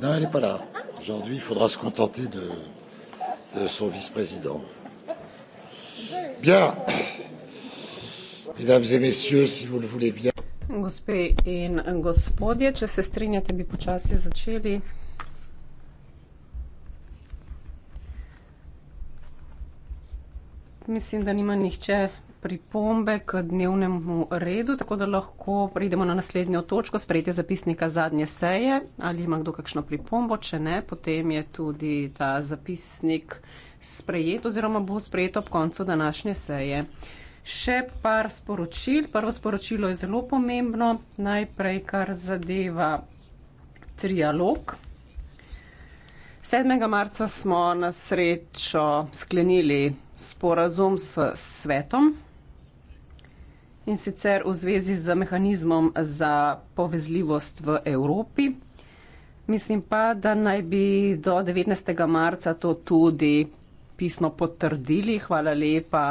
Non, elle n'est pas là. Aujourd'hui, il faudra se contenter de, de son vice-président. Bien. Mesdames et messieurs, si vous le voulez bien. Gospe in gospodje, če se strinjate, bi počasi začeli. Mislim, da nima nihče pripombe k dnevnemu redu, tako da lahko pridemo na naslednjo točko, sprejetje zapisnika zadnje seje. Ali ima kdo kakšno pripombo? Če ne, potem je tudi ta zapisnik sprejet oziroma bo sprejet ob koncu današnje seje. Še par sporočil. Prvo sporočilo je zelo pomembno. Najprej, kar zadeva trialog. 7. marca smo na srečo sklenili sporazum s svetom in sicer v zvezi z mehanizmom za povezljivost v Evropi. Mislim pa, da naj bi do 19. marca to tudi pisno potrdili. Hvala lepa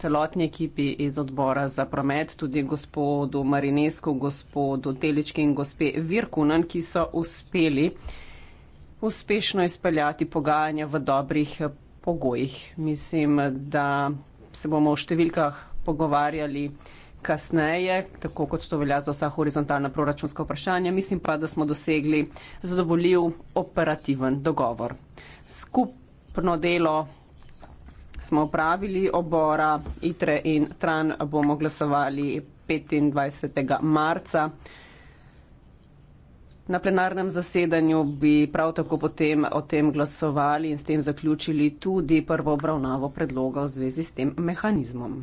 celotni ekipi iz odbora za promet, tudi gospodu Marinesku, gospodu Teličke in gospe Virkunan, ki so uspeli uspešno izpeljati pogajanja v dobrih pogojih. Mislim, da se bomo o številkah pogovarjali kasneje, tako kot to velja za vsa horizontalna proračunska vprašanja. Mislim pa, da smo dosegli zadovoljiv operativen dogovor. Skupno delo smo opravili obora ITRE in TRAN bomo glasovali 25. marca. Na plenarnem zasedanju bi prav tako potem o tem glasovali in s tem zaključili tudi prvo obravnavo predloga v zvezi s tem mehanizmom.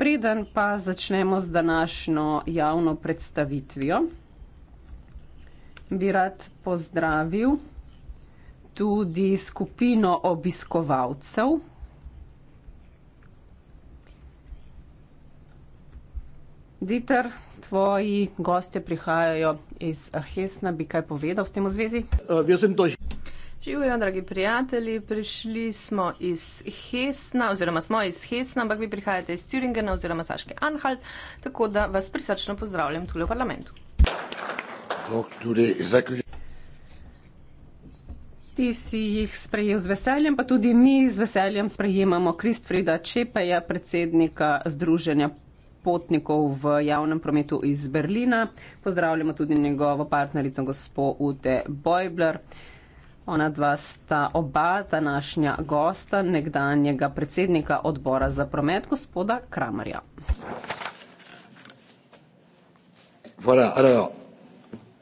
Preden pa začnemo z današnjo javno predstavitvijo, bi rad pozdravil tudi skupino obiskovalcev. Diter, tvoji gostje prihajajo iz Hesna, bi kaj povedal s tem v zvezi? Uh, Živijo, dragi prijatelji, prišli smo iz Hesna, oziroma smo iz Hesna, ampak vi prihajate iz Thüringena oziroma Saške Anhalt, tako da vas prisrčno pozdravljam tukaj v parlamentu. Ti si jih sprejel z veseljem, pa tudi mi z veseljem sprejemamo Kristfrida Čepeja, predsednika Združenja potnikov v javnem prometu iz Berlina. Pozdravljamo tudi njegovo partnerico, gospod Ute Bojbler. Ona dva sta oba današnja gosta nekdanjega predsednika odbora za promet, gospoda Kramarja. Voilà, alors,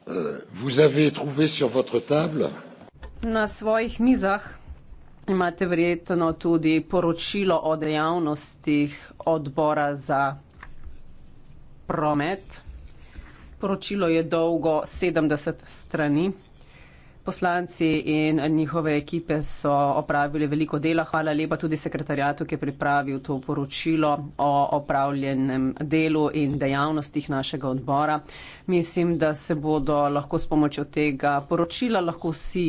euh, vous avez trouvé sur votre table. Na svojih mizah imate verjetno tudi poročilo o dejavnostih odbora za promet. Poročilo je dolgo 70 strani. Poslanci in njihove ekipe so opravili veliko dela. Hvala lepa tudi sekretarjatu, ki je pripravil to poročilo o opravljenem delu in dejavnostih našega odbora. Mislim, da se bodo lahko s pomočjo tega poročila lahko vsi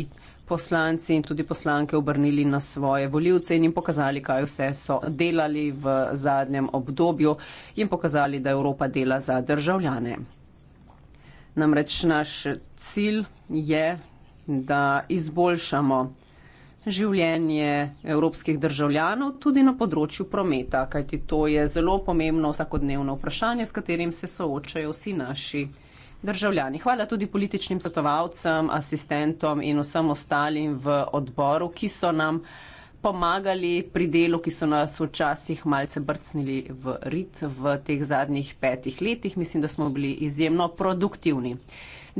poslanci in tudi poslanke obrnili na svoje voljivce in jim pokazali, kaj vse so delali v zadnjem obdobju in pokazali, da Evropa dela za državljane. Namreč naš cilj je da izboljšamo življenje evropskih državljanov tudi na področju prometa, kajti to je zelo pomembno vsakodnevno vprašanje, s katerim se soočajo vsi naši državljani. Hvala tudi političnim svetovalcem, asistentom in vsem ostalim v odboru, ki so nam pomagali pri delu, ki so nas včasih malce brcnili v rit v teh zadnjih petih letih. Mislim, da smo bili izjemno produktivni.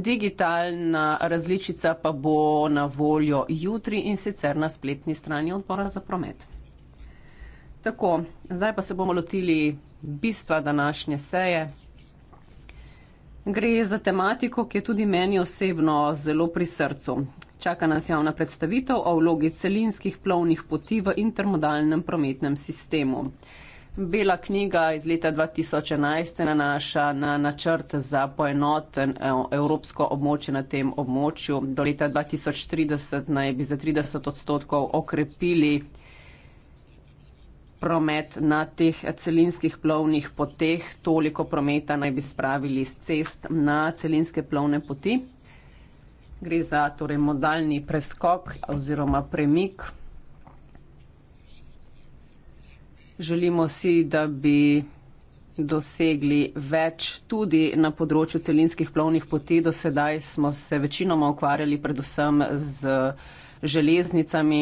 Digitalna različica pa bo na voljo jutri in sicer na spletni strani odbora za promet. Tako, zdaj pa se bomo lotili bistva današnje seje. Gre za tematiko, ki je tudi meni osebno zelo pri srcu. Čaka nas javna predstavitev o vlogi celinskih plovnih poti v intermodalnem prometnem sistemu. Bela knjiga iz leta 2011 se nanaša na načrt za poenoten eh, evropsko območje na tem območju. Do leta 2030 naj bi za 30 odstotkov okrepili promet na teh celinskih plovnih poteh, toliko prometa naj bi spravili z cest na celinske plovne poti. Gre za torej, modalni preskok oziroma premik. Želimo si, da bi dosegli več tudi na področju celinskih plovnih poti. Do sedaj smo se večinoma ukvarjali predvsem z železnicami.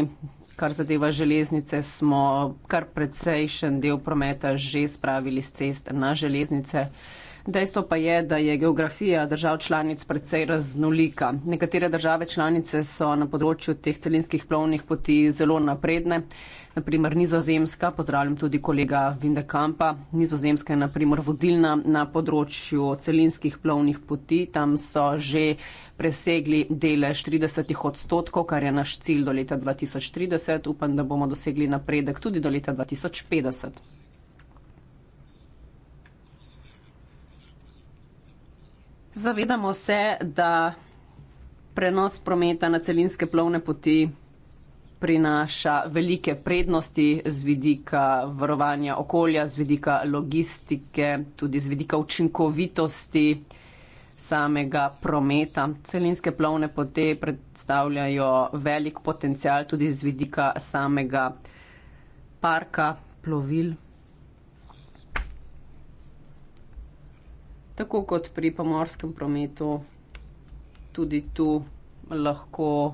Kar zadeva železnice, smo kar precejšen del prometa že spravili z cest na železnice. Dejstvo pa je, da je geografija držav članic precej raznolika. Nekatere države članice so na področju teh celinskih plovnih poti zelo napredne, naprimer Nizozemska, pozdravljam tudi kolega Vindekampa, Nizozemska je naprimer vodilna na področju celinskih plovnih poti, tam so že presegli delež 30 odstotkov, kar je naš cilj do leta 2030. Upam, da bomo dosegli napredek tudi do leta 2050. Zavedamo se, da prenos prometa na celinske plovne poti prinaša velike prednosti z vidika varovanja okolja, z vidika logistike, tudi z vidika učinkovitosti samega prometa. Celinske plovne pote predstavljajo velik potencial tudi z vidika samega parka plovil. Tako kot pri pomorskem prometu, tudi tu lahko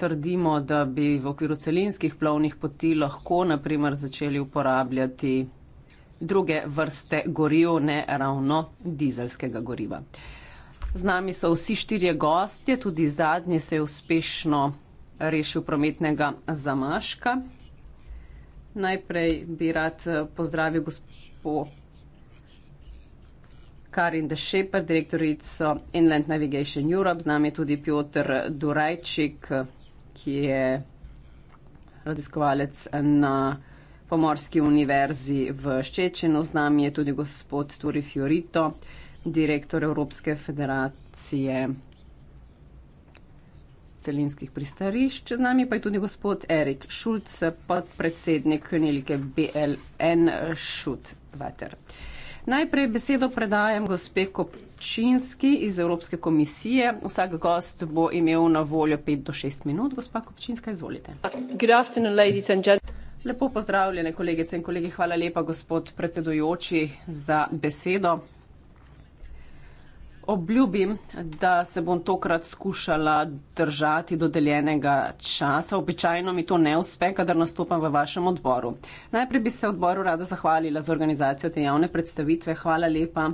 trdimo, da bi v okviru celinskih plovnih poti lahko naprimer začeli uporabljati druge vrste goriv, ne ravno dizelskega goriva. Z nami so vsi štirje gostje, tudi zadnji se je uspešno rešil prometnega zamaška. Najprej bi rad eh, pozdravil gospo Karin De Shepard, direktorico Inland Navigation Europe, z nami je tudi Piotr Durajčik, ki je raziskovalec na Pomorski univerzi v Ščečenu. Z nami je tudi gospod Turi Fiorito, direktor Evropske federacije celinskih pristarišč. Z nami pa je tudi gospod Erik Šulc, podpredsednik Nelike BLN Šutvater. Najprej besedo predajem gospe Kopčinski iz Evropske komisije. Vsak gost bo imel na voljo 5 do 6 minut. Gospa Kopčinska, izvolite. Lepo pozdravljene, kolegice in kolegi. Hvala lepa, gospod predsedujoči, za besedo obljubim, da se bom tokrat skušala držati dodeljenega časa. Običajno mi to ne uspe, kadar nastopam v vašem odboru. Najprej bi se odboru rada zahvalila za organizacijo te javne predstavitve. Hvala lepa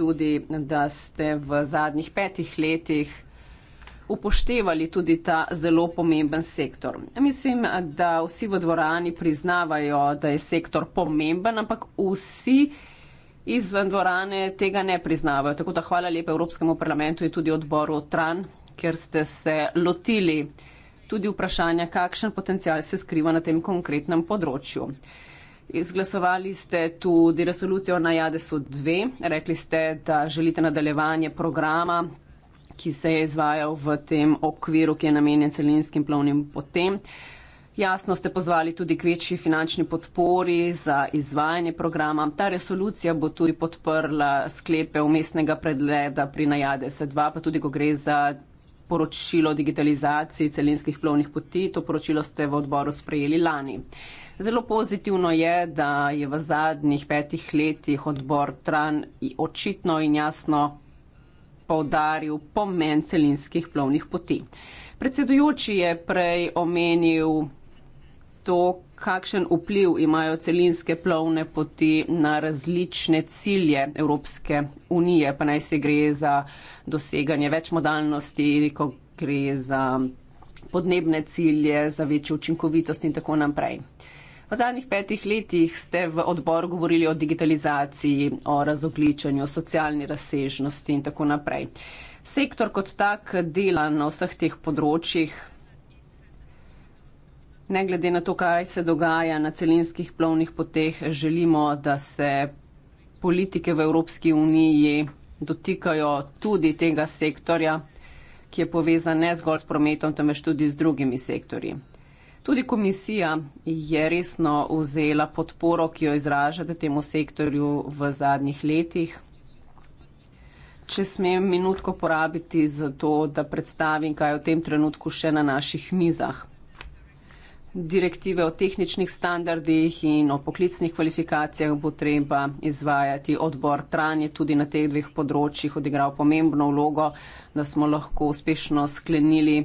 tudi, da ste v zadnjih petih letih upoštevali tudi ta zelo pomemben sektor. Mislim, da vsi v dvorani priznavajo, da je sektor pomemben, ampak vsi izven dvorane tega ne priznavajo. Tako da hvala lepa Evropskemu parlamentu in tudi odboru Tran, ker ste se lotili tudi vprašanja, kakšen potencial se skriva na tem konkretnem področju. Izglasovali ste tudi resolucijo na Jadesu 2, rekli ste, da želite nadaljevanje programa, ki se je izvajal v tem okviru, ki je namenjen celinskim plovnim potem. Uh, Jasno ste pozvali tudi k večji finančni podpori za izvajanje programa. Ta resolucija bo tudi podprla sklepe umestnega predleda pri najade S2, pa tudi ko gre za poročilo o digitalizaciji celinskih plovnih poti. To poročilo ste v odboru sprejeli lani. Zelo pozitivno je, da je v zadnjih petih letih odbor Tran očitno in jasno povdaril pomen celinskih plovnih poti. Predsedujoči je prej omenil to, kakšen vpliv imajo celinske plovne poti na različne cilje Evropske unije, pa naj se gre za doseganje večmodalnosti, ko gre za podnebne cilje, za večjo učinkovitost in tako naprej. V zadnjih petih letih ste v odboru govorili o digitalizaciji, o razogličanju, o socialni razsežnosti in tako naprej. Sektor kot tak dela na vseh teh področjih, Ne glede na to, kaj se dogaja na celinskih plovnih poteh, želimo, da se politike v Evropski uniji dotikajo tudi tega sektorja, ki je povezan ne zgolj s prometom, temveč tudi z drugimi sektorji. Tudi komisija je resno vzela podporo, ki jo izražate temu sektorju v zadnjih letih. Če smem minutko porabiti za to, da predstavim, kaj je v tem trenutku še na naših mizah direktive o tehničnih standardih in o poklicnih kvalifikacijah bo treba izvajati. Odbor Tran je tudi na teh dveh področjih odigral pomembno vlogo, da smo lahko uspešno sklenili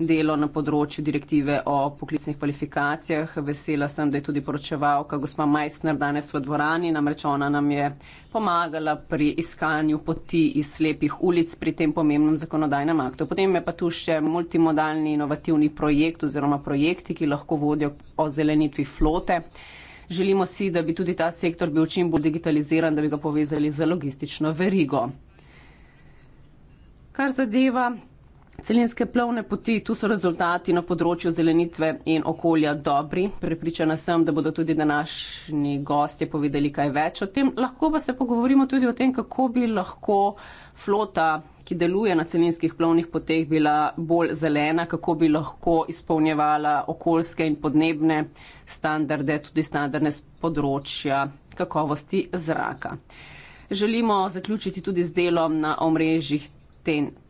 delo na področju direktive o poklicnih kvalifikacijah. Vesela sem, da je tudi poročevalka gospa Majstner danes v dvorani, namreč ona nam je pomagala pri iskanju poti iz slepih ulic pri tem pomembnem zakonodajnem aktu. Potem je pa tu še multimodalni inovativni projekt oziroma projekti, ki lahko vodijo o zelenitvi flote. Želimo si, da bi tudi ta sektor bil čim bolj digitaliziran, da bi ga povezali z logistično verigo. Kar zadeva Celinske plovne poti, tu so rezultati na področju zelenitve in okolja dobri. Prepričana sem, da bodo tudi današnji gostje povedali kaj več o tem. Lahko pa se pogovorimo tudi o tem, kako bi lahko flota, ki deluje na celinskih plovnih poteh, bila bolj zelena, kako bi lahko izpolnjevala okoljske in podnebne standarde, tudi standarde z področja kakovosti zraka. Želimo zaključiti tudi z delom na omrežjih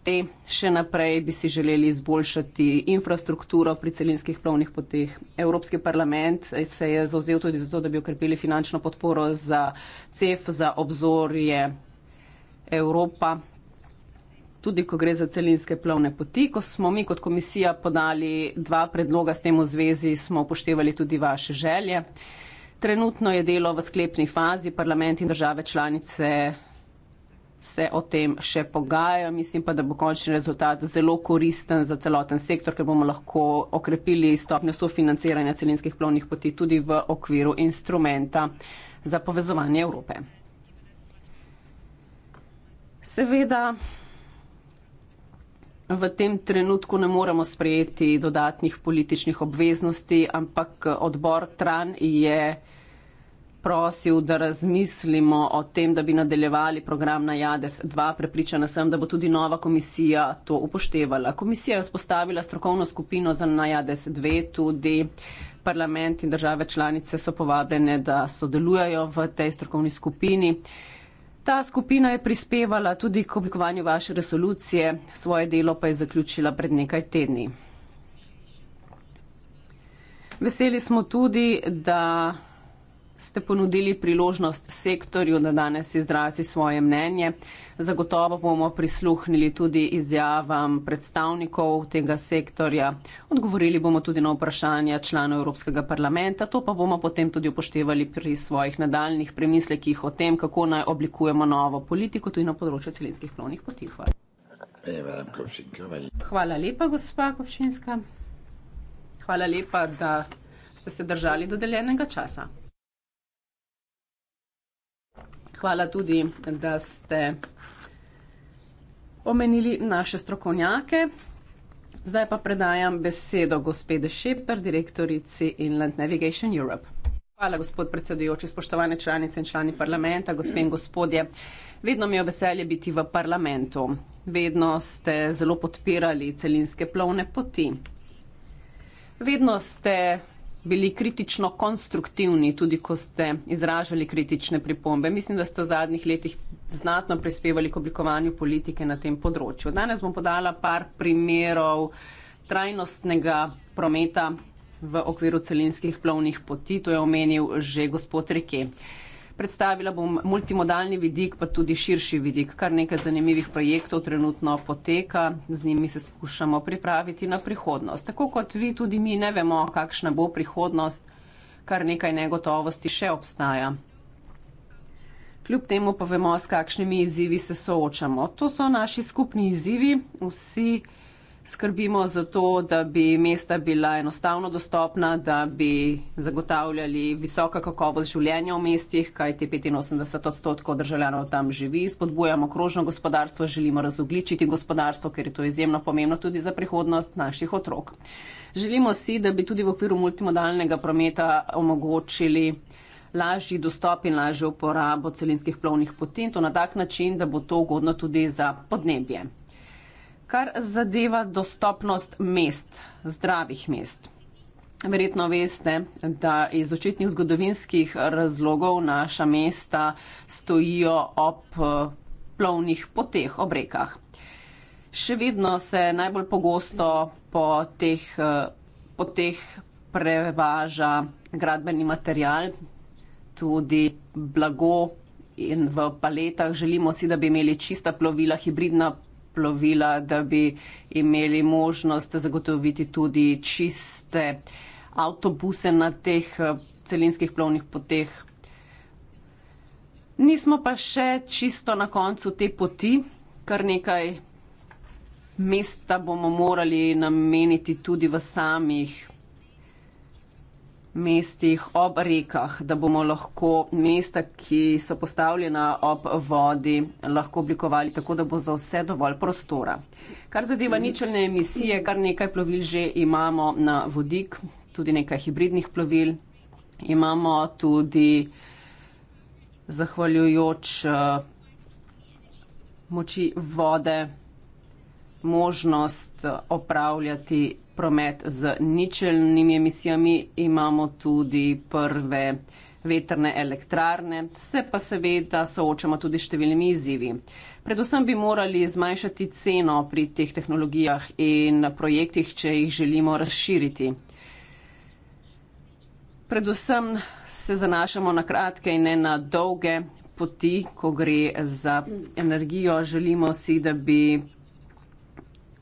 te. Še naprej bi si želeli izboljšati infrastrukturo pri celinskih plovnih poteh. Evropski parlament se je zauzel tudi za to, da bi okrepili finančno podporo za CEF, za obzorje Evropa. Tudi, ko gre za celinske plovne poti, ko smo mi kot komisija podali dva predloga s tem v zvezi, smo upoštevali tudi vaše želje. Trenutno je delo v sklepni fazi, parlament in države članice se o tem še pogaja. Mislim pa, da bo končni rezultat zelo koristen za celoten sektor, ker bomo lahko okrepili stopnjo sofinanciranja celinskih plovnih poti tudi v okviru instrumenta za povezovanje Evrope. Seveda v tem trenutku ne moremo sprejeti dodatnih političnih obveznosti, ampak odbor TRAN je prosil, da razmislimo o tem, da bi nadaljevali program na JADES 2. Prepričana sem, da bo tudi nova komisija to upoštevala. Komisija je vzpostavila strokovno skupino za na JADES 2, tudi parlament in države članice so povabljene, da sodelujajo v tej strokovni skupini. Ta skupina je prispevala tudi k oblikovanju vaše resolucije, svoje delo pa je zaključila pred nekaj tedni. Veseli smo tudi, da ste ponudili priložnost sektorju, da danes izrazi svoje mnenje. Zagotovo bomo prisluhnili tudi izjavam predstavnikov tega sektorja. Odgovorili bomo tudi na vprašanja članov Evropskega parlamenta, to pa bomo potem tudi upoštevali pri svojih nadaljnih premislekih o tem, kako naj oblikujemo novo politiko tudi na področju celinskih plovnih poti. Hvala. Hvala lepa, gospa Kopšinska. Hvala lepa, da ste se držali dodeljenega časa. Hvala tudi, da ste omenili naše strokovnjake. Zdaj pa predajam besedo gospede Šeper, direktorici Inland Navigation Europe. Hvala, gospod predsedujoči, spoštovane članice in člani parlamenta, gospe in gospodje. Vedno mi je veselje biti v parlamentu. Vedno ste zelo podpirali celinske plovne poti. Vedno ste bili kritično konstruktivni, tudi ko ste izražali kritične pripombe. Mislim, da ste v zadnjih letih znatno prispevali k oblikovanju politike na tem področju. Danes bom podala par primerov trajnostnega prometa v okviru celinskih plovnih poti, to je omenil že gospod Reke. Predstavila bom multimodalni vidik, pa tudi širši vidik. Kar nekaj zanimivih projektov trenutno poteka, z njimi se skušamo pripraviti na prihodnost. Tako kot vi, tudi mi ne vemo, kakšna bo prihodnost, kar nekaj negotovosti še obstaja. Kljub temu pa vemo, s kakšnimi izzivi se soočamo. To so naši skupni izzivi, vsi skrbimo za to, da bi mesta bila enostavno dostopna, da bi zagotavljali visoka kakovost življenja v mestih, kajti 85 odstotkov državljanov tam živi. Spodbujamo krožno gospodarstvo, želimo razogličiti gospodarstvo, ker je to izjemno pomembno tudi za prihodnost naših otrok. Želimo si, da bi tudi v okviru multimodalnega prometa omogočili lažji dostop in lažjo uporabo celinskih plovnih poti in to na tak način, da bo to ugodno tudi za podnebje kar zadeva dostopnost mest, zdravih mest. Verjetno veste, da iz očitnih zgodovinskih razlogov naša mesta stojijo ob eh, plovnih poteh, ob rekah. Še vedno se najbolj pogosto po teh eh, poteh prevaža gradbeni material, tudi blago in v paletah. Želimo si, da bi imeli čista plovila, hibridna plovila, da bi imeli možnost zagotoviti tudi čiste avtobuse na teh eh, celinskih plovnih poteh. Nismo pa še čisto na koncu te poti, kar nekaj mesta bomo morali nameniti tudi v samih mestih, ob rekah, da bomo lahko mesta, ki so postavljena ob vodi, lahko oblikovali tako, da bo za vse dovolj prostora. Kar zadeva ničelne emisije, kar nekaj plovil že imamo na vodik, tudi nekaj hibridnih plovil, imamo tudi zahvaljujoč uh, moči vode možnost opravljati promet z ničelnimi emisijami, imamo tudi prve vetrne elektrarne, se pa seveda soočamo tudi s številnimi izzivi. Predvsem bi morali zmanjšati ceno pri teh tehnologijah in projektih, če jih želimo razširiti. Predvsem se zanašamo na kratke in ne na dolge poti, ko gre za energijo. Želimo si, da bi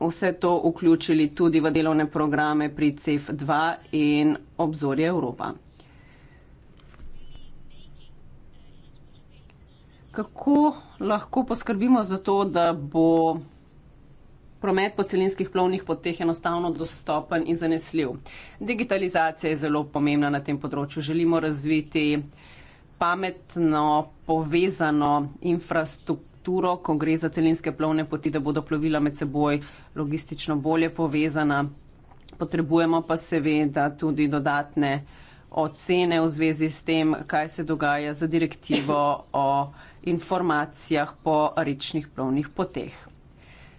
vse to vključili tudi v delovne programe pri CEF2 in obzorje Evropa. Kako lahko poskrbimo za to, da bo promet po celinskih plovnih poteh enostavno dostopen in zanesljiv? Digitalizacija je zelo pomembna na tem področju. Želimo razviti pametno, povezano infrastrukturo infrastrukturo, ko gre za celinske plovne poti, da bodo plovila med seboj logistično bolje povezana. Potrebujemo pa seveda tudi dodatne ocene v zvezi s tem, kaj se dogaja za direktivo o informacijah po rečnih plovnih poteh.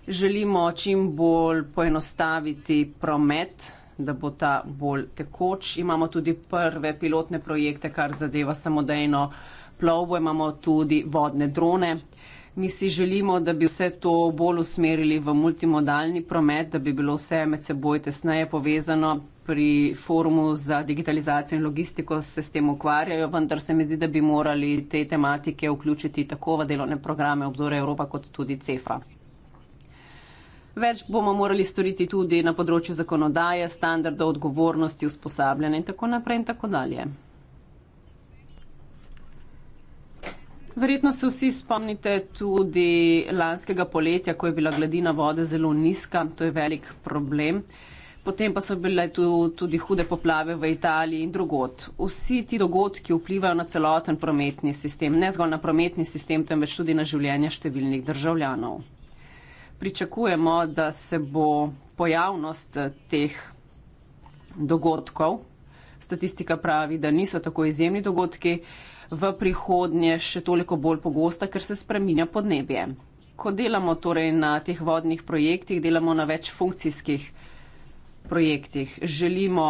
Želimo čim bolj poenostaviti promet, da bo ta bolj tekoč. Imamo tudi prve pilotne projekte, kar zadeva samodejno plovbo, imamo tudi vodne drone. Uh, Mi si želimo, da bi vse to bolj usmerili v multimodalni promet, da bi bilo vse med seboj tesneje povezano. Pri forumu za digitalizacijo in logistiko se s tem ukvarjajo, vendar se mi zdi, da bi morali te tematike vključiti tako v delovne programe obzore Evropa kot tudi CEFA. Več bomo morali storiti tudi na področju zakonodaje, standardov, odgovornosti, usposabljanja in tako naprej in tako dalje. Verjetno se vsi spomnite tudi lanskega poletja, ko je bila gladina vode zelo nizka, to je velik problem. Potem pa so bile tu tudi hude poplave v Italiji in drugot. Vsi ti dogodki vplivajo na celoten prometni sistem, ne zgolj na prometni sistem, temveč tudi na življenje številnih državljanov. Pričakujemo, da se bo pojavnost teh dogodkov, statistika pravi, da niso tako izjemni dogodki, v prihodnje še toliko bolj pogosta, ker se spreminja podnebje. Ko delamo torej na teh vodnih projektih, delamo na večfunkcijskih projektih. Želimo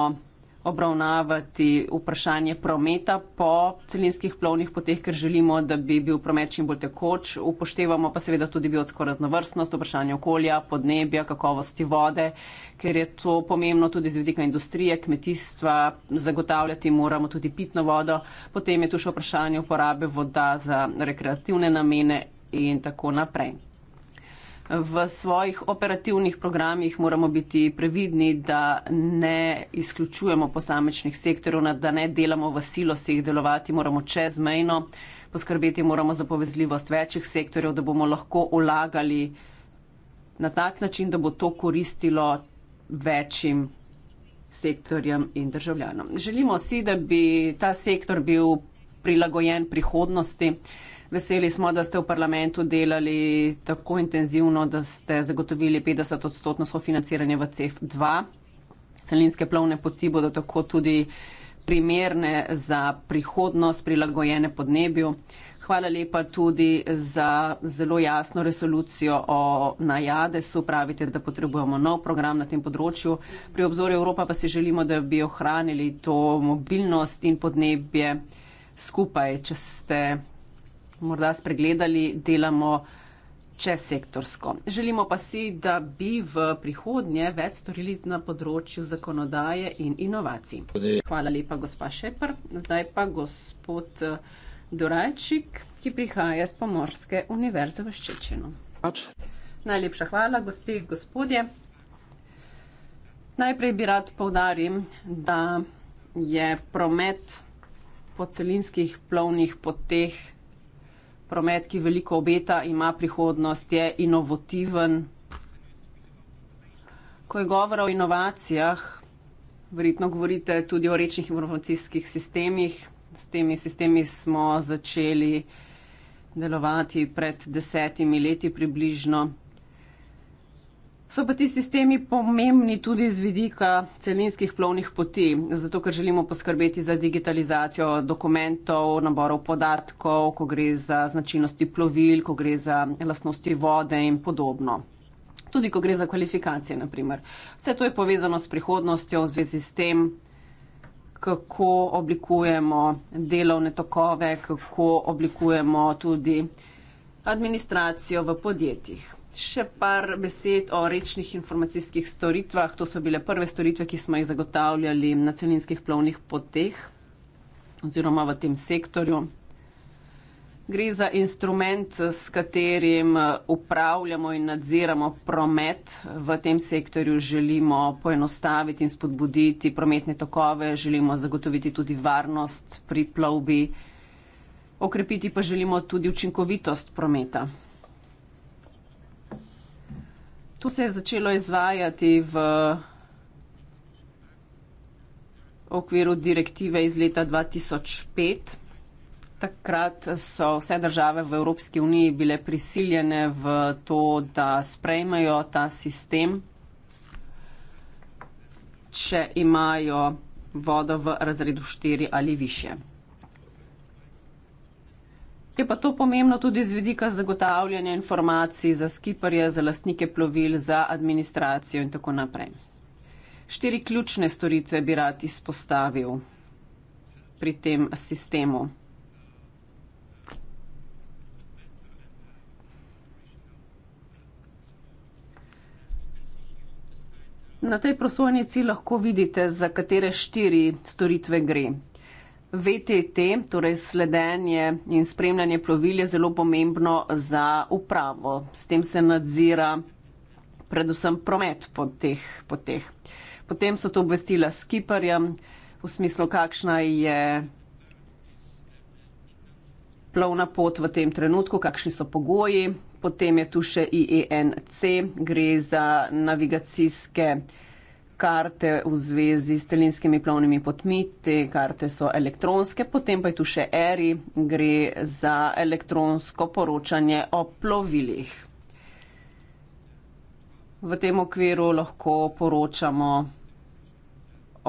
obravnavati vprašanje prometa po celinskih plovnih poteh, ker želimo, da bi bil promet čim bolj tekoč, upoštevamo pa seveda tudi biotsko raznovrstnost, vprašanje okolja, podnebja, kakovosti vode, ker je to pomembno tudi z vidika industrije, kmetijstva, zagotavljati moramo tudi pitno vodo, potem je tu še vprašanje uporabe voda za rekreativne namene in tako naprej v svojih operativnih programih moramo biti previdni, da ne izključujemo posamečnih sektorjev, da ne delamo v silosih, delovati moramo čezmejno, poskrbeti moramo za povezljivost večjih sektorjev, da bomo lahko ulagali na tak način, da bo to koristilo večjim sektorjem in državljanom. Želimo si, da bi ta sektor bil prilagojen prihodnosti. Veseli smo, da ste v parlamentu delali tako intenzivno, da ste zagotovili 50 odstotno sofinanciranje v CEF2. Celinske plovne poti bodo tako tudi primerne za prihodnost, prilagojene podnebju. Hvala lepa tudi za zelo jasno resolucijo o najadesu. Pravite, da potrebujemo nov program na tem področju. Pri obzorju Evropa pa si želimo, da bi ohranili to mobilnost in podnebje skupaj, če ste morda spregledali, delamo čez sektorsko. Želimo pa si, da bi v prihodnje več storili na področju zakonodaje in inovacij. Hvala lepa, gospa Šepr. Zdaj pa gospod eh, Dorajčik, ki prihaja z Pomorske univerze v Ščečenu. Najlepša hvala, gospe in gospodje. Najprej bi rad povdarim, da je promet po celinskih plovnih poteh promet, ki veliko obeta, ima prihodnost, je inovativen. Ko je govora o inovacijah, verjetno govorite tudi o rečnih informacijskih sistemih. S temi sistemi smo začeli delovati pred desetimi leti približno. So pa ti sistemi pomembni tudi z vidika celinskih plovnih poti, zato ker želimo poskrbeti za digitalizacijo dokumentov, naborov podatkov, ko gre za značilnosti plovil, ko gre za lastnosti vode in podobno. Tudi ko gre za kvalifikacije, naprimer. Vse to je povezano s prihodnostjo v zvezi s tem, kako oblikujemo delovne tokove, kako oblikujemo tudi administracijo v podjetjih še par besed o rečnih informacijskih storitvah. To so bile prve storitve, ki smo jih zagotavljali na celinskih plovnih poteh oziroma v tem sektorju. Gre za instrument, s katerim upravljamo in nadziramo promet. V tem sektorju želimo poenostaviti in spodbuditi prometne tokove, želimo zagotoviti tudi varnost pri plovbi, okrepiti pa želimo tudi učinkovitost prometa. To se je začelo izvajati v okviru direktive iz leta 2005. Takrat so vse države v Evropski uniji bile prisiljene v to, da sprejmejo ta sistem, če imajo vodo v razredu 4 ali više. Je pa to pomembno tudi z vidika zagotavljanja informacij za skiparje, za lastnike plovil, za administracijo in tako naprej. Štiri ključne storitve bi rad izpostavil pri tem sistemu. Na tej prosojnici lahko vidite, za katere štiri storitve gre. VTT, torej sledenje in spremljanje plovil je zelo pomembno za upravo. S tem se nadzira predvsem promet po teh poteh. Potem so to obvestila skiparjem v smislu, kakšna je plovna pot v tem trenutku, kakšni so pogoji. Potem je tu še IENC, gre za navigacijske karte v zvezi s celinskimi plovnimi potmi, te karte so elektronske, potem pa je tu še ERI, gre za elektronsko poročanje o plovilih. V tem okviru lahko poročamo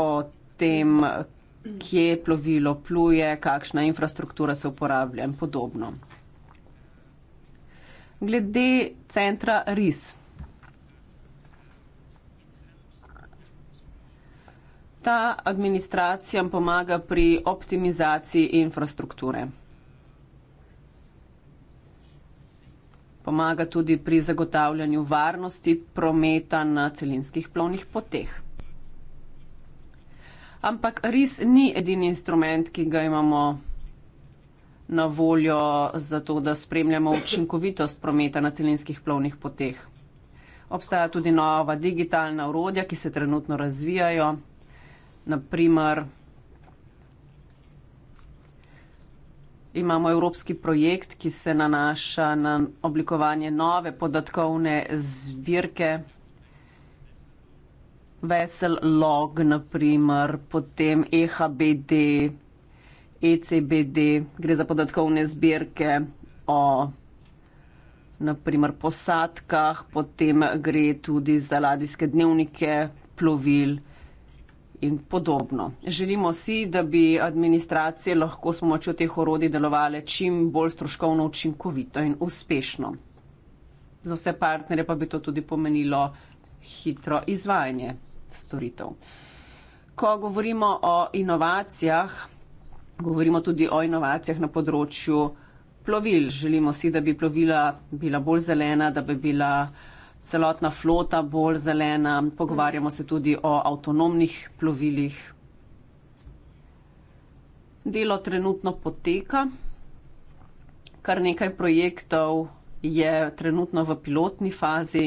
o tem, kje plovilo pluje, kakšna infrastruktura se uporablja in podobno. Glede centra RIS. ta administracijam pomaga pri optimizaciji infrastrukture. Pomaga tudi pri zagotavljanju varnosti prometa na celinskih plovnih poteh. Ampak RIS ni edini instrument, ki ga imamo na voljo za to, da spremljamo učinkovitost prometa na celinskih plovnih poteh. Obstaja tudi nova digitalna urodja, ki se trenutno razvijajo naprimer imamo evropski projekt, ki se nanaša na oblikovanje nove podatkovne zbirke, Vesel log, naprimer, potem EHBD, ECBD, gre za podatkovne zbirke o naprimer posadkah, potem gre tudi za ladijske dnevnike, plovil, in podobno. Želimo si, da bi administracije lahko s pomočjo teh orodij delovale čim bolj stroškovno učinkovito in uspešno. Za vse partnere pa bi to tudi pomenilo hitro izvajanje storitev. Ko govorimo o inovacijah, govorimo tudi o inovacijah na področju plovil. Želimo si, da bi plovila bila bolj zelena, da bi bila celotna flota bolj zelena. Pogovarjamo se tudi o avtonomnih plovilih. Delo trenutno poteka. Kar nekaj projektov je trenutno v pilotni fazi.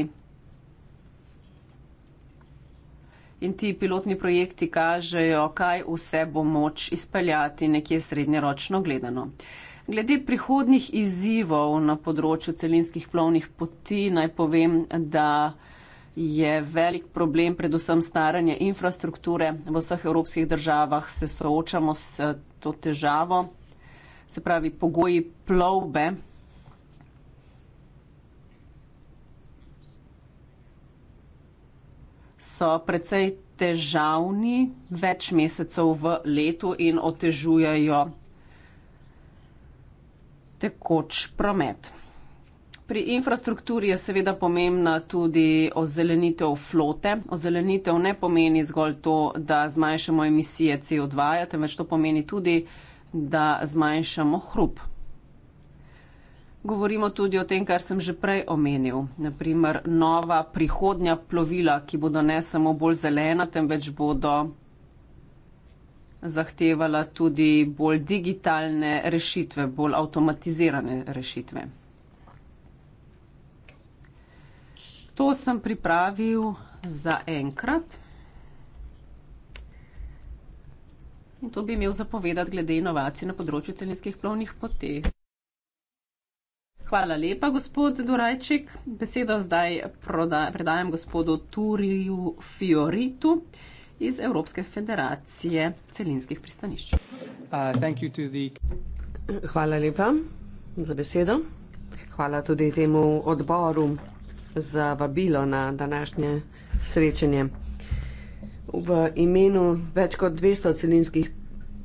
In ti pilotni projekti kažejo, kaj vse bo moč izpeljati nekje srednjeročno gledano. Uh, Glede prihodnih izzivov na področju celinskih plovnih poti naj povem, da je velik problem predvsem staranje infrastrukture. V vseh evropskih državah se soočamo s to težavo, se pravi pogoji plovbe. So precej težavni več mesecev v letu in otežujejo tekoč promet. Pri infrastrukturi je seveda pomembna tudi ozelenitev flote. Ozelenitev ne pomeni zgolj to, da zmanjšamo emisije CO2, ja, temveč to pomeni tudi, da zmanjšamo hrup. Govorimo tudi o tem, kar sem že prej omenil. Naprimer, nova prihodnja plovila, ki bodo ne samo bolj zelena, temveč bodo zahtevala tudi bolj digitalne rešitve, bolj avtomatizirane rešitve. To sem pripravil za enkrat. In to bi imel zapovedati glede inovacij na področju celinskih plovnih poti. Hvala lepa, gospod Durajčik. Besedo zdaj predajam gospodu Turiju Fioritu iz Evropske federacije celinskih pristanišč. Uh, Hvala lepa za besedo. Hvala tudi temu odboru za vabilo na današnje srečanje. V imenu več kot 200 celinskih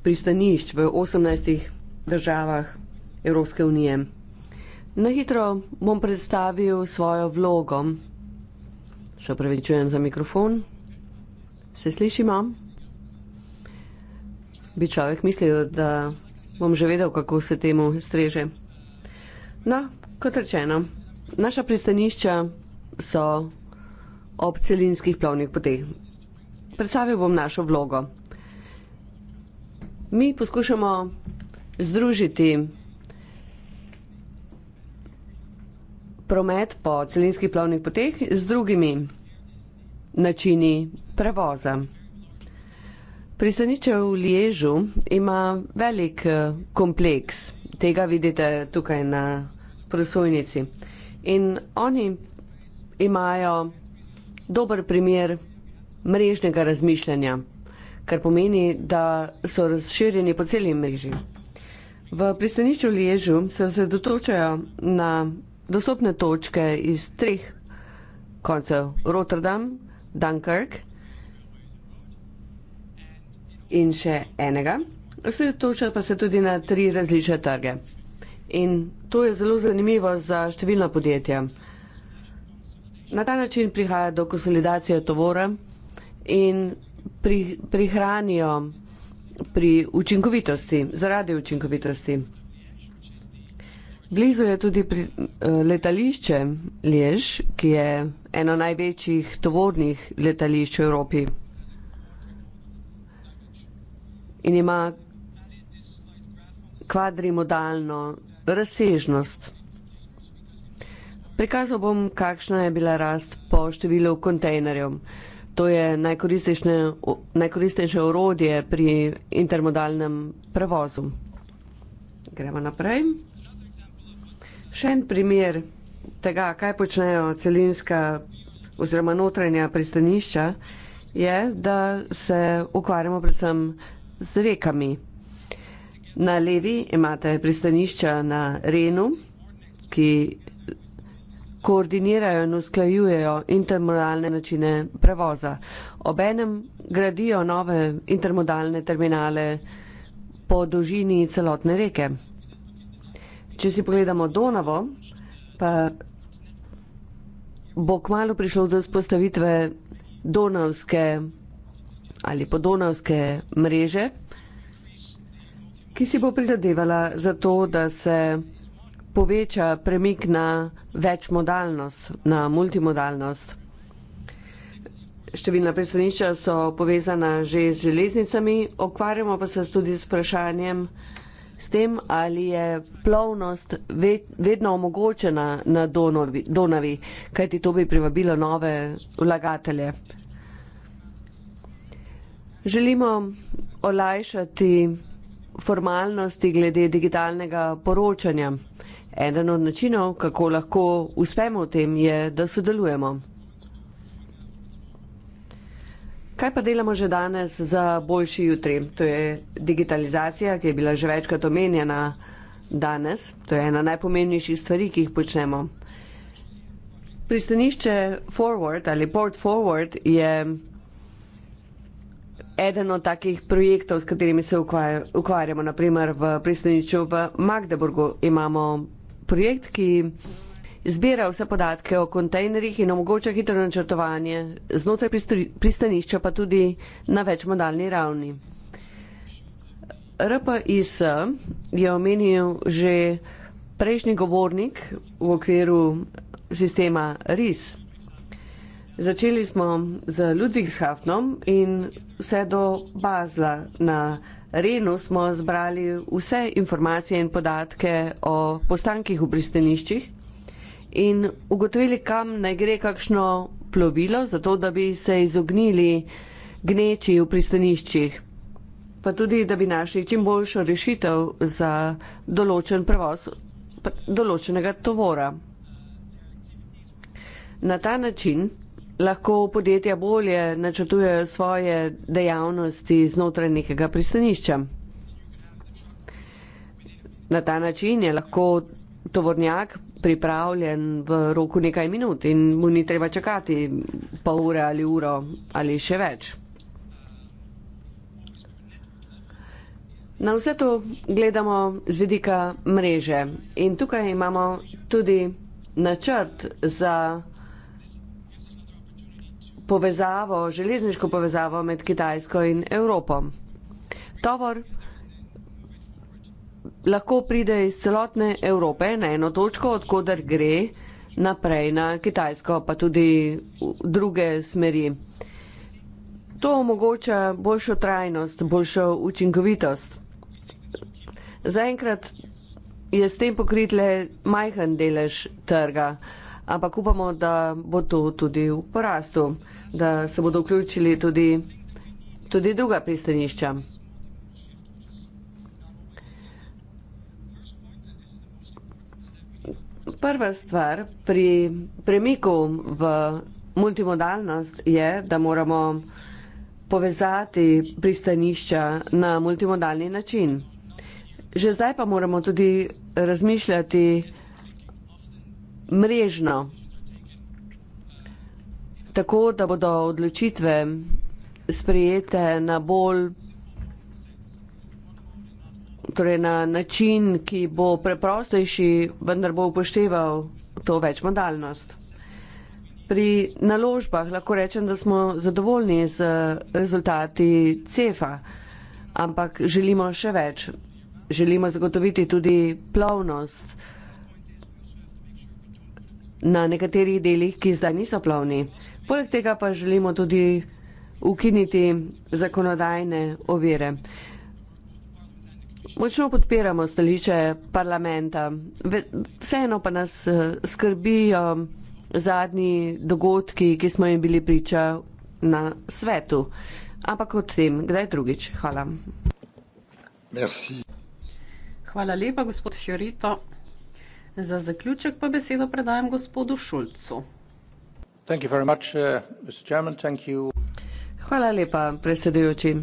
pristanišč v 18 državah Evropske unije. Na hitro bom predstavil svojo vlogo. Se opravičujem za mikrofon. Se slišimo? Bi človek mislil, da bom že vedel, kako se temu streže. No, kot rečeno, naša pristanišča so ob celinskih plovnih poteh. Predstavil bom našo vlogo. Mi poskušamo združiti promet po celinskih plovnih poteh z drugimi načini prevoza. Pristanišče v Liežu ima velik eh, kompleks, tega vidite tukaj na prosojnici. In oni imajo dober primer mrežnega razmišljanja, kar pomeni, da so razširjeni po celi mreži. V pristanišču v Liežu se osredotočajo na dostopne točke iz treh koncev Rotterdam, Dunkirk in še enega. Osredotočajo pa se tudi na tri različne trge. In to je zelo zanimivo za številna podjetja. Na ta način prihaja do konsolidacije tovora in prihranijo pri učinkovitosti, zaradi učinkovitosti. Blizu je tudi pri, eh, letališče Lež, ki je eno največjih tovornih letališč v Evropi. In ima kvadrimodalno razsežnost. Prikazal bom, kakšna je bila rast po številu kontejnerjev. To je najkoristnejše orodje pri intermodalnem prevozu. Gremo naprej. Še en primer tega, kaj počnejo celinska oziroma notranja pristanišča, je, da se ukvarjamo predvsem z rekami. Na levi imate pristanišča na Renu, ki koordinirajo in usklajujejo intermodalne načine prevoza. Obenem gradijo nove intermodalne terminale po dolžini celotne reke če si pogledamo Donavo, pa bo kmalo prišel do spostavitve donavske ali podonavske mreže, ki si bo prizadevala za to, da se poveča premik na večmodalnost, na multimodalnost. Številna pristanišča so povezana že z železnicami, okvarjamo pa se tudi s vprašanjem, s tem, ali je plovnost vedno omogočena na Donovi, Donavi, kajti to bi privabilo nove vlagatelje. Želimo olajšati formalnosti glede digitalnega poročanja. Eden od načinov, kako lahko uspemo v tem, je, da sodelujemo. Kaj pa delamo že danes za boljši jutri? To je digitalizacija, ki je bila že večkrat omenjena danes. To je ena najpomembnejših stvari, ki jih počnemo. Pristanišče Forward ali Port Forward je eden od takih projektov, s katerimi se ukvarjamo. Naprimer v pristanišču v Magdeburgu imamo projekt, ki zbira vse podatke o kontejnerjih in omogoča hitro načrtovanje znotraj pristanišča, pa tudi na večmodalni ravni. RPIS je omenil že prejšnji govornik v okviru sistema RIS. Začeli smo z Ludvigshafnom in vse do Bazla na Renu smo zbrali vse informacije in podatke o postankih v pristaniščih in ugotovili, kam naj gre kakšno plovilo, zato da bi se izognili gneči v pristaniščih, pa tudi da bi našli čim boljšo rešitev za določen prevoz določenega tovora. Na ta način lahko podjetja bolje načrtujejo svoje dejavnosti znotraj nekega pristanišča. Na ta način je lahko tovornjak pripravljen v roku nekaj minut in mu ni treba čakati pol ure ali uro ali še več. Na vse to gledamo z vidika mreže in tukaj imamo tudi načrt za povezavo, železniško povezavo med Kitajsko in Evropo. Tovor lahko pride iz celotne Evrope na eno točko, odkudar gre naprej na Kitajsko, pa tudi v druge smeri. To omogoča boljšo trajnost, boljšo učinkovitost. Zaenkrat je s tem pokrit le majhen delež trga, ampak upamo, da bo to tudi v porastu, da se bodo vključili tudi, tudi druga pristanišča. Prva stvar pri premiku v multimodalnost je, da moramo povezati pristanišča na multimodalni način. Že zdaj pa moramo tudi razmišljati mrežno, tako da bodo odločitve sprejete na bolj torej na način, ki bo preprostejši, vendar bo upošteval to večmodalnost. Pri naložbah lahko rečem, da smo zadovoljni z rezultati CEFA, ampak želimo še več. Želimo zagotoviti tudi plovnost na nekaterih delih, ki zdaj niso plovni. Poleg tega pa želimo tudi ukiniti zakonodajne ovire. Močno podpiramo stališče parlamenta. Vseeno pa nas eh, skrbijo zadnji dogodki, ki smo jim bili priča na svetu. Ampak o tem, kdaj drugič. Hvala. Merci. Hvala lepa, gospod Fiorito. Za zaključek pa besedo predajam gospodu Šulcu. Thank you very much, uh, Thank you. Hvala lepa, predsedujoči,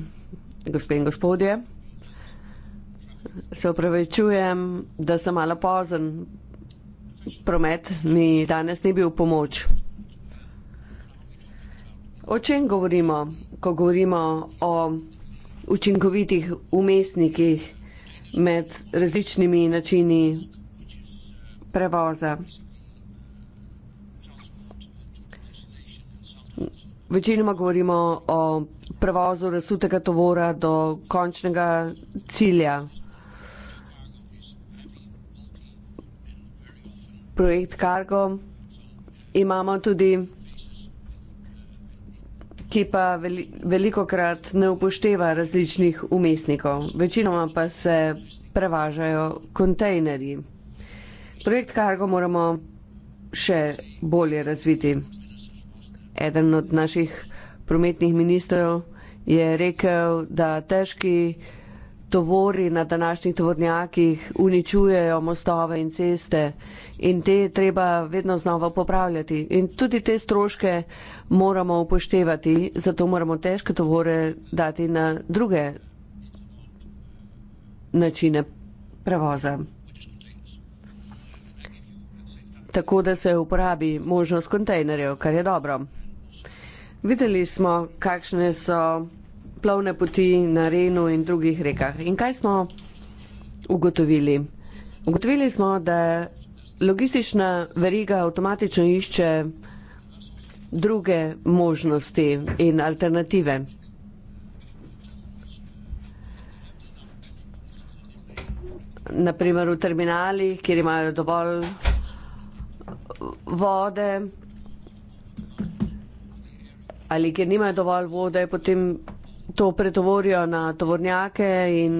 gospe in gospodje. Se upravičujem, da sem malo pozen. Promet mi danes ni bil v pomoč. O čem govorimo, ko govorimo o učinkovitih umestnikih med različnimi načini prevoza? Večinoma govorimo o prevozu razsutega tovora do končnega cilja. projekt Cargo, imamo tudi, ki pa veli, veliko krat ne upošteva različnih umestnikov, večinoma pa se prevažajo kontejnerji. Projekt Cargo moramo še bolje razviti. Eden od naših prometnih ministrov je rekel, da težki tovori na današnjih tovornjakih uničujejo mostove in ceste in te treba vedno znova popravljati. In tudi te stroške moramo upoštevati, zato moramo težke tovore dati na druge načine prevoza. Tako da se uporabi možnost kontejnerjev, kar je dobro. Videli smo, kakšne so plovne poti na Renu in drugih rekah. In kaj smo ugotovili? Ugotovili smo, da logistična veriga avtomatično išče druge možnosti in alternative. Naprimer v terminalih, kjer imajo dovolj vode ali kjer nimajo dovolj vode, potem to pretovorijo na tovornjake in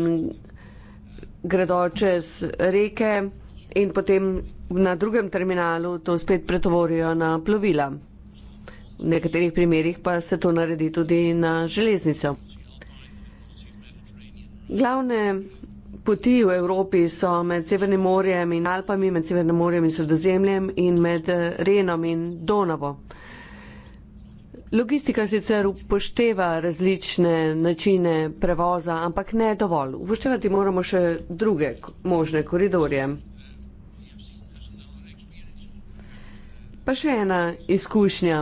gredo čez reke in potem na drugem terminalu to spet pretovorijo na plovila. V nekaterih primerjih pa se to naredi tudi na železnico. Glavne poti v Evropi so med Severnim morjem in Alpami, med Severnim morjem in Sredozemljem in med Renom in Donavo. Logistika sicer upošteva različne načine prevoza, ampak ne dovolj. Upoštevati moramo še druge možne koridorje. Pa še ena izkušnja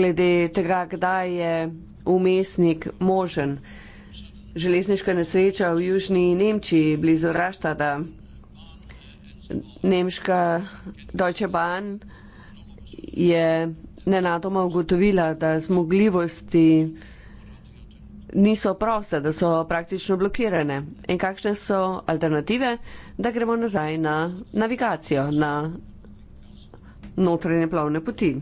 glede tega, kdaj je umestnik možen. Železniška nesreča v južni Nemčiji blizu Raštada. Nemška Deutsche Bahn je nenadoma ugotovila, da zmogljivosti niso proste, da so praktično blokirane. In kakšne so alternative, da gremo nazaj na navigacijo, na notranje plovne poti.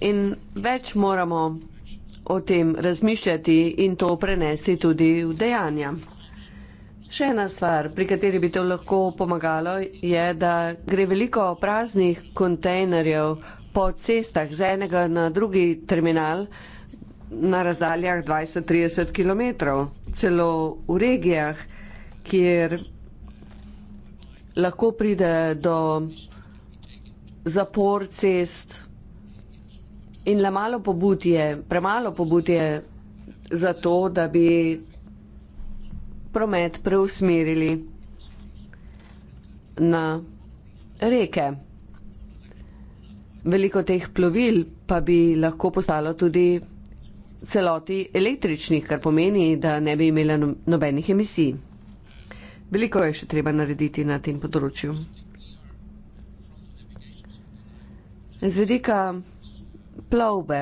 In več moramo o tem razmišljati in to prenesti tudi v dejanja. Še ena stvar, pri kateri bi to lahko pomagalo, je, da gre veliko praznih kontejnerjev po cestah z enega na drugi terminal na razdaljah 20-30 km, celo v regijah, kjer lahko pride do zapor cest in le malo pobud je, premalo pobud je za to, da bi promet preusmerili na reke. Veliko teh plovil pa bi lahko postalo tudi celoti električnih, kar pomeni, da ne bi imela no-, nobenih emisij. Veliko je še treba narediti na tem področju. Zvedika plovbe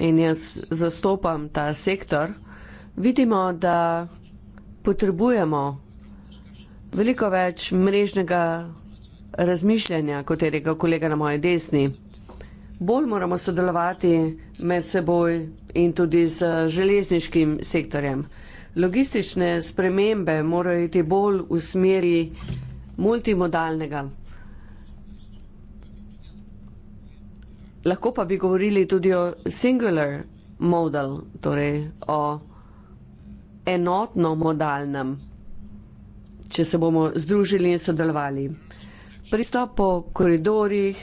in jaz zastopam ta sektor, vidimo, da potrebujemo veliko več mrežnega razmišljanja, kot je rekel kolega na moji desni. Bolj moramo sodelovati med seboj in tudi z železniškim sektorjem. Logistične spremembe morajo iti bolj v smeri multimodalnega. Lahko pa bi govorili tudi o singular model, torej o enotno modalnem, če se bomo združili in sodelovali. Pristop po koridorjih,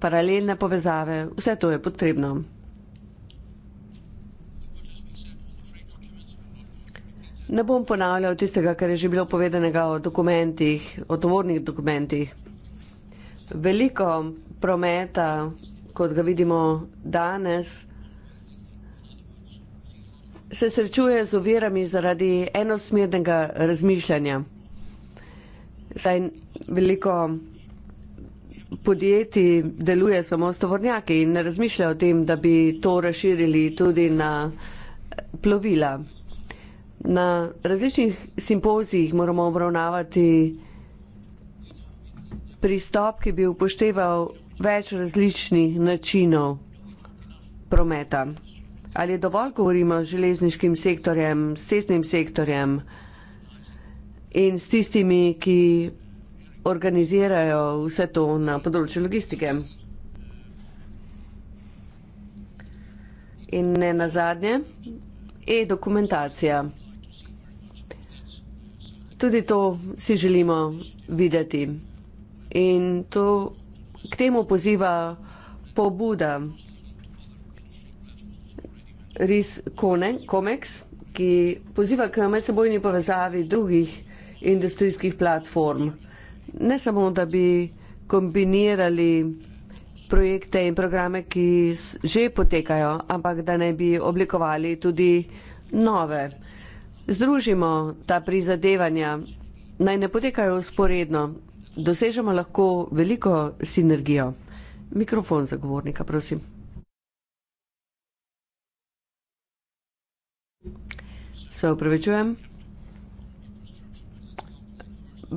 paralelne povezave, vse to je potrebno. Ne bom ponavljal tistega, kar je že bilo povedanega o dokumentih, o tovornih dokumentih. Veliko prometa, kot ga vidimo danes, se srečuje z ovirami zaradi enosmernega razmišljanja. Saj veliko podjetij deluje samo s tovornjaki in ne razmišlja o tem, da bi to razširili tudi na plovila. Na različnih simpozijih moramo obravnavati pristop, ki bi upošteval več različnih načinov prometa. Ali je dovolj govorimo z železniškim sektorjem, s cestnim sektorjem in s tistimi, ki organizirajo vse to na področju logistike? In ne nazadnje, e-dokumentacija. Tudi to si želimo videti. In to k temu poziva pobuda res kone, komeks, ki poziva k medsebojni povezavi drugih industrijskih platform. Ne samo, da bi kombinirali projekte in programe, ki že potekajo, ampak da ne bi oblikovali tudi nove. Združimo ta prizadevanja, naj ne potekajo usporedno, dosežemo lahko veliko sinergijo. Mikrofon zagovornika, prosim. Se upravičujem.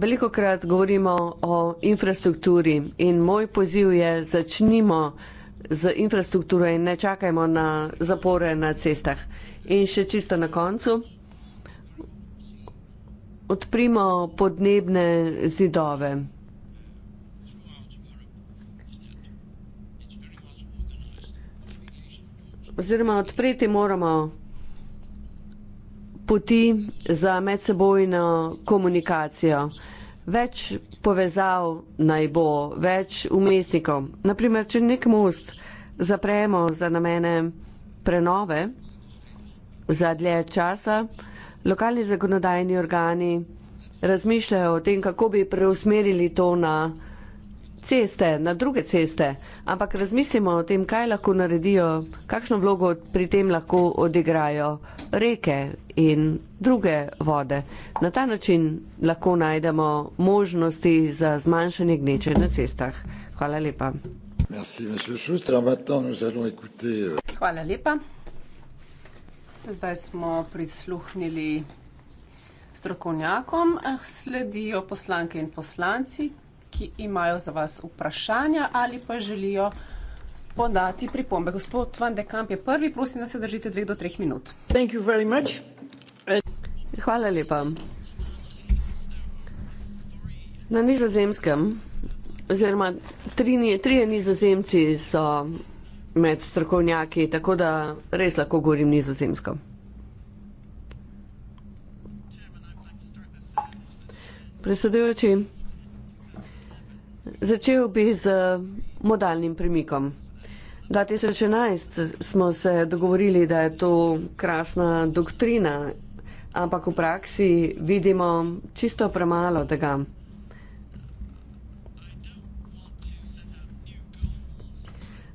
Veliko krat govorimo o infrastrukturi in moj poziv je, začnimo z infrastrukturo in ne čakajmo na zapore na cestah. In še čisto na koncu, odprimo podnebne zidove. Oziroma, odpreti moramo poti za medsebojno komunikacijo. Več povezav naj bo, več umestnikov. Naprimer, če nek most zapremo za namene prenove za dlje časa, lokalni zakonodajni organi razmišljajo o tem, kako bi preusmerili to na ceste, na druge ceste, ampak razmislimo o tem, kaj lahko naredijo, kakšno vlogo pri tem lahko odigrajo reke in druge vode. Na ta način lahko najdemo možnosti za zmanjšanje gneče na cestah. Hvala lepa. Euh, Hvala lepa. Zdaj smo prisluhnili strokovnjakom, sledijo poslanke in poslanci, ki imajo za vas vprašanja ali pa želijo podati pripombe. Gospod Van de Kamp je prvi, prosim, da se držite dveh do treh minut. Hvala lepa. Na nizozemskem, oziroma tri nizozemci so med strokovnjaki, tako da res lahko govorim nizozemsko. Predsedujoči, Začel bi z eh, modalnim premikom. 2011 smo se dogovorili, da je to krasna doktrina, ampak v praksi vidimo čisto premalo tega.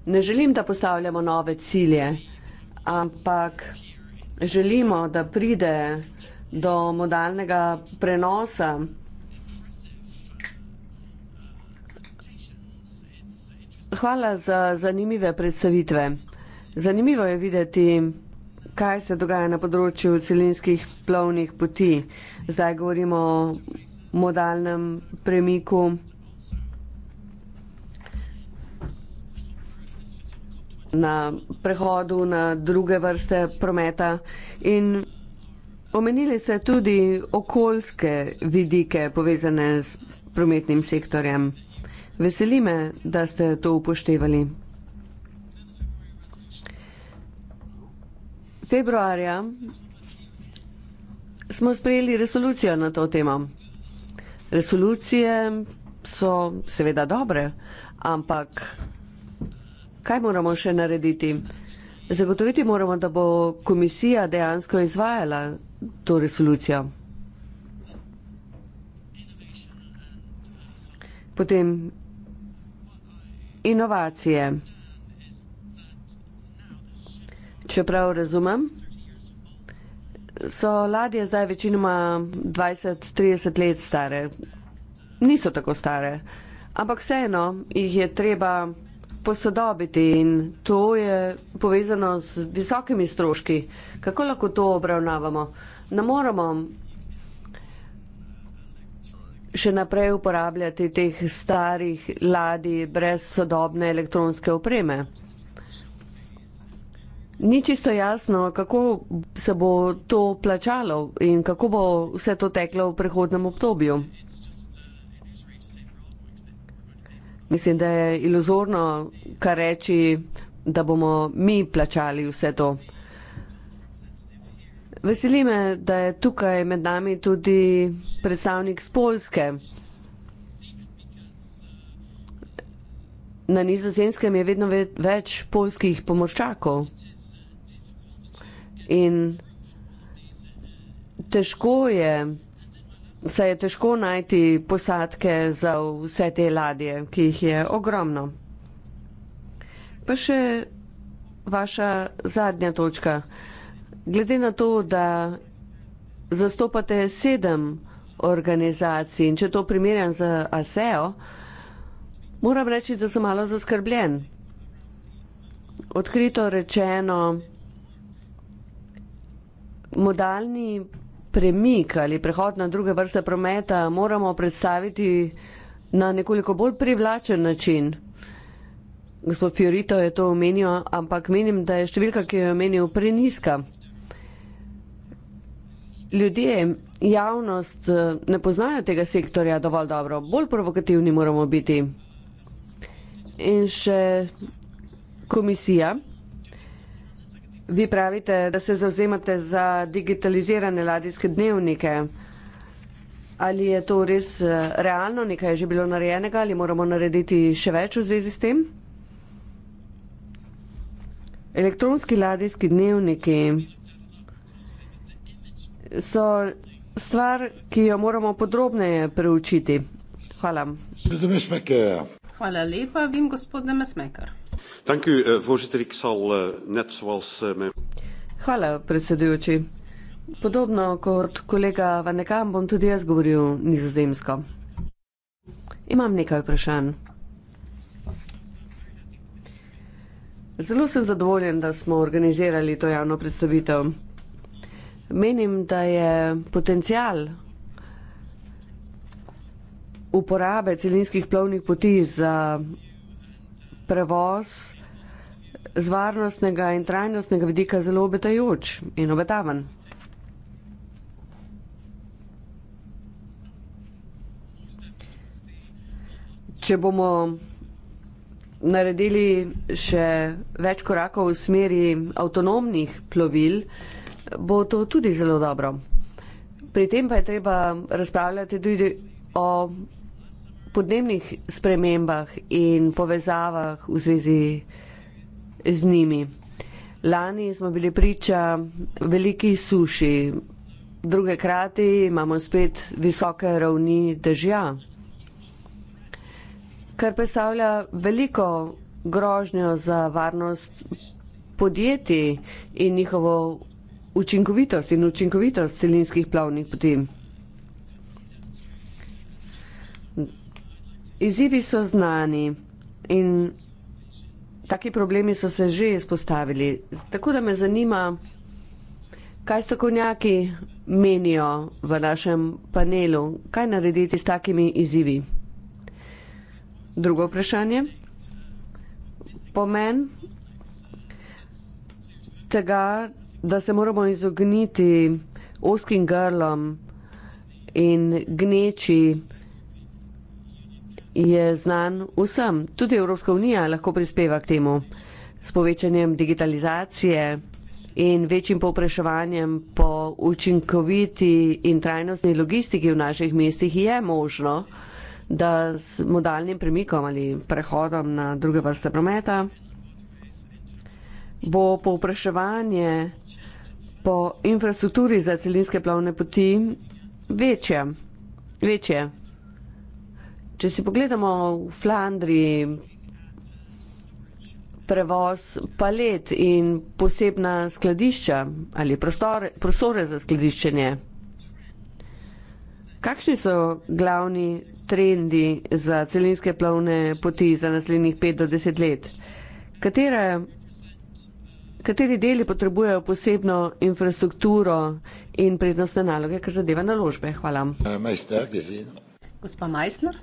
Ne želim, da postavljamo nove cilje, ampak želimo, da pride do modalnega prenosa. Hvala za zanimive predstavitve. Zanimivo je videti, kaj se dogaja na področju celinskih plovnih poti. Zdaj govorimo o modalnem premiku. na prehodu na druge vrste prometa in omenili ste tudi okoljske vidike povezane s prometnim sektorjem. Veseli me, da ste to upoštevali. Februarja smo sprejeli resolucijo na to temo. Resolucije so seveda dobre, ampak kaj moramo še narediti? Zagotoviti moramo, da bo komisija dejansko izvajala to resolucijo. Potem inovacije. Čeprav razumem, so ladje zdaj večinoma 20-30 let stare. Niso tako stare, ampak vseeno jih je treba posodobiti in to je povezano z visokimi stroški. Kako lahko to obravnavamo? Ne moramo še naprej uporabljati teh starih ladij brez sodobne elektronske opreme. Ni čisto jasno, kako se bo to plačalo in kako bo vse to teklo v prehodnem obdobju. Mislim, da je iluzorno, kar reči, da bomo mi plačali vse to. Veseli me, da je tukaj med nami tudi predstavnik z Polske. Na nizozemskem je vedno več polskih pomorščakov in težko je, saj je težko najti posadke za vse te ladje, ki jih je ogromno. Pa še vaša zadnja točka. Glede na to, da zastopate sedem organizacij in če to primerjam z ASEO, moram reči, da sem malo zaskrbljen. Odkrito rečeno, modalni premik ali prehod na druge vrste prometa moramo predstaviti na nekoliko bolj privlačen način. Gospod Fiorito je to omenil, ampak menim, da je številka, ki jo je omenil, preniska ljudje, javnost eh, ne poznajo tega sektorja dovolj dobro, bolj provokativni moramo biti. In še komisija. Vi pravite, da se zauzemate za digitalizirane ladijske dnevnike. Ali je to res eh, realno, nekaj je že bilo narejenega ali moramo narediti še več v zvezi s tem? Elektronski ladijski dnevniki so stvar, ki jo moramo podrobneje preučiti. Hvala. Hvala lepa, vim, gospod Nemesmekar. Eh, eh, eh, Hvala, predsedujoči. Podobno kot kolega Vanekam bom tudi jaz govoril nizozemsko. Imam nekaj vprašanj. Zelo sem zadovoljen, da smo organizirali to javno predstavitev. Menim, da je potencial uporabe celinskih plovnih poti za prevoz z varnostnega in trajnostnega vidika zelo obetajoč in obetavan. Če bomo naredili še več korakov v smeri avtonomnih plovil, bo to tudi zelo dobro. Pri tem pa je treba razpravljati tudi o podnebnih spremembah in povezavah v zvezi z njimi. Lani smo bili priča veliki suši, druge krati imamo spet visoke ravni dežja, kar predstavlja veliko grožnjo za varnost podjetij in njihovo učinkovitost in učinkovitost celinskih plavnih poti. Izzivi so znani in taki problemi so se že izpostavili. Tako da me zanima, kaj strokovnjaki menijo v našem panelu, kaj narediti s takimi izzivi. Drugo vprašanje. Pomen tega, da se moramo izogniti oskim grlom in gneči, je znan vsem. Tudi Evropska unija lahko prispeva k temu s povečanjem digitalizacije in večjim povpraševanjem po učinkoviti in trajnostni logistiki v naših mestih je možno, da s modalnim premikom ali prehodom na druge vrste prometa bo povpraševanje po infrastrukturi za celinske plavne poti večje. večje. Če si pogledamo v Flandriji, prevoz palet in posebna skladišča ali prostore, prostore za skladiščenje. Kakšni so glavni trendi za celinske plavne poti za naslednjih 5 do 10 let? Katere kateri deli potrebujejo posebno infrastrukturo in prednostne naloge, kar zadeva naložbe. Hvala. Eh, Gospa Majsner.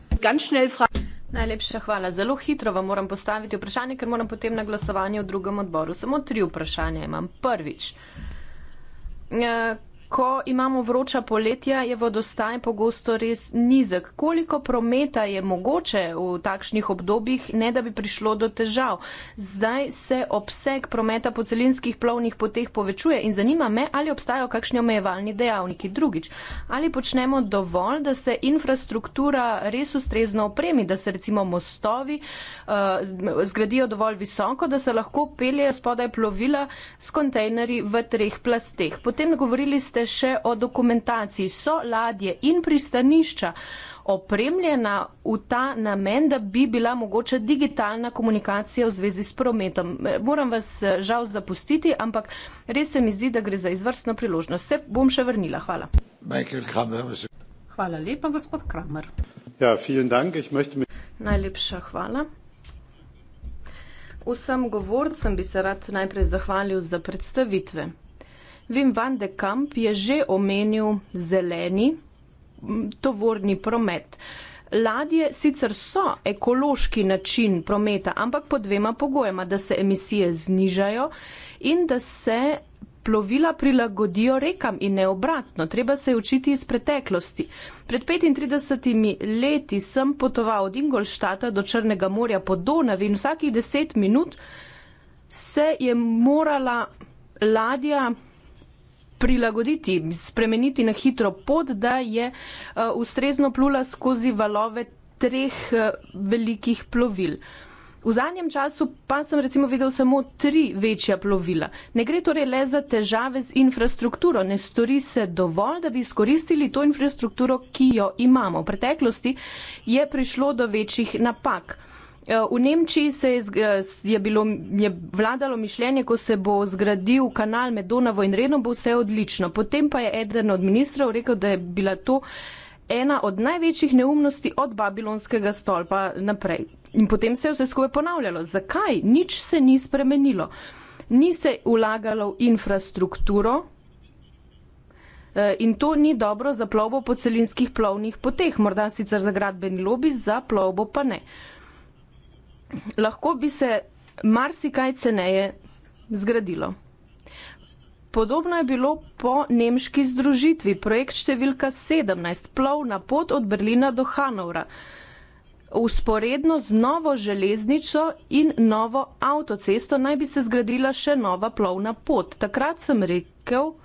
Najlepša hvala. Zelo hitro vam moram postaviti vprašanje, ker moram potem na glasovanje v drugem odboru. Samo tri vprašanja imam. Prvič. Eh, Ko imamo vroča poletja, je vodostaj pogosto res nizek. Koliko prometa je mogoče v takšnih obdobjih, ne da bi prišlo do težav? Zdaj se obseg prometa po celinskih plovnih poteh povečuje in zanima me, ali obstajajo kakšni omejevalni dejavniki. Drugič, ali počnemo dovolj, da se infrastruktura res ustrezno opremi, da se recimo mostovi uh, zgradijo dovolj visoko, da se lahko peljejo spodaj plovila s kontejnerji v treh plasteh. Potem govorili ste, veste še o dokumentaciji. So ladje in pristanišča opremljena v ta namen, da bi bila mogoče digitalna komunikacija v zvezi s prometom. Eh, moram vas eh, žal zapustiti, ampak res se mi zdi, da gre za izvrstno priložnost. Se bom še vrnila. Hvala. Hvala lepa, gospod Kramer. Ja, dank. Ich möchte... Najlepša hvala. Vsem govorcem bi se rad najprej zahvalil za predstavitve. Vim van de Kamp je že omenil zeleni tovorni promet. Ladje sicer so ekološki način prometa, ampak pod dvema pogojema, da se emisije znižajo in da se plovila prilagodijo rekam in ne obratno. Treba se je učiti iz preteklosti. Pred 35 leti sem potoval od Ingolštata do Črnega morja po Donavi in vsakih 10 minut se je morala ladja prilagoditi, spremeniti na hitro pot, da je eh, ustrezno plula skozi valove treh eh, velikih plovil. V zadnjem času pa sem recimo videl samo tri večja plovila. Ne gre torej le za težave z infrastrukturo, ne stori se dovolj, da bi izkoristili to infrastrukturo, ki jo imamo. V preteklosti je prišlo do večjih napak. Eh, v Nemčiji se je, eh, je, bilo, je vladalo mišljenje, ko se bo zgradil kanal med Donavo in Renom, bo vse odlično. Potem pa je eden od ministrov rekel, da je bila to ena od največjih neumnosti od babilonskega stolpa naprej. In potem se je vse skupaj ponavljalo. Zakaj? Nič se ni spremenilo. Ni se ulagalo v infrastrukturo. Eh, in to ni dobro za plovbo po celinskih plovnih poteh, morda sicer za gradbeni lobby, za plovbo pa ne. Uh, lahko bi se marsikaj ceneje zgradilo. Podobno je bilo po nemški združitvi, projekt številka 17, plov na pot od Berlina do Hanovra, usporedno z novo železnico in novo avtocesto naj bi se zgradila še nova plovna pot. Takrat sem rekel,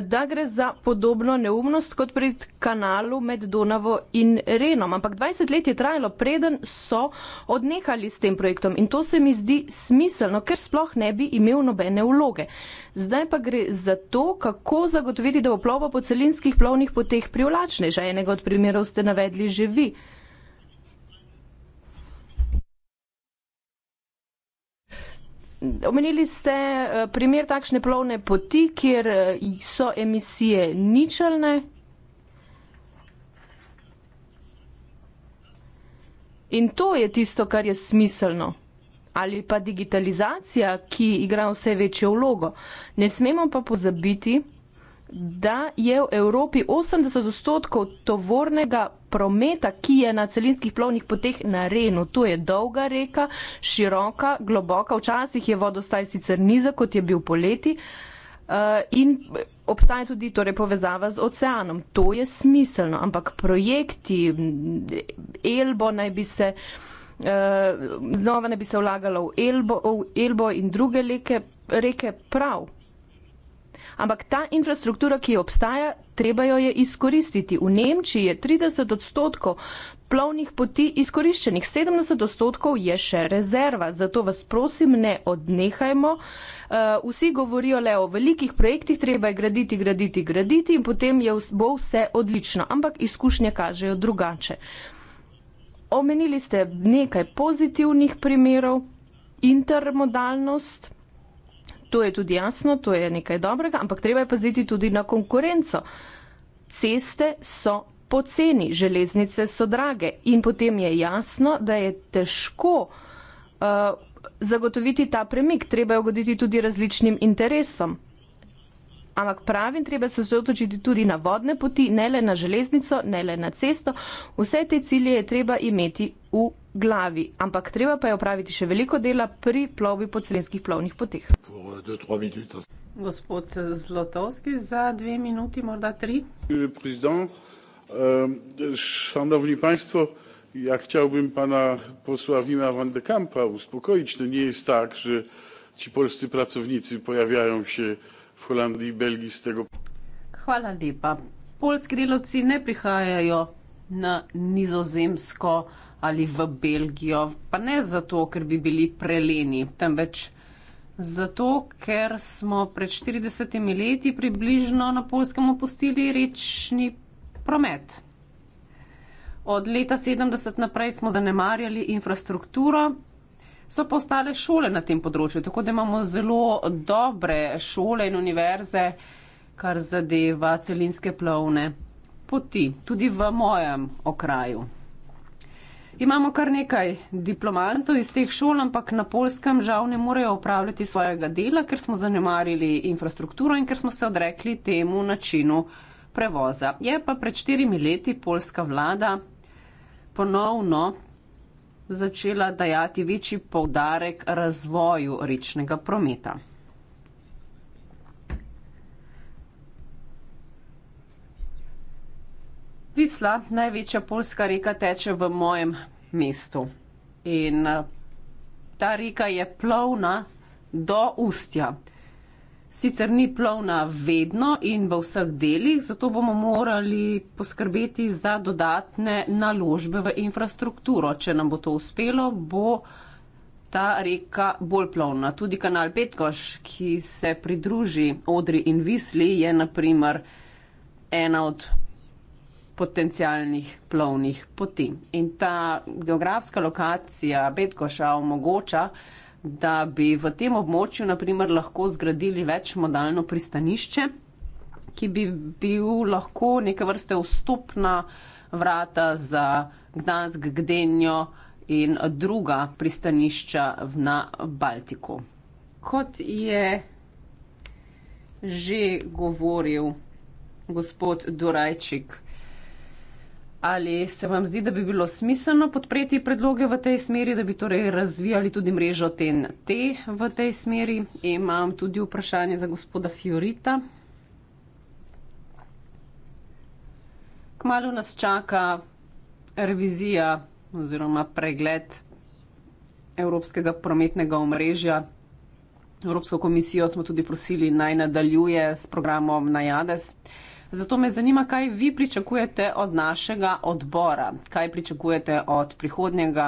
da gre za podobno neumnost kot pri kanalu med Donavo in Renom. Ampak 20 let je trajalo, preden so odnehali s tem projektom in to se mi zdi smiselno, ker sploh ne bi imel nobene vloge. Zdaj pa gre za to, kako zagotoviti, da bo plova po celinskih plovnih poteh privlačnejša. Enega od primerov ste navedli že vi. Omenili ste eh, primer takšne plovne poti, kjer eh, so emisije ničelne in to je tisto, kar je smiselno. Ali pa digitalizacija, ki igra vse večjo vlogo. Ne smemo pa pozabiti, da je v Evropi 80 odstotkov tovornega prometa, ki je na celinskih plovnih poteh na Renu. To je dolga reka, široka, globoka, včasih je vodostaj sicer nizek, kot je bil poleti. Eh, in obstaja tudi torej povezava z oceanom. To je smiselno, ampak projekti, Elbo naj bi se, eh, znova naj bi se vlagalo v Elbo, v Elbo in druge reke, reke prav ampak ta infrastruktura, ki obstaja, treba jo je izkoristiti. V Nemčiji je 30 odstotkov plovnih poti izkoriščenih, 70 odstotkov je še rezerva, zato vas prosim, ne odnehajmo. Uh, vsi govorijo le o velikih projektih, treba je graditi, graditi, graditi in potem je, bo vse odlično, ampak izkušnje kažejo drugače. Omenili ste nekaj pozitivnih primerov, intermodalnost, to je tudi jasno, to je nekaj dobrega, ampak treba je paziti tudi na konkurenco. Ceste so poceni, železnice so drage in potem je jasno, da je težko uh, zagotoviti ta premik. Treba je ugoditi tudi različnim interesom. Ampak pravim, treba se osredotočiti tudi na vodne poti, ne le na železnico, ne le na cesto. Vse te cilje je treba imeti v glavi, ampak treba pa je opraviti še veliko dela pri plovbi po celinskih plovnih poteh. Eh, Gospod Zlotovski, za dve minuti, morda tri. Šanovni euh, panjstvo, ja chciałbym pana posła Wima van de Kampa uspokoić. To nie jest tak, że ci polscy pracownicy pojawiają się v Holandiji, Belgiji ste ga. Hvala lepa. Polski delavci ne prihajajo na nizozemsko ali v Belgijo, pa ne zato, ker bi bili preleni, temveč zato, ker smo pred 40 leti približno na Polskem opustili rečni promet. Od leta 70 naprej smo zanemarjali infrastrukturo, so pa ostale šole na tem področju. Tako da imamo zelo dobre šole in univerze, kar zadeva celinske plovne poti, tudi v mojem okraju. Imamo kar nekaj diplomantov iz teh šol, ampak na polskem žal ne morejo upravljati svojega dela, ker smo zanemarili infrastrukturo in ker smo se odrekli temu načinu prevoza. Je pa pred štirimi leti polska vlada ponovno začela dajati večji povdarek razvoju rečnega prometa. Visla, največja polska reka, teče v mojem mestu. In ta reka je plovna do ustja sicer ni plovna vedno in v vseh delih, zato bomo morali poskrbeti za dodatne naložbe v infrastrukturo. Če nam bo to uspelo, bo ta reka bolj plovna. Tudi kanal Petkoš, ki se pridruži Odri in Visli, je naprimer ena od potencijalnih plovnih poti. In ta geografska lokacija Petkoša omogoča, da bi v tem območju naprimer, lahko zgradili več modalno pristanišče, ki bi bil lahko neke vrste vstopna vrata za Gdansk, Gdenjo in druga pristanišča na Baltiku. Kot je že govoril gospod Dorajčik, Ali se vam zdi, da bi bilo smiselno podpreti predloge v tej smeri, da bi torej razvijali tudi mrežo TNT v tej smeri? Imam tudi vprašanje za gospoda Fiorita. Kmalo nas čaka revizija oziroma pregled Evropskega prometnega omrežja. Evropsko komisijo smo tudi prosili naj nadaljuje s programom Najades. Na Zato me zanima, kaj vi pričakujete od našega odbora, kaj pričakujete od prihodnjega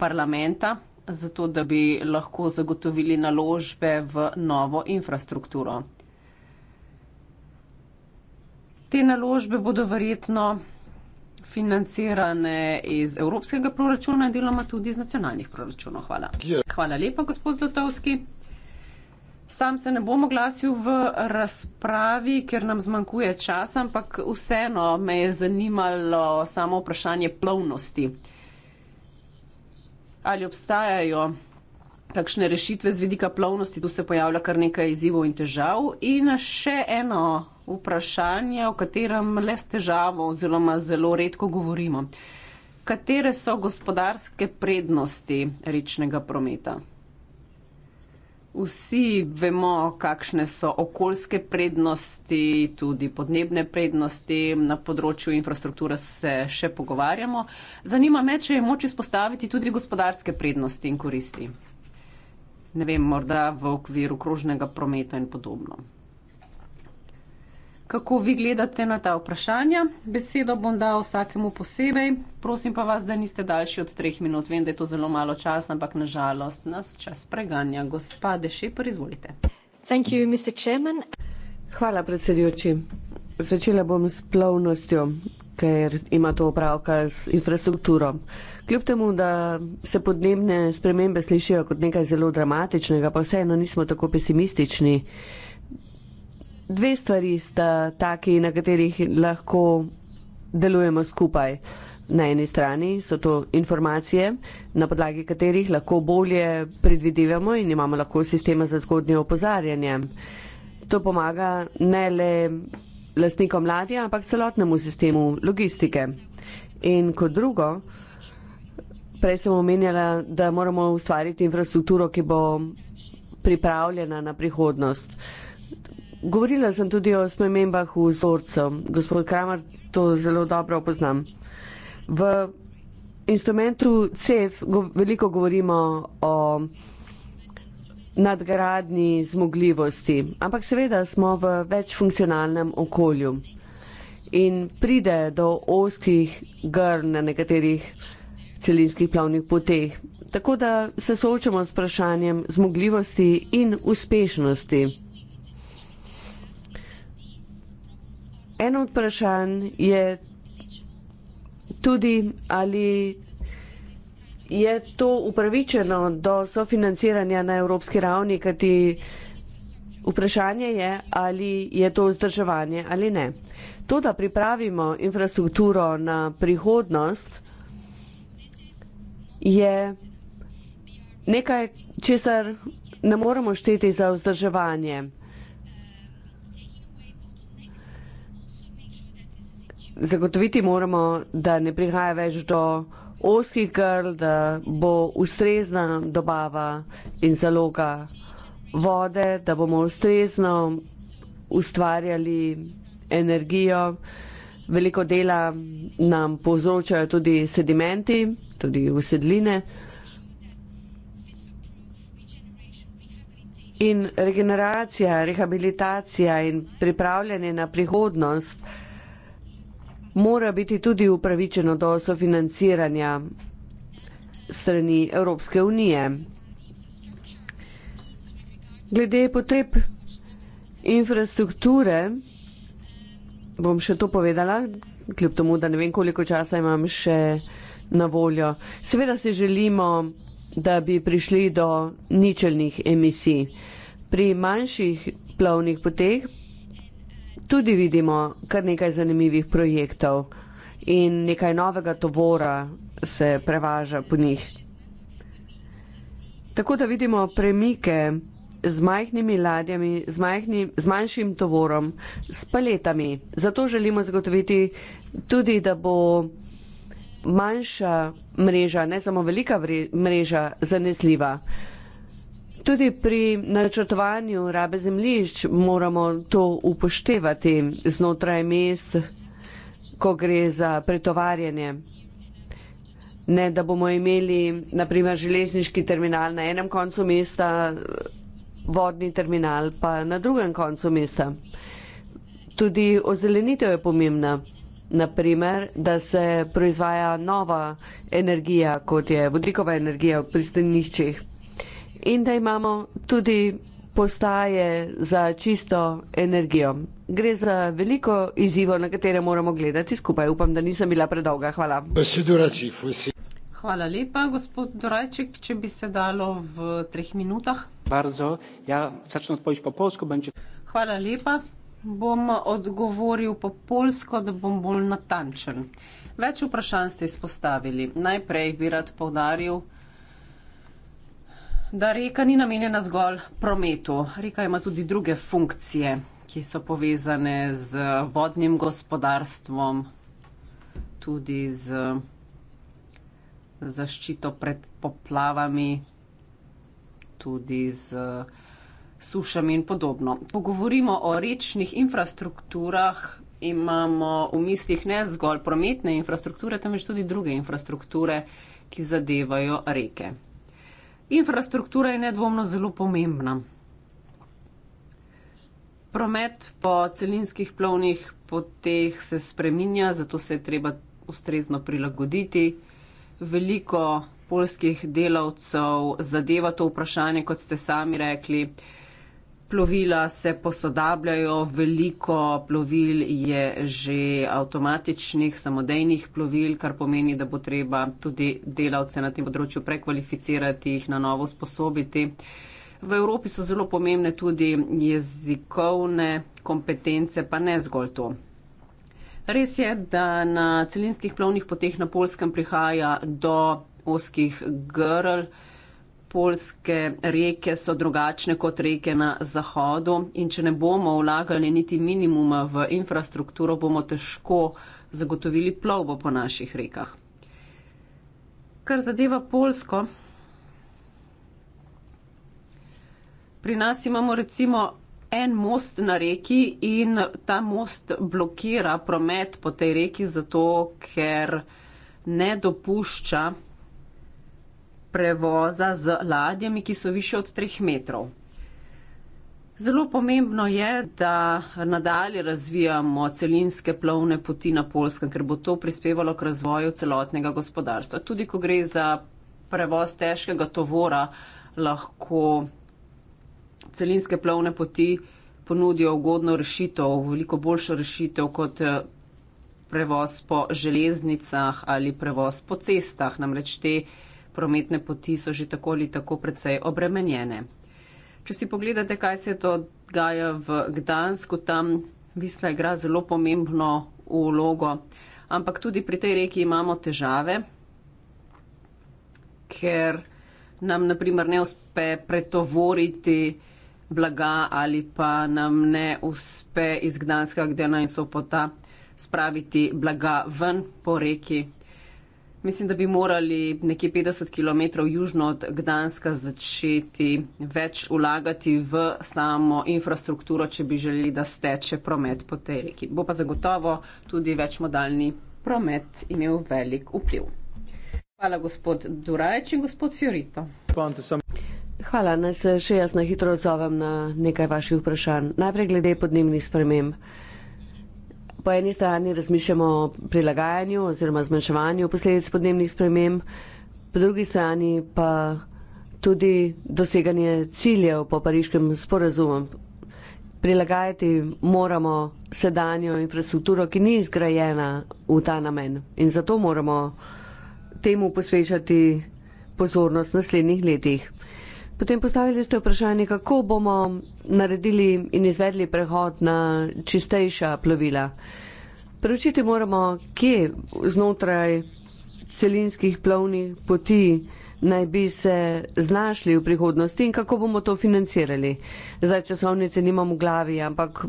parlamenta, zato da bi lahko zagotovili naložbe v novo infrastrukturo. Te naložbe bodo verjetno financirane iz evropskega proračuna in deloma tudi iz nacionalnih proračunov. Hvala. Hvala lepa, gospod Zlotovski. Sam se ne bom oglasil v razpravi, ker nam zmanjkuje časa, ampak vseeno me je zanimalo samo vprašanje plovnosti. Ali obstajajo takšne rešitve z vidika plovnosti, tu se pojavlja kar nekaj izzivov in težav. In še eno vprašanje, o katerem le s težavo oziroma zelo redko govorimo. Katere so gospodarske prednosti rečnega prometa? Vsi vemo, kakšne so okoljske prednosti, tudi podnebne prednosti, na področju infrastrukture se še pogovarjamo. Zanima me, če je moč izpostaviti tudi gospodarske prednosti in koristi. Ne vem, morda v okviru krožnega prometa in podobno kako vi gledate na ta vprašanja. Besedo bom dal vsakemu posebej, prosim pa vas, da niste daljši od treh minut. Vem, da je to zelo malo čas, ampak nažalost nas čas preganja. Gospa Dešepr, izvolite. You, Hvala, predsedujoči. Začela bom s plovnostjo, ker ima to opravka z infrastrukturo. Kljub temu, da se podnebne spremembe slišijo kot nekaj zelo dramatičnega, pa vseeno nismo tako pesimistični dve stvari sta taki, na katerih lahko delujemo skupaj. Na eni strani so to informacije, na podlagi katerih lahko bolje predvidevamo in imamo lahko sisteme za zgodnje opozarjanje. To pomaga ne le lastnikom ladja, ampak celotnemu sistemu logistike. In kot drugo, prej sem omenjala, da moramo ustvariti infrastrukturo, ki bo pripravljena na prihodnost. Uh, Govorila sem tudi o spremembah v vzorcu. Gospod Kramer, to zelo dobro poznam. V instrumentu CEF go veliko govorimo o nadgradni zmogljivosti, ampak seveda smo v večfunkcionalnem okolju in pride do ostrih grn na nekaterih celinskih plavnih poteh. Tako da se soočamo s vprašanjem zmogljivosti in uspešnosti. eno od vprašanj je tudi, ali je to upravičeno do sofinanciranja na evropski ravni, kajti vprašanje je, ali je to vzdrževanje ali ne. To, da pripravimo infrastrukturo na prihodnost, je nekaj, česar ne moremo šteti za vzdrževanje. zagotoviti moramo, da ne prihaja več do oskih grl, da bo ustrezna dobava in zaloga vode, da bomo ustrezno ustvarjali energijo. Veliko dela nam povzročajo tudi sedimenti, tudi usedline. In regeneracija, rehabilitacija in pripravljanje na prihodnost mora biti tudi upravičeno do sofinanciranja strani Evropske unije. Glede potreb infrastrukture, bom še to povedala, kljub temu, da ne vem, koliko časa imam še na voljo. Seveda si želimo, da bi prišli do ničelnih emisij. Pri manjših plovnih poteh tudi vidimo kar nekaj zanimivih projektov in nekaj novega tovora se prevaža po njih. Tako da vidimo premike z majhnimi ladjami, z, majhni, z manjšim tovorom, s paletami. Zato želimo zagotoviti tudi, da bo manjša mreža, ne samo velika mreža, zanesljiva tudi pri načrtovanju rabe zemljišč moramo to upoštevati znotraj mest, ko gre za pretovarjanje. Ne, da bomo imeli naprimer železniški terminal na enem koncu mesta, vodni terminal pa na drugem koncu mesta. Tudi ozelenitev je pomembna. Naprimer, da se proizvaja nova energija, kot je vodikova energija v pristaniščih in da imamo tudi postaje za čisto energijo. Gre za veliko izzivo, na katere moramo gledati skupaj. Upam, da nisem bila predolga. Hvala. Hvala lepa, gospod Dorajček, če bi se dalo v treh minutah. Bardzo, ja, začnem odpoviš po polsko. Benče. Hvala lepa, bom odgovoril po polsko, da bom bolj natančen. Več vprašanj ste izpostavili. Najprej bi rad povdaril, da reka ni namenjena zgolj prometu. Reka ima tudi druge funkcije, ki so povezane z vodnim gospodarstvom, tudi z zaščito pred poplavami, tudi z sušami in podobno. Pogovorimo o rečnih infrastrukturah. Imamo v mislih ne zgolj prometne infrastrukture, temveč tudi druge infrastrukture, ki zadevajo reke. Infrastruktura je nedvomno zelo pomembna. Promet po celinskih plovnih poteh se spreminja, zato se je treba ustrezno prilagoditi. Veliko polskih delavcev zadeva to vprašanje, kot ste sami rekli plovila se posodabljajo, veliko plovil je že avtomatičnih, samodejnih plovil, kar pomeni, da bo treba tudi delavce na tem področju prekvalificirati, jih na novo sposobiti. V Evropi so zelo pomembne tudi jezikovne kompetence, pa ne zgolj to. Res je, da na celinskih plovnih poteh na Polskem prihaja do oskih grl polske reke so drugačne kot reke na zahodu in če ne bomo vlagali niti minimuma v infrastrukturo, bomo težko zagotovili plovbo po naših rekah. Kar zadeva Polsko, pri nas imamo recimo en most na reki in ta most blokira promet po tej reki zato, ker ne dopušča prevoza z ladjami, ki so više od 3 metrov. Zelo pomembno je, da nadalje razvijamo celinske plovne poti na Polskem, ker bo to prispevalo k razvoju celotnega gospodarstva. Tudi, ko gre za prevoz težkega tovora, lahko celinske plovne poti ponudijo ugodno rešitev, veliko boljšo rešitev kot eh, prevoz po železnicah ali prevoz po cestah. Namreč te prometne poti so že tako ali tako precej obremenjene. Če si pogledate, kaj se to dogaja v Gdansku, tam Visla igra zelo pomembno ulogo, ampak tudi pri tej reki imamo težave, ker nam naprimer ne uspe pretovoriti blaga ali pa nam ne uspe iz Gdanska, kde naj so pota spraviti blaga ven po reki, Mislim, da bi morali nekje 50 km južno od Gdanska začeti več vlagati v samo infrastrukturo, če bi želeli, da steče promet po tej reki. Bo pa zagotovo tudi večmodalni promet imel velik vpliv. Hvala, gospod Durajč in gospod Fiorito. Hvala, naj se še jaz na hitro odzovem na nekaj vaših vprašanj. Najprej glede podnebnih sprememb po eni strani razmišljamo o prilagajanju oziroma zmanjševanju posledic podnebnih sprememb, po drugi strani pa tudi doseganje ciljev po pariškem sporazumu. Prilagajati moramo sedanjo infrastrukturo, ki ni izgrajena v ta namen in zato moramo temu posvečati pozornost v naslednjih letih. Potem postavili ste vprašanje, kako bomo naredili in izvedli prehod na čistejša plovila. Preučiti moramo, kje znotraj celinskih plovnih poti naj bi se znašli v prihodnosti in kako bomo to financirali. Zdaj časovnice nimam v glavi, ampak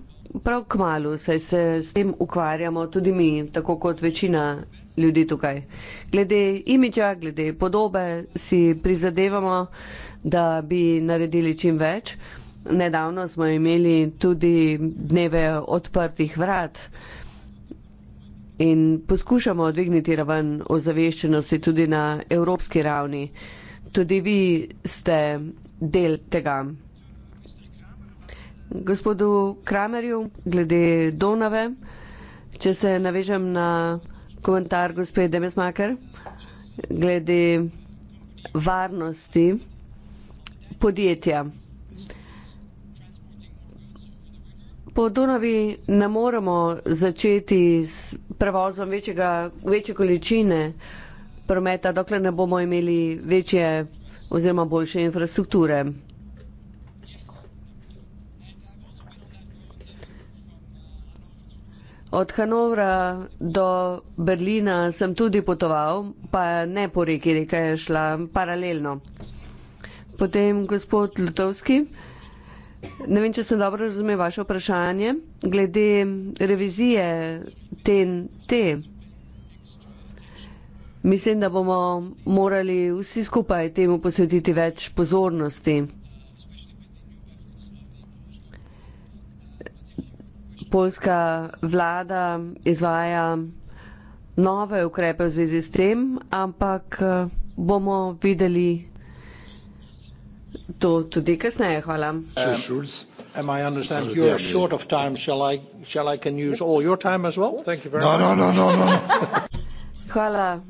prav k malu se s tem ukvarjamo tudi mi, tako kot večina ljudi tukaj. Glede imidža, glede podobe si prizadevamo da bi naredili čim več. Nedavno smo imeli tudi dneve odprtih vrat in poskušamo dvigniti raven ozaveščenosti tudi na evropski ravni. Tudi vi ste del tega. Gospodu Kramerju, glede Donave, če se navežem na komentar gospe Demesmaker, glede varnosti podjetja. Po Dunavi ne moremo začeti s prevozom večjega, večje količine prometa, dokler ne bomo imeli večje oziroma boljše infrastrukture. Od Hanovra do Berlina sem tudi potoval, pa ne po reki, reka je šla paralelno. Potem gospod Lutovski. Ne vem, če sem dobro razumel vaše vprašanje glede revizije TNT. Mislim, da bomo morali vsi skupaj temu posvetiti več pozornosti. Polska vlada izvaja nove ukrepe v zvezi s tem, ampak eh, bomo videli to tudi kasneje. Hvala. Um, am I understand you are short of time? Shall I, shall I can use all your time as well? Thank you very no, much. No, no, no, no. no. Hvala.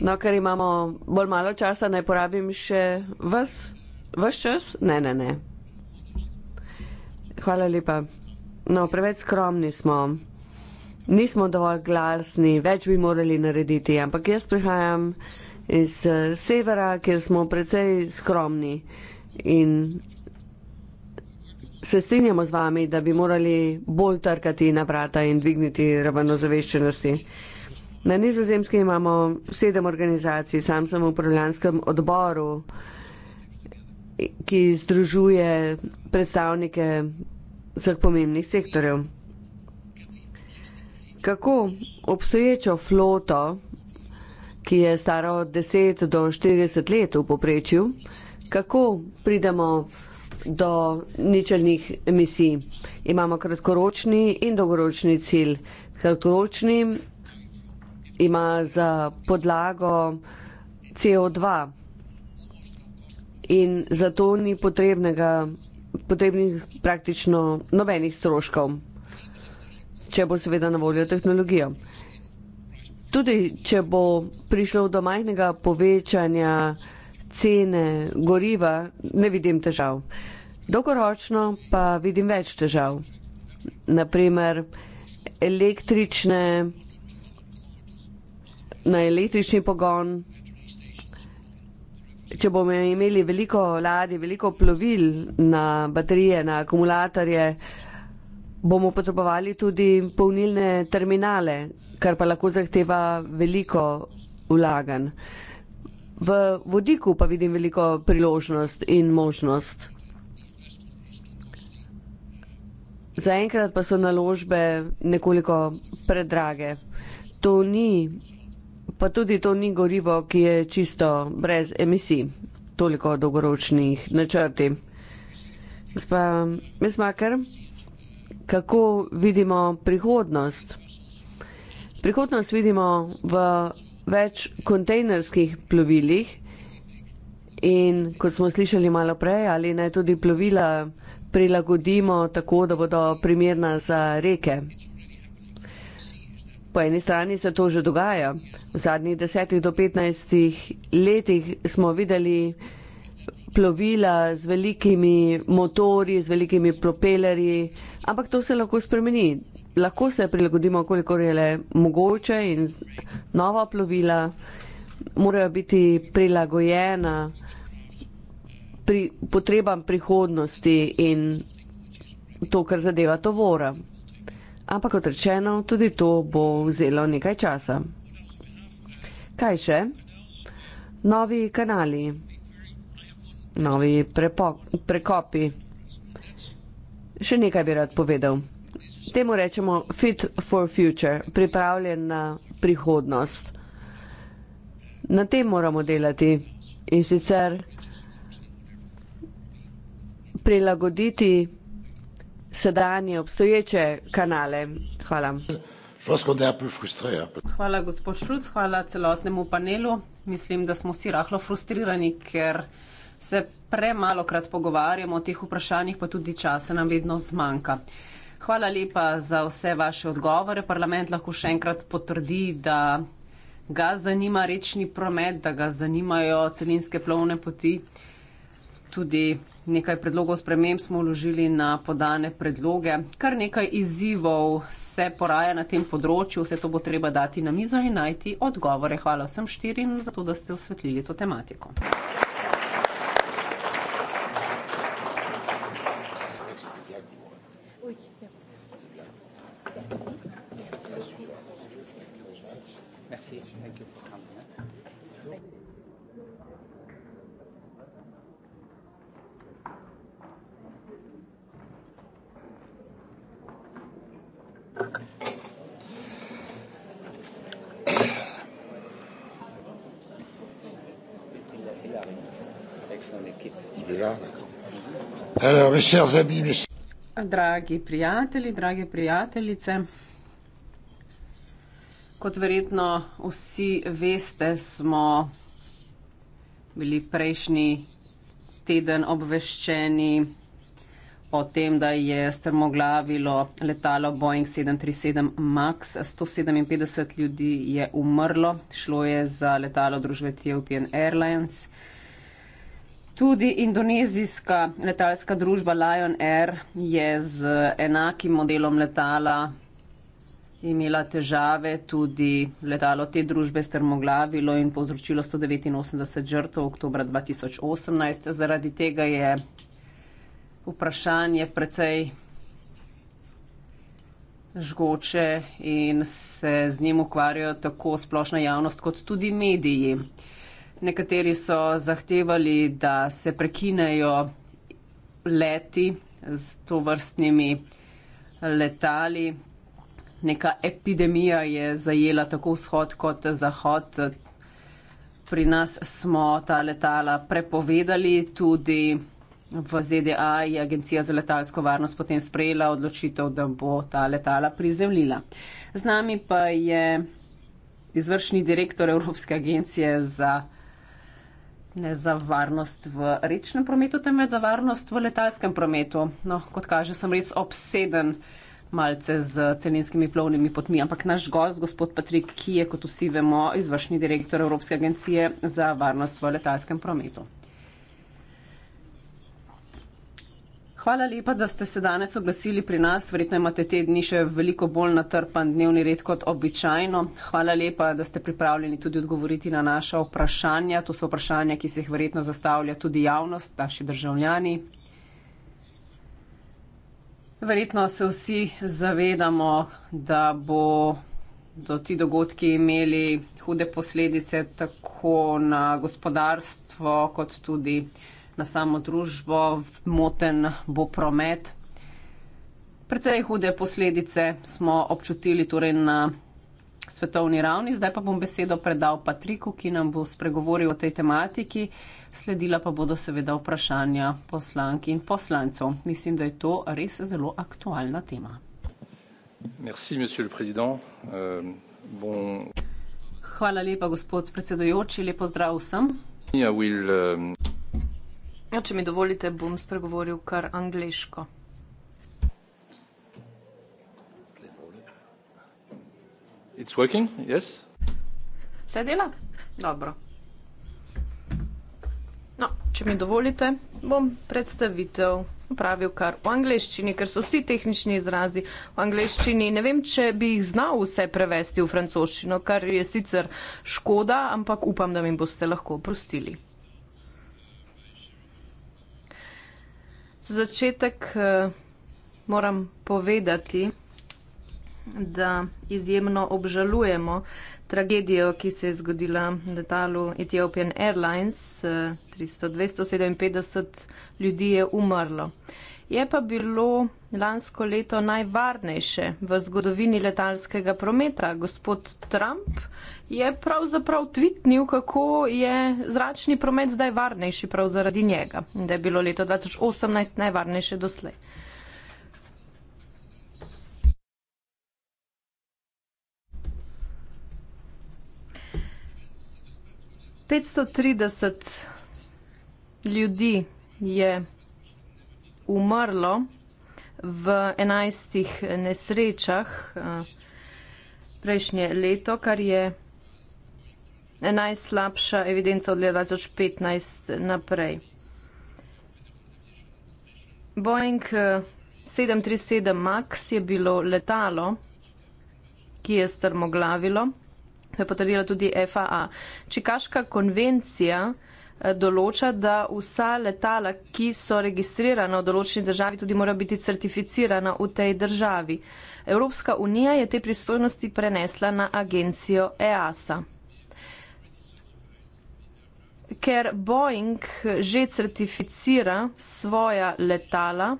No, ker imamo bolj malo časa, naj porabim še vas, vaš čas? Ne, ne, ne. Hvala lepa. No, preveč skromni smo. Nismo dovolj glasni, več bi morali narediti, ampak jaz prihajam iz eh, severa, kjer smo precej skromni in se strinjamo z vami, da bi morali bolj trkati na vrata in dvigniti raven ozaveščenosti. Na nizozemski imamo sedem organizacij, sam sem v upravljanskem odboru, ki združuje predstavnike vseh pomembnih sektorjev. Kako obstoječo floto ki je stara od 10 do 40 let v poprečju, kako pridemo do ničelnih emisij. Imamo kratkoročni in dolgoročni cilj. Kratkoročni ima za podlago CO2 in zato ni potrebnega, potrebnih praktično nobenih stroškov, če bo seveda na voljo tehnologijo tudi če bo prišlo do majhnega povečanja cene goriva, ne vidim težav. Dolgoročno pa vidim več težav. Naprimer, električne, na električni pogon. Če bomo imeli veliko ladij, veliko plovil na baterije, na akumulatorje, bomo potrebovali tudi polnilne terminale, kar pa lahko zahteva veliko vlaganj. V vodiku pa vidim veliko priložnost in možnost. Zaenkrat pa so naložbe nekoliko predrage. To ni, pa tudi to ni gorivo, ki je čisto brez emisij, toliko dolgoročnih načrti. Gospa Mesmaker, kako vidimo prihodnost? Prihodnost vidimo v več kontejnerskih plovilih in kot smo slišali malo prej, ali naj tudi plovila prilagodimo tako, da bodo primerna za reke. Po eni strani se to že dogaja. V zadnjih desetih do petnajstih letih smo videli plovila z velikimi motori, z velikimi propelerji, ampak to se lahko spremeni lahko se prilagodimo, koliko je le mogoče, in nova plovila morajo biti prilagojena pri potrebam prihodnosti in to, kar zadeva tovora. Ampak kot rečeno, tudi to bo vzelo nekaj časa. Kaj še? Novi kanali, novi prekopi. Še nekaj bi rad povedal temu rečemo fit for future, pripravljen na prihodnost. Na tem moramo delati in sicer prilagoditi sedanje obstoječe kanale. Hvala. Hvala, gospod Šus, hvala celotnemu panelu. Mislim, da smo vsi rahlo frustrirani, ker se premalo krat pogovarjamo o teh vprašanjih, pa tudi časa nam vedno zmanjka. Hvala lepa za vse vaše odgovore. Parlament lahko še enkrat potrdi, da ga zanima rečni promet, da ga zanimajo celinske plovne poti. Tudi nekaj predlogov sprememb smo vložili na podane predloge. Kar nekaj izzivov se poraja na tem področju, vse to bo treba dati na mizo in najti odgovore. Hvala vsem štirim za to, da ste osvetlili to tematiko. Dragi prijatelji, drage prijateljice, kot verjetno vsi veste, smo bili prejšnji teden obveščeni o tem, da je strmoglavilo letalo Boeing 737 MAX. 157 ljudi je umrlo, šlo je za letalo družbe Ethiopian Airlines. Tudi indonezijska letalska družba Lion Air je z enakim modelom letala imela težave, tudi letalo te družbe strmoglavilo in povzročilo 189 žrtev oktober 2018. Zaradi tega je vprašanje precej žgoče in se z njim ukvarjajo tako splošna javnost kot tudi mediji. Nekateri so zahtevali, da se prekinejo leti z to vrstnimi letali. Neka epidemija je zajela tako vzhod kot zahod. Pri nas smo ta letala prepovedali, tudi v ZDA je Agencija za letalsko varnost potem sprejela odločitev, da bo ta letala prizemljila. Z nami pa je izvršni direktor Evropske agencije za. Ne za varnost v rečnem prometu, temveč za varnost v letalskem prometu. No, kot kaže, sem res obseden malce z celinskimi plovnimi potmi, ampak naš gost, gospod Patrik, ki je, kot vsi vemo, izvršni direktor Evropske agencije za varnost v letalskem prometu. Hvala lepa, da ste se danes oglasili pri nas. Verjetno imate te dni še veliko bolj natrpan dnevni red kot običajno. Hvala lepa, da ste pripravljeni tudi odgovoriti na naša vprašanja. To so vprašanja, ki se jih verjetno zastavlja tudi javnost, naši državljani. Verjetno se vsi zavedamo, da bo do ti dogodki imeli hude posledice tako na gospodarstvo kot tudi na na samo družbo, moten bo promet. Predvsej hude posledice smo občutili torej na svetovni ravni, zdaj pa bom besedo predal Patriku, ki nam bo spregovoril o tej tematiki, sledila pa bodo seveda vprašanja poslank in poslancev. Mislim, da je to res zelo aktualna tema. Merci, monsieur le président. Uh, bon... Hvala lepa, gospod predsedujoči. Lepo zdrav vsem. Yeah, we'll, um... Euh, Ja, če mi dovolite, bom spregovoril kar angliško. It's working, yes. Vse dela? Dobro. No, če mi dovolite, bom predstavitev upravil kar v angliščini, ker so vsi tehnični izrazi v angliščini. Ne vem, če bi jih znal vse prevesti v francoščino, kar je sicer škoda, ampak upam, da mi boste lahko oprostili. Za začetek eh, moram povedati, da izjemno obžalujemo tragedijo, ki se je zgodila na letalu Ethiopian Airlines. 300-257 eh, ljudi je umrlo. Je pa bilo lansko leto najvarnejše v zgodovini letalskega prometa. Gospod Trump je pravzaprav tvitnil, kako je zračni promet zdaj varnejši prav zaradi njega, da je bilo leto 2018 najvarnejše doslej. Petsto trideset ljudi je umrlo v enajstih nesrečah eh, prejšnje leto, kar je najslabša evidenca od 2015 naprej. Boeing 737 eh, MAX je bilo letalo, ki je strmoglavilo, to je potrdila tudi FAA. Čikaška konvencija določa, da vsa letala, ki so registrirana v določeni državi, tudi morajo biti certificirana v tej državi. Evropska unija je te pristojnosti prenesla na agencijo EASA. Ker Boeing že certificira svoja letala,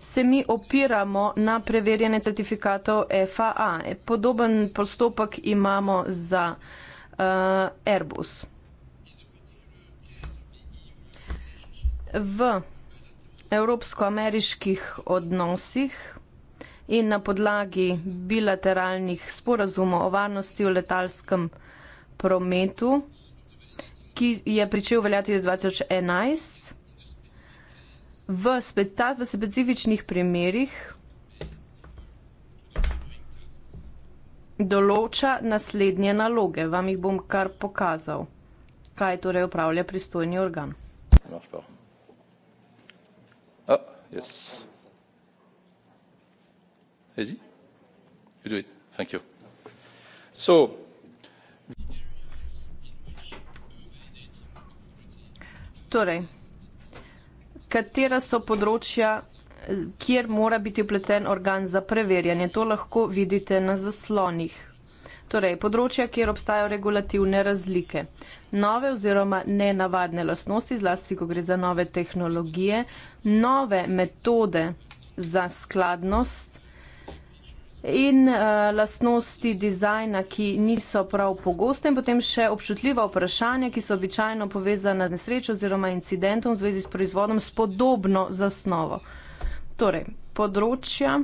se mi opiramo na preverjene certifikatov FAA. Podoben postopek imamo za uh, Airbus. v evropsko-ameriških odnosih in na podlagi bilateralnih sporazumov o varnosti v letalskem prometu, ki je pričel veljati iz 2011, v specifičnih primerih določa naslednje naloge. Vam jih bom kar pokazal, kaj torej upravlja pristojni organ. No, yes. Is he? You do it. Thank you. So. Torej, katera so področja, kjer mora biti upleten organ za preverjanje? To lahko vidite na zaslonih torej področja, kjer obstajajo regulativne razlike. Nove oziroma nenavadne lasnosti, zlasti, ko gre za nove tehnologije, nove metode za skladnost in uh, lastnosti dizajna, ki niso prav pogoste in potem še občutljiva vprašanja, ki so običajno povezana z nesrečo oziroma incidentom v zvezi s proizvodom s podobno zasnovo. Torej, področja,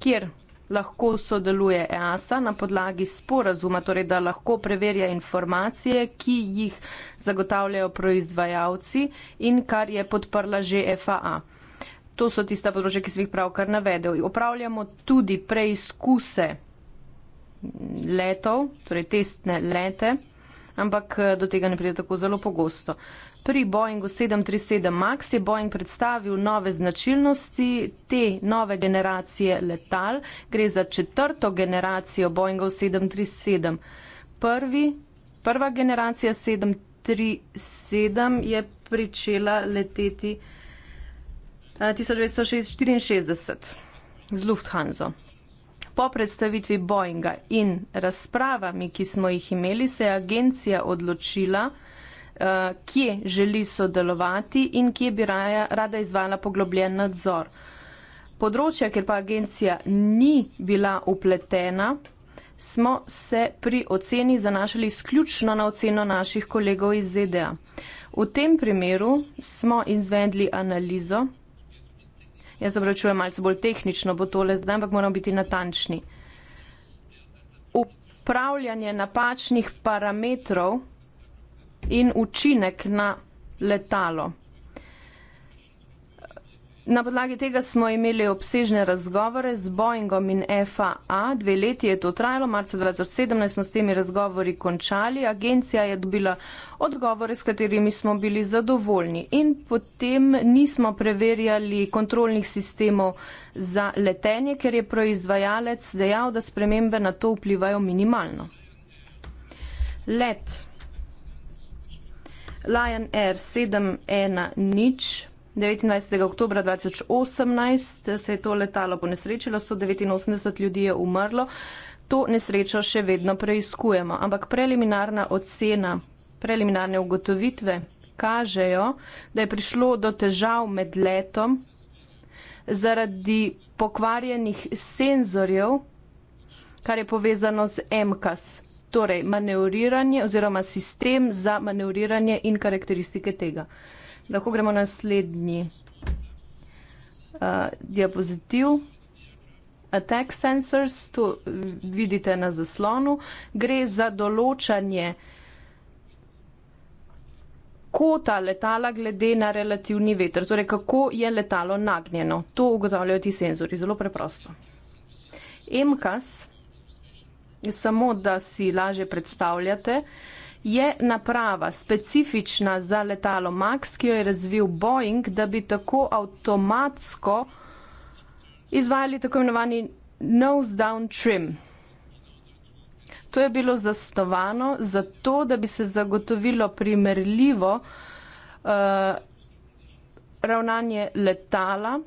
kjer lahko sodeluje EASA na podlagi sporazuma, torej da lahko preverja informacije, ki jih zagotavljajo proizvajalci in kar je podprla že FAA. To so tista področja, ki sem jih pravkar navedel. Opravljamo tudi preizkuse letov, torej testne lete, ampak eh, do tega ne pride tako zelo pogosto. Pri Boeingu 737 Max je Boeing predstavil nove značilnosti te nove generacije letal. Gre za četrto generacijo Boeingov 737. Prvi, prva generacija 737 je pričela leteti 1964 eh, z Lufthansa. Po predstavitvi Boeinga in razpravami, ki smo jih imeli, se je agencija odločila, Eh, kje želi sodelovati in kje bi raja, rada izvala poglobljen nadzor. Področja, kjer pa agencija ni bila upletena, smo se pri oceni zanašali sključno na oceno naših kolegov iz ZDA. V tem primeru smo izvedli analizo, jaz obračujem malce bolj tehnično, bo tole zdaj, ampak moramo biti natančni. Upravljanje napačnih parametrov in učinek na letalo. Na podlagi tega smo imeli obsežne razgovore z Boeingom in FAA. Dve leti je to trajalo, marca 2017 smo s temi razgovori končali. Agencija je dobila odgovore, s katerimi smo bili zadovoljni. In potem nismo preverjali kontrolnih sistemov za letenje, ker je proizvajalec dejal, da spremembe na to vplivajo minimalno. Let. Lion Air 710. 29. oktober 2018 se je to letalo ponesrečilo, 189 ljudi je umrlo. To nesrečo še vedno preiskujemo, ampak preliminarna ocena, preliminarne ugotovitve kažejo, da je prišlo do težav med letom zaradi pokvarjenih senzorjev, kar je povezano z MKS torej manevriranje oziroma sistem za manevriranje in karakteristike tega. Lahko gremo na naslednji uh, diapozitiv. Attack sensors, to uh, vidite na zaslonu, gre za določanje kota letala glede na relativni veter, torej kako je letalo nagnjeno. To ugotavljajo ti senzori, zelo preprosto. MKS samo da si lažje predstavljate, je naprava specifična za letalo Max, ki jo je razvil Boeing, da bi tako avtomatsko izvajali tako imenovani nose down trim. To je bilo zasnovano zato, da bi se zagotovilo primerljivo uh, ravnanje letala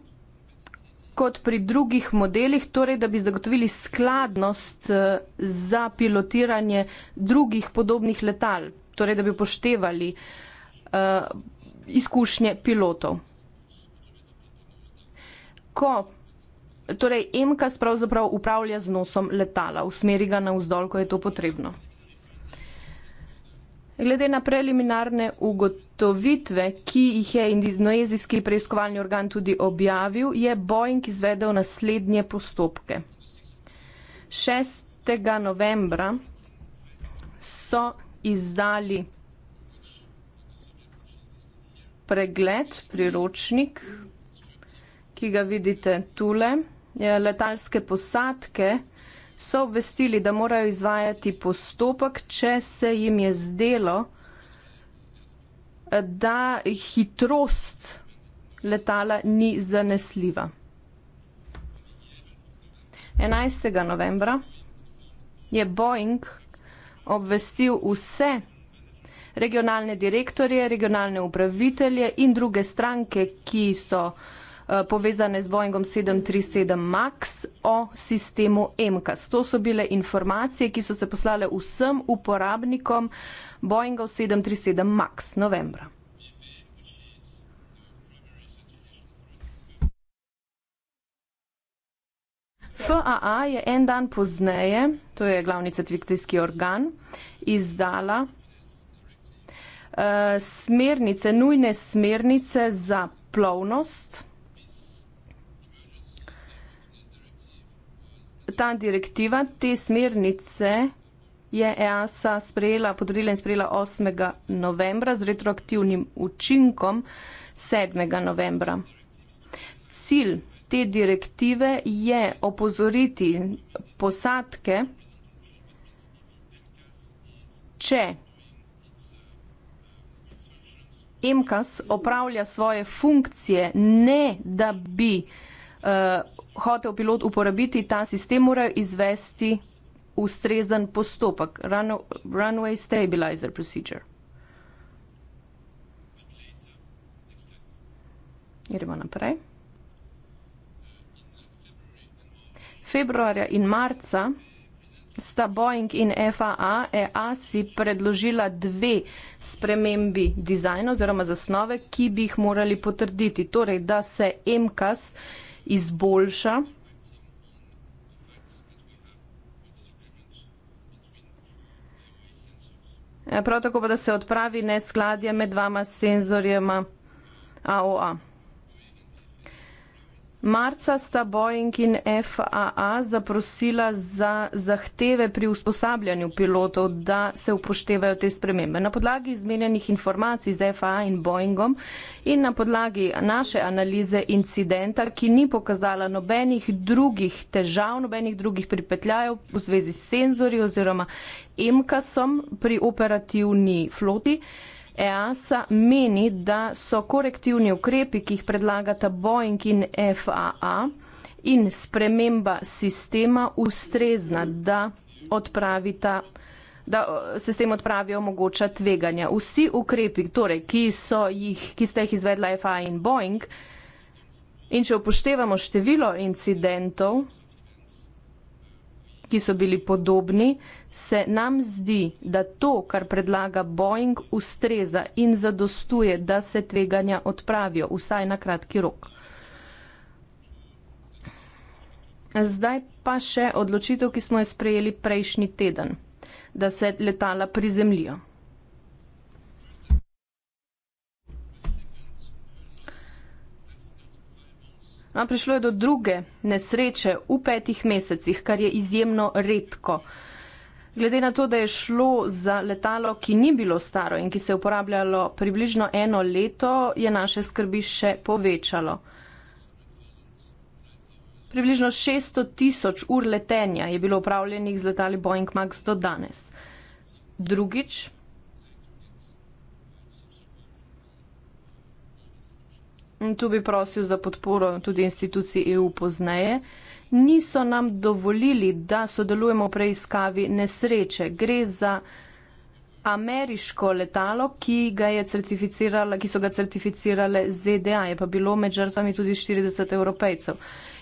kot pri drugih modelih, torej da bi zagotovili skladnost eh, za pilotiranje drugih podobnih letal, torej da bi poštevali uh, eh, izkušnje pilotov. Ko torej MKS pravzaprav upravlja z nosom letala, usmeri ga na vzdolj, ko je to potrebno. Glede na preliminarne ugotovitve, ugotovitve, ki jih je indonezijski preiskovalni organ tudi objavil, je Boeing izvedel naslednje postopke. 6. novembra so izdali pregled, priročnik, ki ga vidite tule, ja, letalske posadke so obvestili, da morajo izvajati postopek, če se jim je zdelo, da hitrost letala ni zanesljiva. 11. novembra je Boeing obvestil vse regionalne direktorje, regionalne upravitelje in druge stranke, ki so Eh, povezane z Boeingom 737 Max o sistemu MKS. To so bile informacije, ki so se poslale vsem uporabnikom Boeingov 737 Max novembra. FAA je en dan pozneje, to je glavni certifikacijski organ, izdala uh, smernice, nujne smernice za plovnost ta direktiva, te smernice je EASA sprejela, podarila in sprejela 8. novembra z retroaktivnim učinkom 7. novembra. Cilj te direktive je opozoriti posadke, če EMKAS opravlja svoje funkcije, ne da bi uh, uh, hotel pilot uporabiti ta sistem, morajo izvesti ustrezen postopek, Run runway stabilizer procedure. Gremo naprej. Februarja in marca sta Boeing in FAA EASI predložila dve spremembi dizajna oziroma zasnove, ki bi jih morali potrditi. Torej, da se MKS uh, izboljša. Prav tako pa, da se odpravi neskladje med dvama senzorjema AOA. Marca sta Boeing in FAA zaprosila za zahteve pri usposabljanju pilotov, da se upoštevajo te spremembe. Na podlagi izmenjenih informacij z FAA in Boeingom in na podlagi naše analize incidenta, ki ni pokazala nobenih drugih težav, nobenih drugih pripetljajev v zvezi s senzori oziroma MKS-om pri operativni floti, EASA meni, da so korektivni ukrepi, ki jih predlagata Boeing in FAA in sprememba sistema ustrezna, da odpravita da se s tem odpravijo mogoča tveganja. Vsi ukrepi, torej, ki, so jih, ki ste jih izvedla FA in Boeing, in če upoštevamo število incidentov, ki so bili podobni, se nam zdi, da to, kar predlaga Boeing, ustreza in zadostuje, da se tveganja odpravijo, vsaj na kratki rok. Zdaj pa še odločitev, ki smo jo sprejeli prejšnji teden, da se letala prizemlijo. No, prišlo je do druge nesreče v petih mesecih, kar je izjemno redko. Glede na to, da je šlo za letalo, ki ni bilo staro in ki se je uporabljalo približno eno leto, je naše skrbi še povečalo. Približno 600 tisoč ur letenja je bilo upravljenih z letali Boeing Max do danes. Drugič, Tu bi prosil za podporo tudi instituciji EU pozneje. Niso nam dovolili, da sodelujemo v preiskavi nesreče. Gre za ameriško letalo, ki, je ki so ga certificirale ZDA, je pa bilo med žrtvami tudi 40 evropejcev.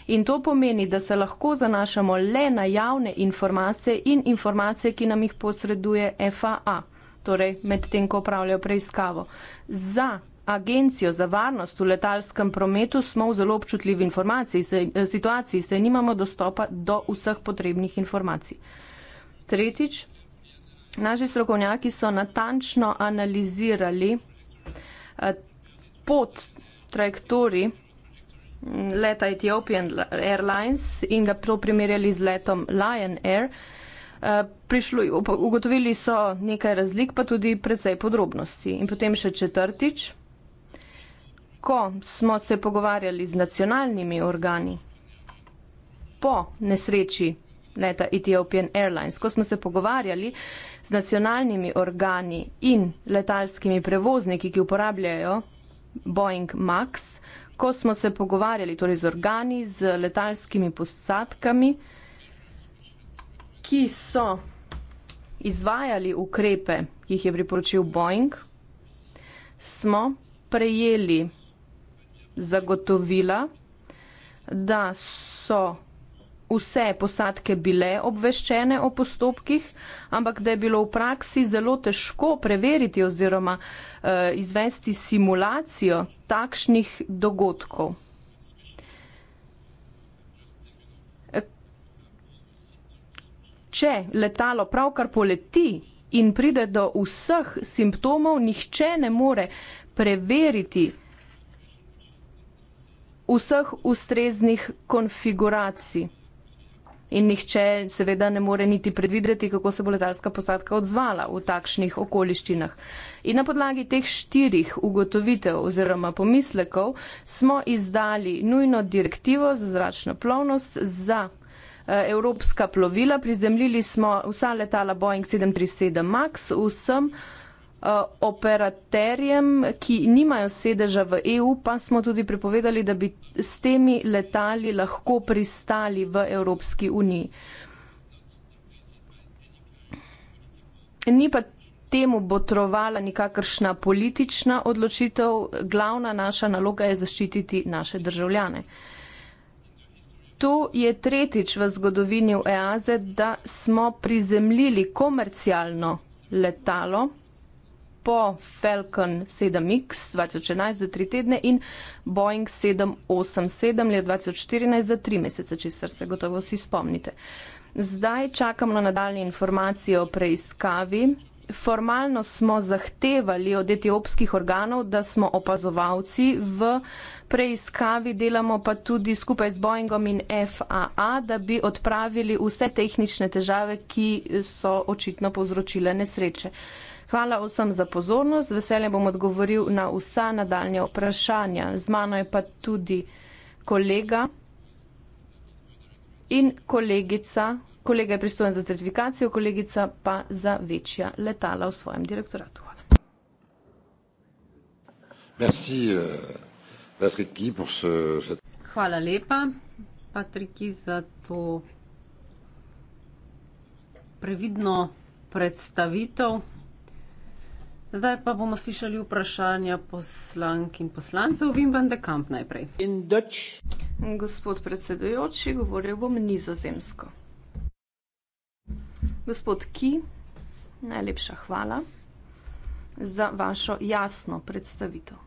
In to pomeni, da se lahko zanašamo le na javne informacije in informacije, ki nam jih posreduje FAA, torej medtem, ko upravljajo preiskavo. Za agencijo za varnost v letalskem prometu, smo v zelo občutljivi informaciji, se, eh, situaciji, saj nimamo dostopa do vseh potrebnih informacij. Tretjič, naši strokovnjaki so natančno analizirali eh, pot trajektori mm, leta Ethiopian Airlines in ga to primerjali z letom Lion Air. Eh, prišlo, ugotovili so nekaj razlik, pa tudi precej podrobnosti. In potem še četrtič ko smo se pogovarjali z nacionalnimi organi po nesreči leta Ethiopian Airlines, ko smo se pogovarjali z nacionalnimi organi in letalskimi prevozniki, ki uporabljajo Boeing Max, ko smo se pogovarjali torej z organi, z letalskimi posadkami, ki so izvajali ukrepe, ki jih je priporočil Boeing, smo prejeli zagotovila, da so vse posadke bile obveščene o postopkih, ampak da je bilo v praksi zelo težko preveriti oziroma uh, izvesti simulacijo takšnih dogodkov. Če letalo pravkar poleti in pride do vseh simptomov, nihče ne more preveriti, vseh ustreznih konfiguracij. In nihče seveda ne more niti predvideti, kako se bo letalska posadka odzvala v takšnih okoliščinah. In na podlagi teh štirih ugotovitev oziroma pomislekov smo izdali nujno direktivo za zračno plovnost za eh, evropska plovila. Prizemljili smo vsa letala Boeing 737 Max, vsem Eh, operaterjem, ki nimajo sedeža v EU, pa smo tudi prepovedali, da bi s temi letali lahko pristali v Evropski uniji. Ni pa temu botrovala nikakršna politična odločitev, glavna naša naloga je zaščititi naše državljane. To je tretjič v zgodovini v EAZE, da smo prizemljili komercialno letalo, po Falcon 7X 2011 za tri tedne in Boeing 787 leta 2014 za tri mesece, česar se gotovo vsi spomnite. Zdaj čakamo na nadaljne informacije o preiskavi. Formalno smo zahtevali od etiopskih organov, da smo opazovalci v preiskavi, delamo pa tudi skupaj z Boeingom in FAA, da bi odpravili vse tehnične težave, ki so očitno povzročile nesreče. Hvala vsem za pozornost. Veselje bom odgovoril na vsa nadaljnja vprašanja. Z mano je pa tudi kolega in kolegica. Kolega je pristojen za certifikacijo, kolegica pa za večja letala v svojem direktoratu. Hvala. Merci, euh, Patrick, pour ce, ce... Hvala lepa, Patriki, za to previdno predstavitev. Zdaj pa bomo slišali vprašanja poslank in poslancev. Vim van de Kamp najprej. In dač. Gospod predsedujoči, govoril bom nizozemsko. Gospod Ki, najlepša hvala za vašo jasno predstavitev.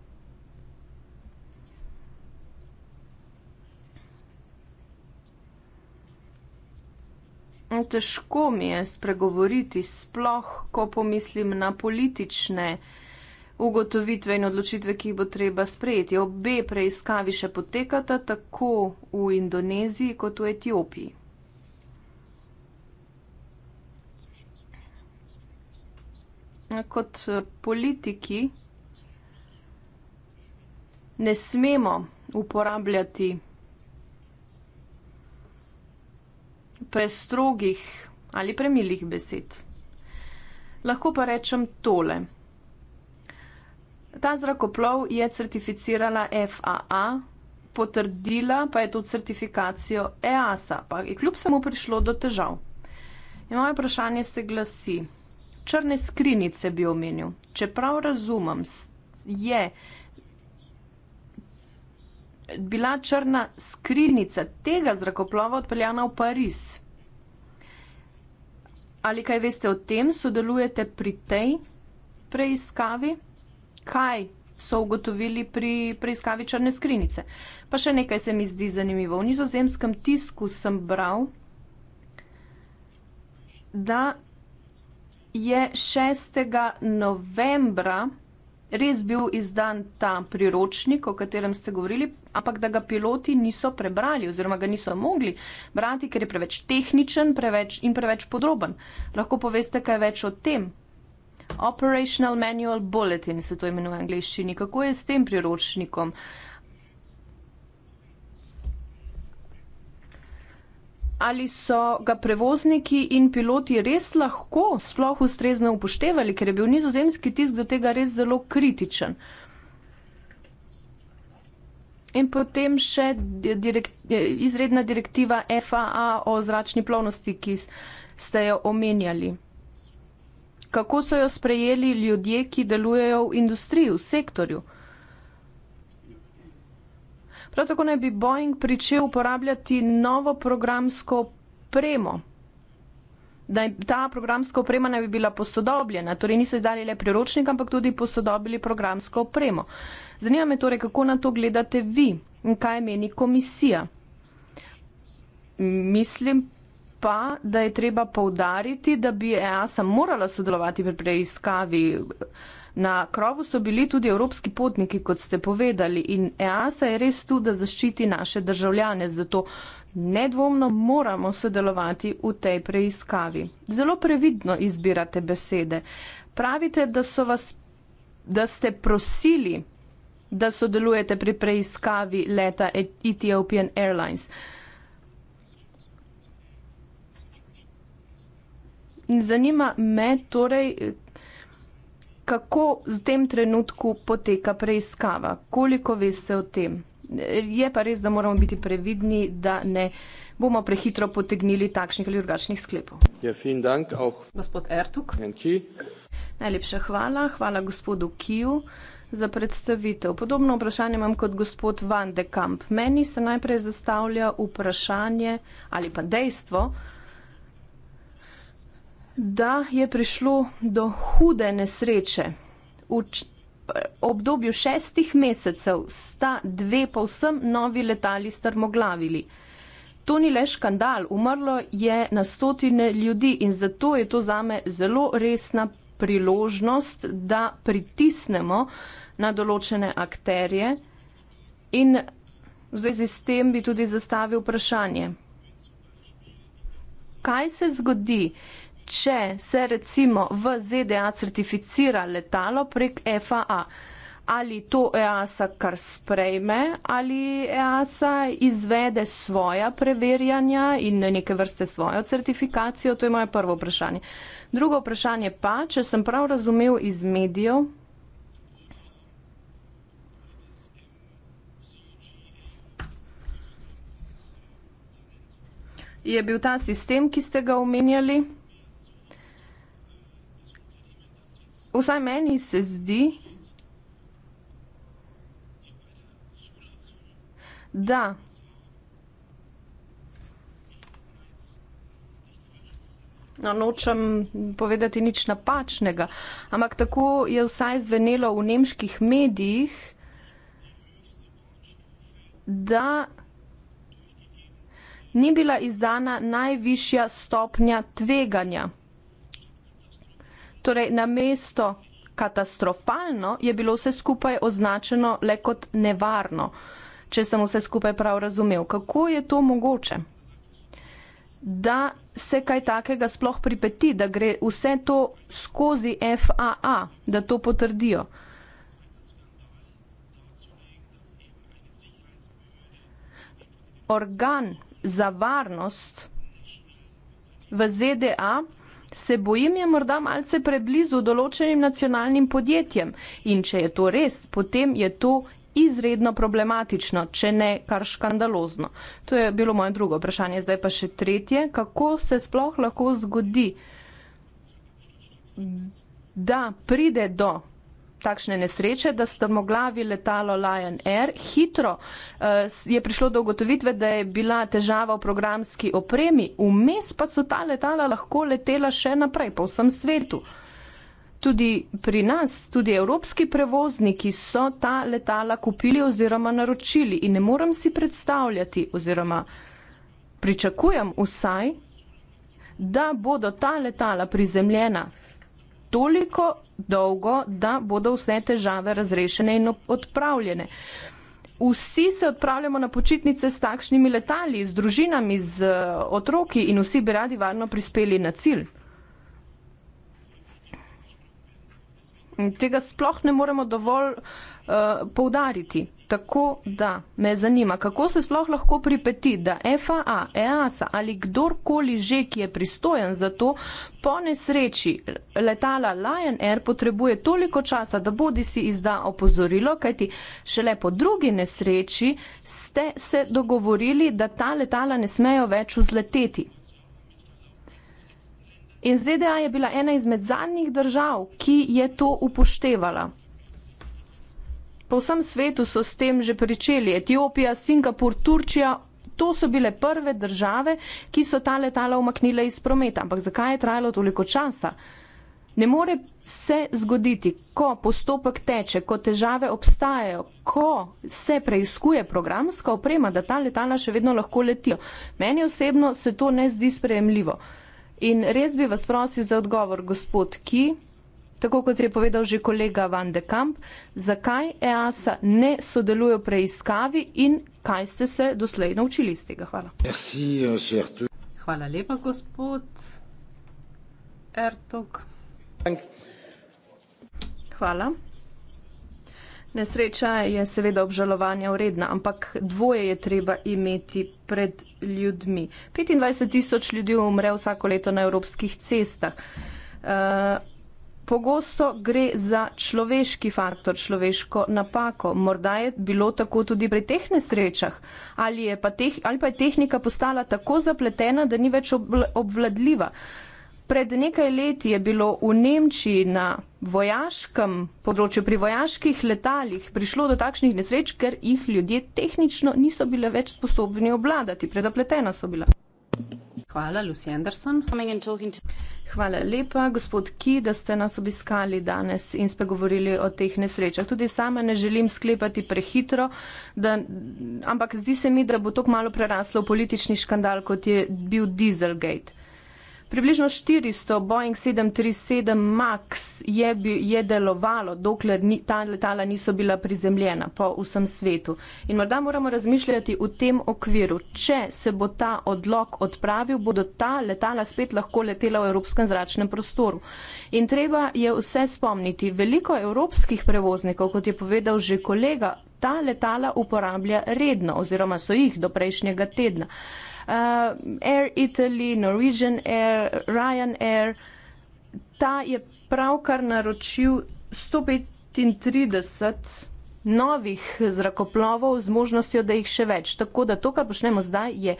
E, težko mi je spregovoriti, sploh ko pomislim na politične ugotovitve in odločitve, ki jih bo treba sprejeti. Obe preiskavi še potekata tako v Indoneziji kot v Etiopiji. Kot e, politiki ne smemo uporabljati. prestrogih ali premilih besed. Lahko pa rečem tole. Ta zrakoplov je certificirala FAA, potrdila pa je to certifikacijo EASA, pa je kljub samo prišlo do težav. In moje vprašanje se glasi, črne skrinice bi omenil, čeprav razumem, je bila črna skrinjica tega zrakoplova odpeljana v Pariz. Ali kaj veste o tem, sodelujete pri tej preiskavi? Kaj so ugotovili pri preiskavi črne skrinjice? Pa še nekaj se mi zdi zanimivo. V nizozemskem tisku sem bral, da je 6. novembra res bil izdan ta priročnik, o katerem ste govorili, ampak da ga piloti niso prebrali oziroma ga niso mogli brati, ker je preveč tehničen preveč in preveč podroben. Lahko poveste kaj več o tem. Operational Manual Bulletin se to imenuje v angleščini. Kako je s tem priročnikom? ali so ga prevozniki in piloti res lahko sploh ustrezno upoštevali, ker je bil nizozemski tisk do tega res zelo kritičen. In potem še direkt, izredna direktiva FAA o zračni plovnosti, ki ste jo omenjali. Kako so jo sprejeli ljudje, ki delujejo v industriji, v sektorju? Prav tako naj bi Boeing pričel uporabljati novo programsko premo. Da ta programska oprema naj bi bila posodobljena, torej niso izdali le priročnik, ampak tudi posodobili programsko opremo. Zanima me torej, kako na to gledate vi in kaj meni komisija. Mislim pa, da je treba povdariti, da bi EASA morala sodelovati pri preiskavi Na krovu so bili tudi evropski potniki, kot ste povedali, in EASA je res tu, da zaščiti naše državljane, zato nedvomno moramo sodelovati v tej preiskavi. Zelo previdno izbirate besede. Pravite, da, vas, da ste prosili, da sodelujete pri preiskavi leta e-, Ethiopian Airlines. Zanima me torej, kako v tem trenutku poteka preiskava, koliko veste o tem. Je pa res, da moramo biti previdni, da ne bomo prehitro potegnili takšnih ali drugačnih sklepov. Ja, fin dank, auch. Gospod Ertuk. Enki. Najlepša hvala. Hvala gospodu Kiju za predstavitev. Podobno vprašanje imam kot gospod Van de Kamp. Meni se najprej zastavlja vprašanje ali pa dejstvo, da je prišlo do hude nesreče. V obdobju šestih mesecev sta dve povsem novi letali strmoglavili. To ni le škandal, umrlo je na stotine ljudi in zato je to zame zelo resna priložnost, da pritisnemo na določene akterje in v zvezi s tem bi tudi zastavil vprašanje. Kaj se zgodi, če se recimo v ZDA certificira letalo prek FAA, ali to EASA kar sprejme, ali EASA izvede svoja preverjanja in neke vrste svojo certifikacijo, to je moje prvo vprašanje. Drugo vprašanje pa, če sem prav razumel iz medijev. Je bil ta sistem, ki ste ga omenjali? vsaj meni se zdi, da no, nočem povedati nič napačnega, ampak tako je vsaj zvenelo v nemških medijih, da ni bila izdana najvišja stopnja tveganja torej na mesto katastrofalno, je bilo vse skupaj označeno le kot nevarno, če sem vse skupaj prav razumel. Kako je to mogoče? Da se kaj takega sploh pripeti, da gre vse to skozi FAA, da to potrdijo. Organ za varnost v ZDA se bojim, je morda malce preblizu določenim nacionalnim podjetjem. In če je to res, potem je to izredno problematično, če ne kar škandalozno. To je bilo moje drugo vprašanje. Zdaj pa še tretje. Kako se sploh lahko zgodi, da pride do takšne nesreče, da strmoglavi letalo Lion Air. Hitro uh, je prišlo do ugotovitve, da je bila težava v programski opremi, vmes pa so ta letala lahko letela še naprej po vsem svetu. Tudi pri nas, tudi evropski prevozniki so ta letala kupili oziroma naročili in ne morem si predstavljati oziroma pričakujem vsaj, da bodo ta letala prizemljena toliko dolgo, da bodo vse težave razrešene in odpravljene. Vsi se odpravljamo na počitnice s takšnimi letali, z družinami, z eh, otroki in vsi bi radi varno prispeli na cilj. tega sploh ne moremo dovolj uh, poudariti. Tako da me zanima, kako se sploh lahko pripeti, da FAA, EASA ali kdorkoli že, ki je pristojen za to, po nesreči letala Lion Air potrebuje toliko časa, da bodi si izda opozorilo, kajti šele po drugi nesreči ste se dogovorili, da ta letala ne smejo več vzleteti. In ZDA je bila ena izmed zadnjih držav, ki je to upoštevala. Po vsem svetu so s tem že pričeli. Etiopija, Singapur, Turčija, to so bile prve države, ki so ta letala umaknile iz prometa. Ampak zakaj je trajalo toliko časa? Ne more se zgoditi, ko postopek teče, ko težave obstajajo, ko se preizkuje programska oprema, da ta letala še vedno lahko letijo. Meni osebno se to ne zdi sprejemljivo. In res bi vas prosil za odgovor, gospod Ki, tako kot je povedal že kolega Van de Kamp, zakaj EASA ne sodeluje v preiskavi in kaj ste se doslej naučili iz tega. Hvala. Merci, euh, Hvala lepa, gospod Ertog. Hvala. Nesreča je seveda obžalovanja vredna, ampak dvoje je treba imeti pred ljudmi. 25 tisoč ljudi umre vsako leto na evropskih cestah. Uh, Pogosto gre za človeški faktor, človeško napako. Morda je bilo tako tudi pri teh nesrečah, ali, je pa, teh, ali pa je tehnika postala tako zapletena, da ni več obvladljiva. Uh, Pred nekaj leti je bilo v Nemčiji na vojaškem področju, pri vojaških letalih, prišlo do takšnih nesreč, ker jih ljudje tehnično niso bile več sposobni obladati. Prezapletena so bila. Hvala, Lucy Anderson. Hvala lepa, gospod Ki, da ste nas obiskali danes in spregovorili o teh nesrečah. Tudi sama ne želim sklepati prehitro, da, ampak zdi se mi, da bo to malo preraslo v politični škandal, kot je bil Dieselgate. Približno 400 Boeing 737 Max je, bi, je delovalo, dokler ni, ta letala niso bila prizemljena po vsem svetu. In morda moramo razmišljati v tem okviru. Če se bo ta odlog odpravil, bodo ta letala spet lahko letela v evropskem zračnem prostoru. In treba je vse spomniti. Veliko evropskih prevoznikov, kot je povedal že kolega, ta letala uporablja redno oziroma so jih do prejšnjega tedna uh, Air Italy, Norwegian Air, Ryanair. Ta je pravkar naročil 135 novih zrakoplovov z možnostjo, da jih še več. Tako da to, kar počnemo zdaj, je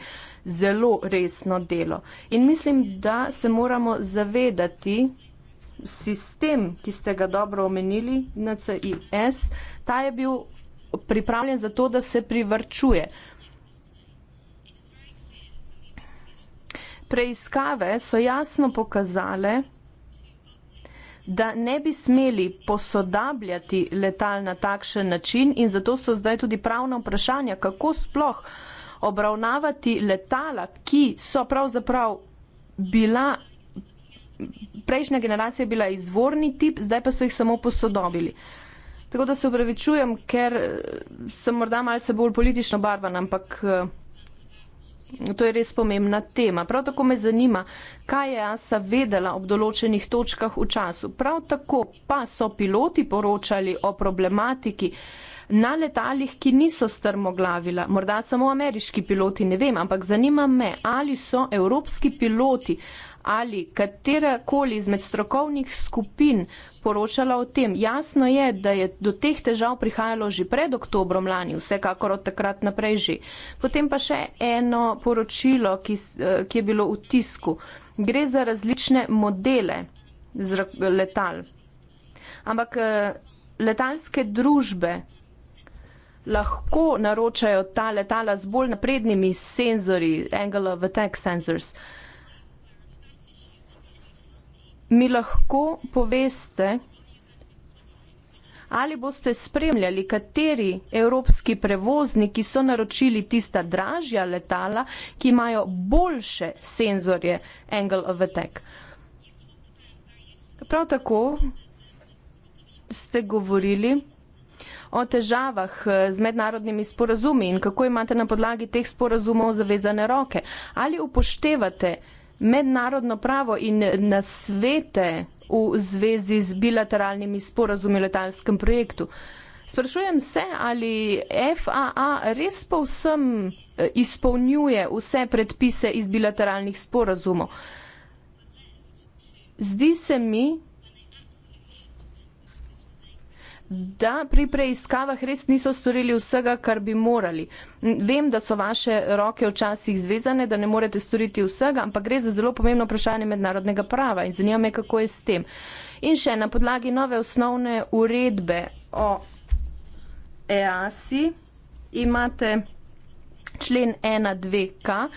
zelo resno delo. In mislim, da se moramo zavedati sistem, ki ste ga dobro omenili, NCIS, ta je bil pripravljen za to, da se privrčuje. preiskave so jasno pokazale, da ne bi smeli posodabljati letal na takšen način in zato so zdaj tudi pravna vprašanja, kako sploh obravnavati letala, ki so pravzaprav bila, prejšnja generacija bila izvorni tip, zdaj pa so jih samo posodobili. Tako da se upravičujem, ker eh, sem morda malce bolj politično barvan, ampak eh, To je res pomembna tema. Prav tako me zanima, kaj je ASA vedela ob določenih točkah v času. Prav tako pa so piloti poročali o problematiki na letalih, ki niso strmoglavila. Morda samo ameriški piloti, ne vem, ampak zanima me, ali so evropski piloti ali katera koli izmed strokovnih skupin poročala o tem. Jasno je, da je do teh težav prihajalo že pred oktobrom lani, vsekakor od takrat naprej že. Potem pa še eno poročilo, ki, eh, ki je bilo v tisku. Gre za različne modele letal. Ampak eh, letalske družbe lahko naročajo ta letala z bolj naprednimi senzori, angle of attack sensors. Uh, mi lahko poveste, ali boste spremljali, kateri evropski prevozniki so naročili tista dražja letala, ki imajo boljše senzorje Angle of Attack. Prav tako ste govorili o težavah eh, z mednarodnimi sporazumi in kako imate na podlagi teh sporazumov zavezane roke. Ali upoštevate, mednarodno pravo in nasvete v zvezi z bilateralnimi sporazumi o letalskem projektu. Sprašujem se, ali FAA res povsem eh, izpolnjuje vse predpise iz bilateralnih sporazumov. Zdi se mi, da pri preiskavah res niso storili vsega, kar bi morali. Vem, da so vaše roke včasih zvezane, da ne morete storiti vsega, ampak gre za zelo pomembno vprašanje mednarodnega prava in zanima me, kako je s tem. In še na podlagi nove osnovne uredbe o EASI imate člen 1.2k,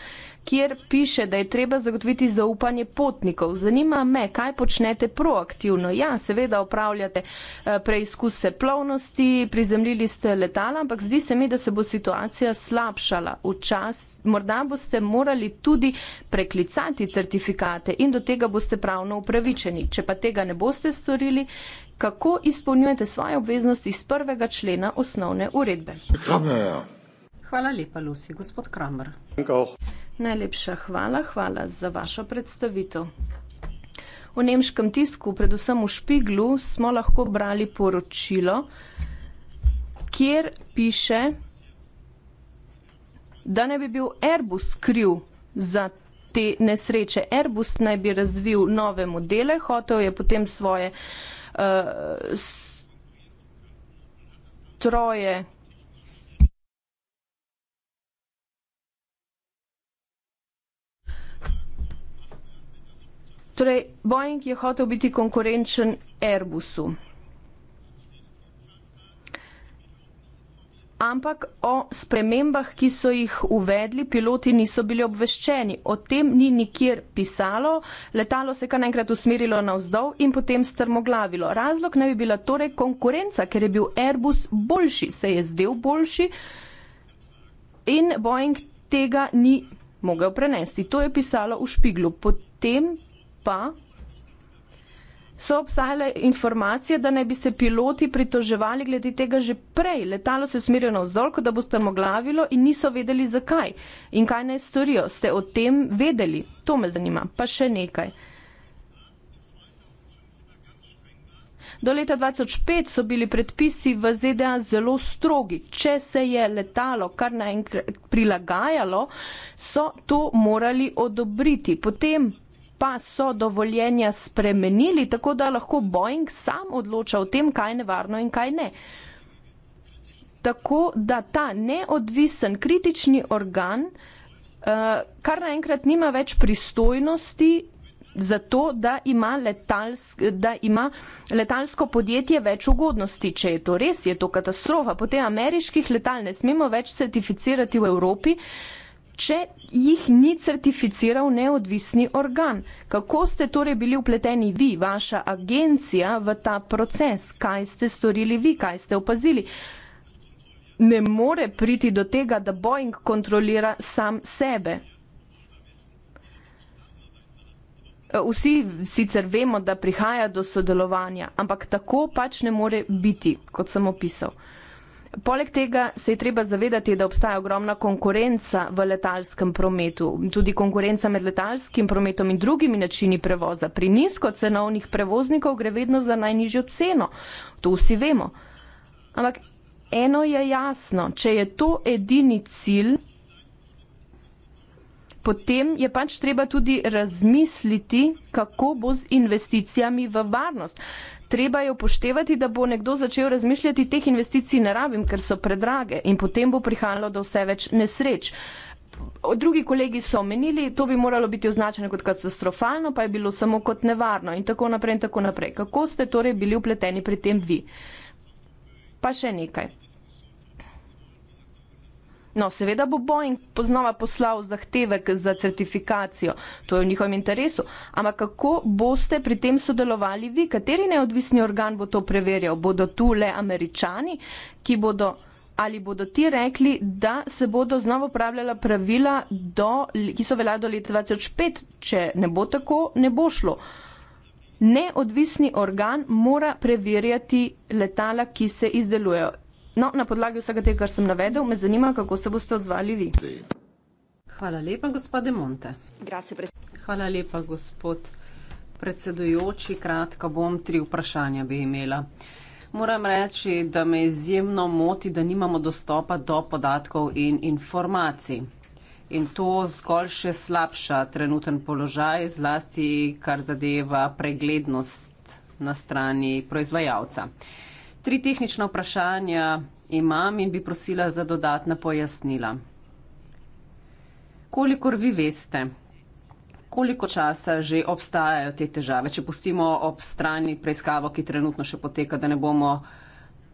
kjer piše, da je treba zagotoviti zaupanje potnikov. Zanima me, kaj počnete proaktivno. Ja, seveda upravljate eh, preizkuse plovnosti, prizemljili ste letala, ampak zdi se mi, da se bo situacija slabšala. Včas, morda boste morali tudi preklicati certifikate in do tega boste pravno upravičeni. Če pa tega ne boste storili, kako izpolnjujete svoje obveznosti iz prvega člena osnovne uredbe? Kamera. Hvala lepa, Lusi, gospod Kramer. Najlepša hvala, hvala za vašo predstavitev. V nemškem tisku, predvsem v Špiglu, smo lahko brali poročilo, kjer piše, da ne bi bil Airbus kriv za te nesreče. Airbus naj bi razvil nove modele, hotel je potem svoje uh, troje Torej, Boeing je hotel biti konkurenčen Airbusu. Ampak o spremembah, ki so jih uvedli, piloti niso bili obveščeni. O tem ni nikjer pisalo. Letalo se je kar naenkrat usmerilo navzdol in potem strmoglavilo. Razlog naj bi bila torej konkurenca, ker je bil Airbus boljši, se je zdel boljši in Boeing tega ni mogel prenesti. To je pisalo v špiglu. Potem pa so obstajale informacije, da naj bi se piloti pritoževali glede tega že prej. Letalo se je usmerjeno vzdolj, kot da bo strmoglavilo in niso vedeli zakaj in kaj naj storijo. Ste o tem vedeli? To me zanima. Pa še nekaj. Do leta 2005 so bili predpisi v ZDA zelo strogi. Če se je letalo kar naenkrat prilagajalo, so to morali odobriti. Potem pa so dovoljenja spremenili, tako da lahko Boeing sam odloča o tem, kaj je nevarno in kaj ne. Tako da ta neodvisen kritični organ eh, kar naenkrat nima več pristojnosti za to, da ima, letalsk, da ima letalsko podjetje več ugodnosti. Če je to res, je to katastrofa. Potem ameriških letal ne smemo več certificirati v Evropi. Uh, če jih ni certificiral neodvisni organ. Kako ste torej bili upleteni vi, vaša agencija, v ta proces? Kaj ste storili vi, kaj ste opazili? Ne more priti do tega, da Boeing kontrolira sam sebe. Vsi sicer vemo, da prihaja do sodelovanja, ampak tako pač ne more biti, kot sem opisal. Poleg tega se je treba zavedati, da obstaja ogromna konkurenca v letalskem prometu. Tudi konkurenca med letalskim prometom in drugimi načini prevoza. Pri nizkocenovnih prevoznikov gre vedno za najnižjo ceno. To vsi vemo. Ampak eno je jasno, če je to edini cilj, potem je pač treba tudi razmisliti, kako bo z investicijami v varnost treba je upoštevati, da bo nekdo začel razmišljati, teh investicij ne rabim, ker so predrage in potem bo prihajalo do vse več nesreč. Drugi kolegi so omenili, to bi moralo biti označeno kot katastrofalno, pa je bilo samo kot nevarno in tako naprej in tako naprej. Kako ste torej bili upleteni pri tem vi? Pa še nekaj. No, seveda bo Boeing poznova poslal zahtevek za certifikacijo, to je v njihovem interesu. Ampak kako boste pri tem sodelovali vi? Kateri neodvisni organ bo to preverjal? Bodo tu le američani, ki bodo ali bodo ti rekli, da se bodo znova upravljala pravila, do, ki so veljali do leta 2005? Če ne bo tako, ne bo šlo. Neodvisni organ mora preverjati letala, ki se izdelujejo. No, na podlagi vsega tega, kar sem navedel, me zanima, kako se boste odzvali vi. Hvala lepa, gospod Demonte. Grazie, Hvala lepa, gospod predsedujoči. Kratka bom, tri vprašanja bi imela. Moram reči, da me izjemno moti, da nimamo dostopa do podatkov in informacij. In to zgolj še slabša trenuten položaj, zlasti kar zadeva preglednost na strani proizvajalca. Tri tehnična vprašanja imam in bi prosila za dodatna pojasnila. Kolikor vi veste, koliko časa že obstajajo te težave, če pustimo ob strani preiskavo, ki trenutno še poteka, da ne bomo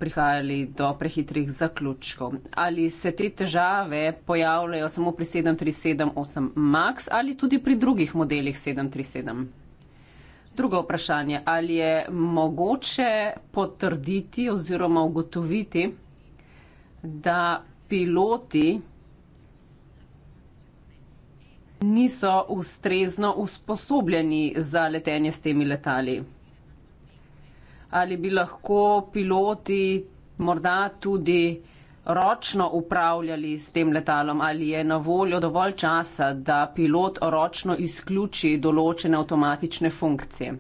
prihajali do prehitrih zaključkov. Ali se te težave pojavljajo samo pri 7378 Max ali tudi pri drugih modelih 737? Drugo vprašanje, ali je mogoče potrditi oziroma ugotoviti, da piloti niso ustrezno usposobljeni za letenje s temi letali? Ali bi lahko piloti morda tudi ročno upravljali s tem letalom, ali je na voljo dovolj časa, da pilot ročno izključi določene avtomatične funkcije.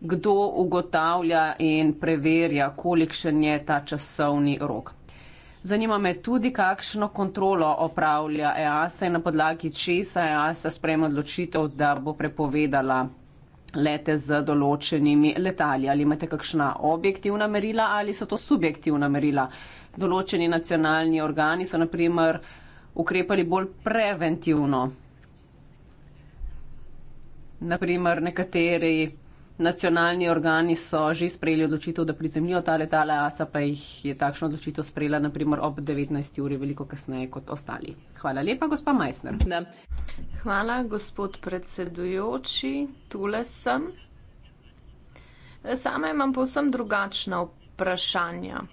Kdo ugotavlja in preverja, kolikšen je ta časovni rok. Zanima me tudi, kakšno kontrolo opravlja EASA in na podlagi česa EASA sprejme odločitev, da bo prepovedala lete z določenimi letali. Ali imate kakšna objektivna merila ali so to subjektivna merila? določeni nacionalni organi so naprimer ukrepali bolj preventivno. Naprimer, nekateri nacionalni organi so že sprejeli odločitev, da prizemljajo ta letala, ASA pa jih je takšno odločitev sprejela naprimer ob 19. uri veliko kasneje kot ostali. Hvala lepa, gospa Majsner. Ne. Hvala, gospod predsedujoči, tule sem. Sama imam povsem drugačna vprašanja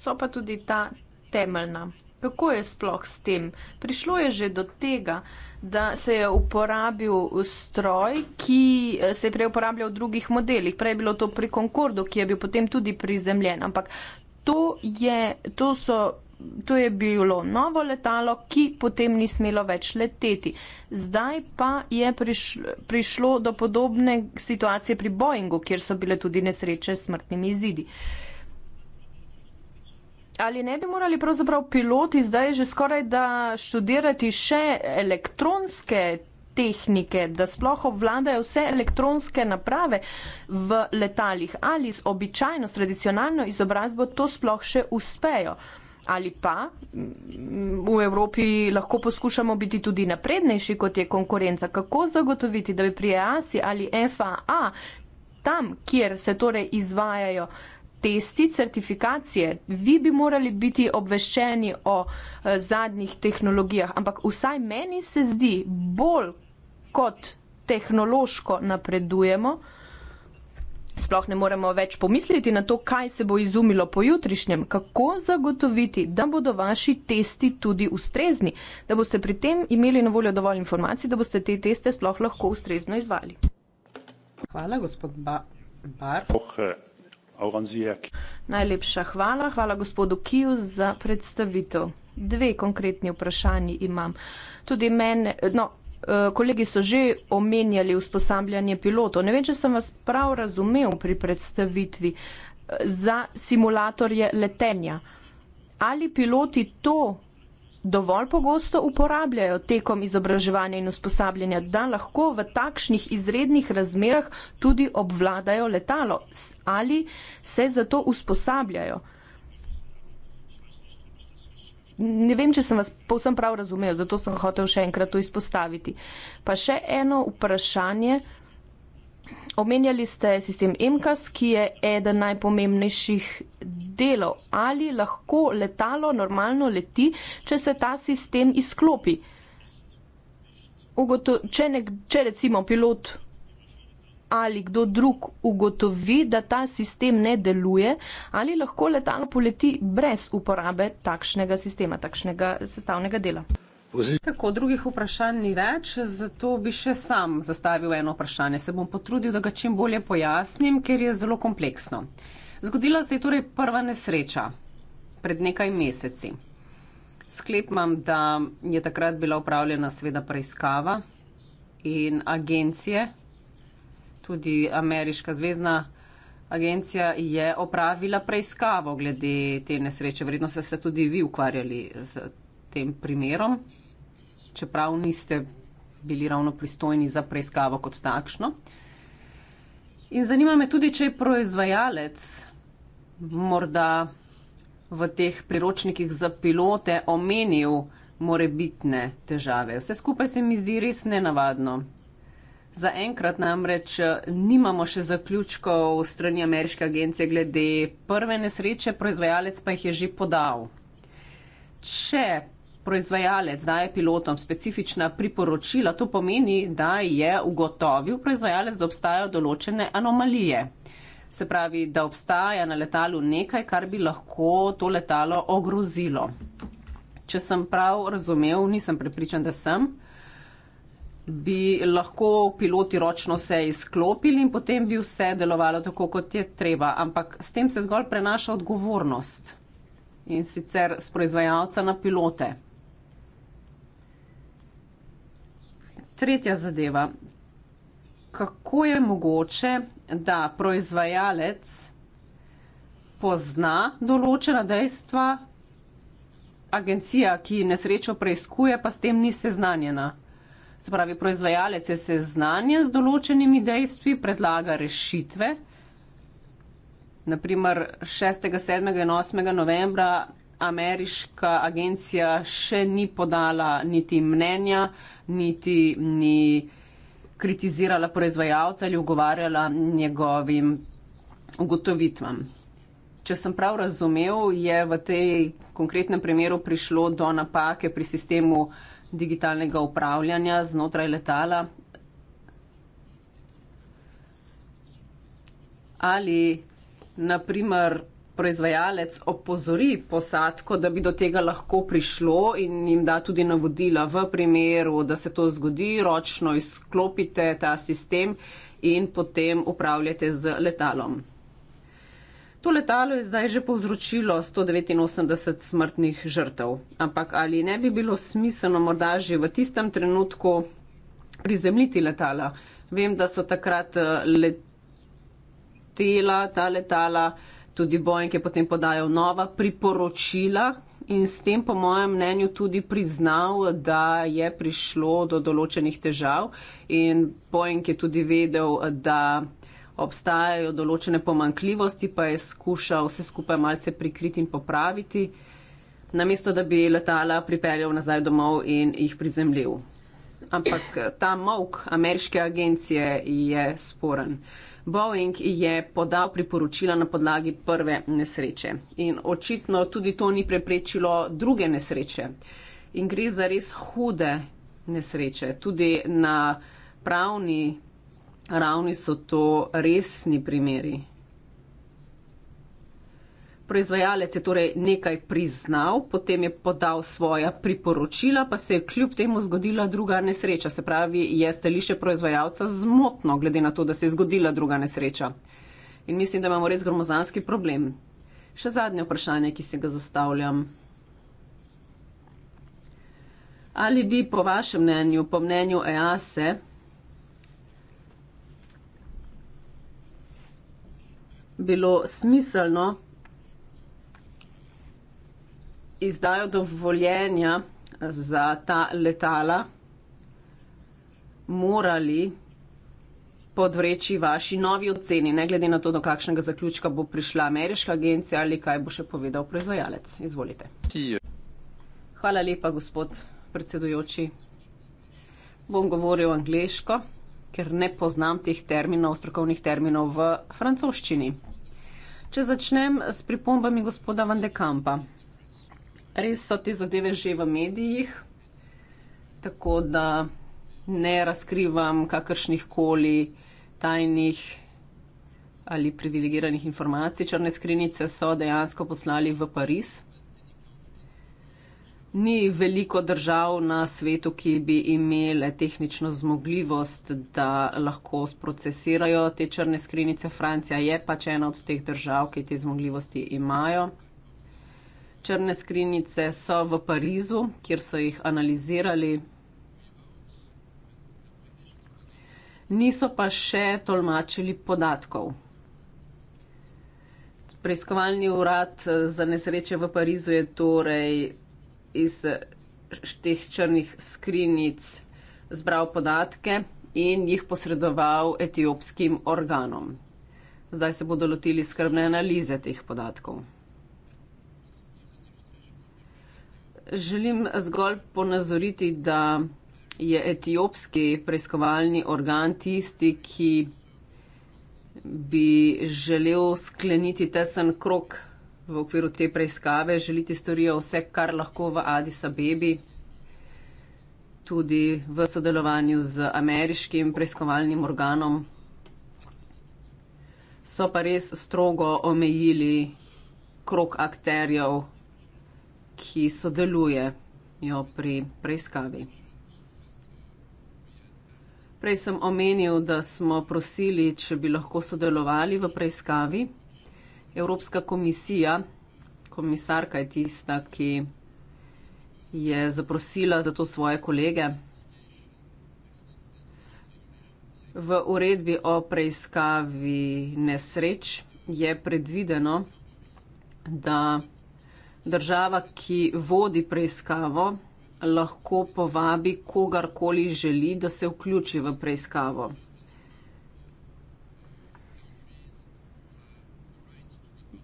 so pa tudi ta temeljna. Kako je sploh s tem? Prišlo je že do tega, da se je uporabil stroj, ki eh, se je prej uporabljal v drugih modelih. Prej je bilo to pri Concordu, ki je bil potem tudi prizemljen. Ampak to je, to so, to je bilo novo letalo, ki potem ni smelo več leteti. Zdaj pa je prišlo, prišlo do podobne situacije pri Boeingu, kjer so bile tudi nesreče s smrtnimi izidi. Uh, ali ne bi morali pravzaprav piloti zdaj že skoraj da študirati še elektronske tehnike, da sploh obvladajo vse elektronske naprave v letalih ali s običajno, s tradicionalno izobrazbo to sploh še uspejo? Ali pa mm, v Evropi lahko poskušamo biti tudi naprednejši, kot je konkurenca? Kako zagotoviti, da bi pri EASI ali FAA tam, kjer se torej izvajajo testi, certifikacije, vi bi morali biti obveščeni o uh, zadnjih tehnologijah, ampak vsaj meni se zdi bolj kot tehnološko napredujemo. Sploh ne moremo več pomisliti na to, kaj se bo izumilo pojutrišnjem, kako zagotoviti, da bodo vaši testi tudi ustrezni, da boste pri tem imeli na voljo dovolj informacij, da boste te teste sploh lahko ustrezno izvali. Hvala, gospod ba Bar. Oh, Najlepša hvala, hvala gospodu Kiju za predstavitev. Dve konkretni vprašanji imam. Tudi mene, no, eh, kolegi so že omenjali usposabljanje pilotov. Ne vem, če sem vas prav razumel pri predstavitvi eh, za simulatorje letenja. Ali piloti to dovolj pogosto uporabljajo tekom izobraževanja in usposabljanja, da lahko v takšnih izrednih razmerah tudi obvladajo letalo ali se za to usposabljajo. Ne vem, če sem vas povsem prav razumel, zato sem hotel še enkrat to izpostaviti. Pa še eno vprašanje. Omenjali ste sistem MKS, ki je eden najpomembnejših delo, ali lahko letalo normalno leti, če se ta sistem izklopi. Ugoto če, nek če recimo pilot ali kdo drug ugotovi, da ta sistem ne deluje, ali lahko letalo poleti brez uporabe takšnega sistema, takšnega sestavnega dela. Tako drugih vprašanj ni več, zato bi še sam zastavil eno vprašanje. Se bom potrudil, da ga čim bolje pojasnim, ker je zelo kompleksno. Zgodila se je torej prva nesreča pred nekaj meseci. Sklepam, da je takrat bila upravljena sveda preiskava in agencije, tudi ameriška zvezdna agencija je opravila preiskavo glede te nesreče. Verjetno ste se tudi vi ukvarjali z tem primerom, čeprav niste bili ravno pristojni za preiskavo kot takšno. In zanima me tudi, če je proizvajalec morda v teh priročnikih za pilote omenil morebitne težave. Vse skupaj se mi zdi res nenavadno. Zaenkrat namreč eh, nimamo še zaključkov v strani ameriške agencije glede prve nesreče, proizvajalec pa jih je že podal. Če proizvajalec daje pilotom specifična priporočila, to pomeni, da je ugotovil proizvajalec, da obstajajo določene anomalije se pravi, da obstaja na letalu nekaj, kar bi lahko to letalo ogrozilo. Če sem prav razumel, nisem prepričan, da sem, bi lahko piloti ročno vse izklopili in potem bi vse delovalo tako, kot je treba. Ampak s tem se zgolj prenaša odgovornost in sicer z proizvajalca na pilote. Tretja zadeva. Kako je mogoče, da proizvajalec pozna določena dejstva, agencija, ki nesrečo preizkuje, pa s tem ni seznanjena. Se pravi, proizvajalec je seznanjen z določenimi dejstvi, predlaga rešitve. Naprimer, 6., 7. in 8. novembra ameriška agencija še ni podala niti mnenja, niti ni kritizirala proizvajalca ali ogovarjala njegovim ugotovitvam. Če sem prav razumel, je v tej konkretnem primeru prišlo do napake pri sistemu digitalnega upravljanja znotraj letala. Ali, naprimer, proizvajalec opozori posadko, da bi do tega lahko prišlo in jim da tudi navodila v primeru, da se to zgodi, ročno izklopite ta sistem in potem upravljate z letalom. To letalo je zdaj že povzročilo 189 smrtnih žrtev, ampak ali ne bi bilo smiselno morda že v tistem trenutku prizemljiti letala? Vem, da so takrat eh, letela ta letala uh, tudi Boeing je potem podajal nova priporočila in s tem, po mojem mnenju, tudi priznal, da je prišlo do določenih težav in Boeing je tudi vedel, da obstajajo določene pomankljivosti, pa je skušal vse skupaj malce prikriti in popraviti, namesto da bi letala pripeljal nazaj domov in jih prizemljil. Ampak ta mok ameriške agencije je sporen. Uh, Boeing je podal priporočila na podlagi prve nesreče. In očitno tudi to ni preprečilo druge nesreče. In gre za res hude nesreče. Tudi na pravni ravni so to resni primeri. Proizvajalec je torej nekaj priznal, potem je podal svoja priporočila, pa se je kljub temu zgodila druga nesreča. Se pravi, je stališče proizvajalca zmotno, glede na to, da se je zgodila druga nesreča. In mislim, da imamo res gromozanski problem. Še zadnje vprašanje, ki se ga zastavljam. Ali bi po vašem mnenju, po mnenju EASE, e, bilo smiselno izdajo dovoljenja za ta letala, morali podvreči vaši novi oceni, ne glede na to, do kakšnega zaključka bo prišla ameriška agencija ali kaj bo še povedal proizvajalec. Izvolite. Hvala lepa, gospod predsedujoči. Bom govoril angliško, ker ne poznam teh terminov, strokovnih terminov v francoščini. Če začnem s pripombami gospoda Van de Kampa res so te zadeve že v medijih, tako da ne razkrivam kakršnih koli tajnih ali privilegiranih informacij. Črne skrinjice so dejansko poslali v Pariz. Ni veliko držav na svetu, ki bi imele tehnično zmogljivost, da lahko sprocesirajo te črne skrinjice. Francija je pač ena od teh držav, ki te zmogljivosti imajo. Črne skrinjice so v Parizu, kjer so jih analizirali. Niso pa še tolmačili podatkov. Preiskovalni urad eh, za nesreče v Parizu je torej iz teh črnih skrinjic zbral podatke in jih posredoval etiopskim organom. Zdaj se bodo lotili skrbne analize teh podatkov. Želim zgolj ponazoriti, da je etiopski preiskovalni organ tisti, ki bi želel skleniti tesen krok v okviru te preiskave, želiti storijo vse, kar lahko v Adisa Bebi, tudi v sodelovanju z ameriškim preiskovalnim organom. So pa res strogo omejili krok akterjev, ki sodelujejo pri preiskavi. Prej sem omenil, da smo prosili, če bi lahko sodelovali v preiskavi. Evropska komisija, komisarka je tista, ki je zaprosila za to svoje kolege. V uredbi o preiskavi nesreč je predvideno, da država, ki vodi preiskavo, lahko povabi kogarkoli želi, da se vključi v preiskavo.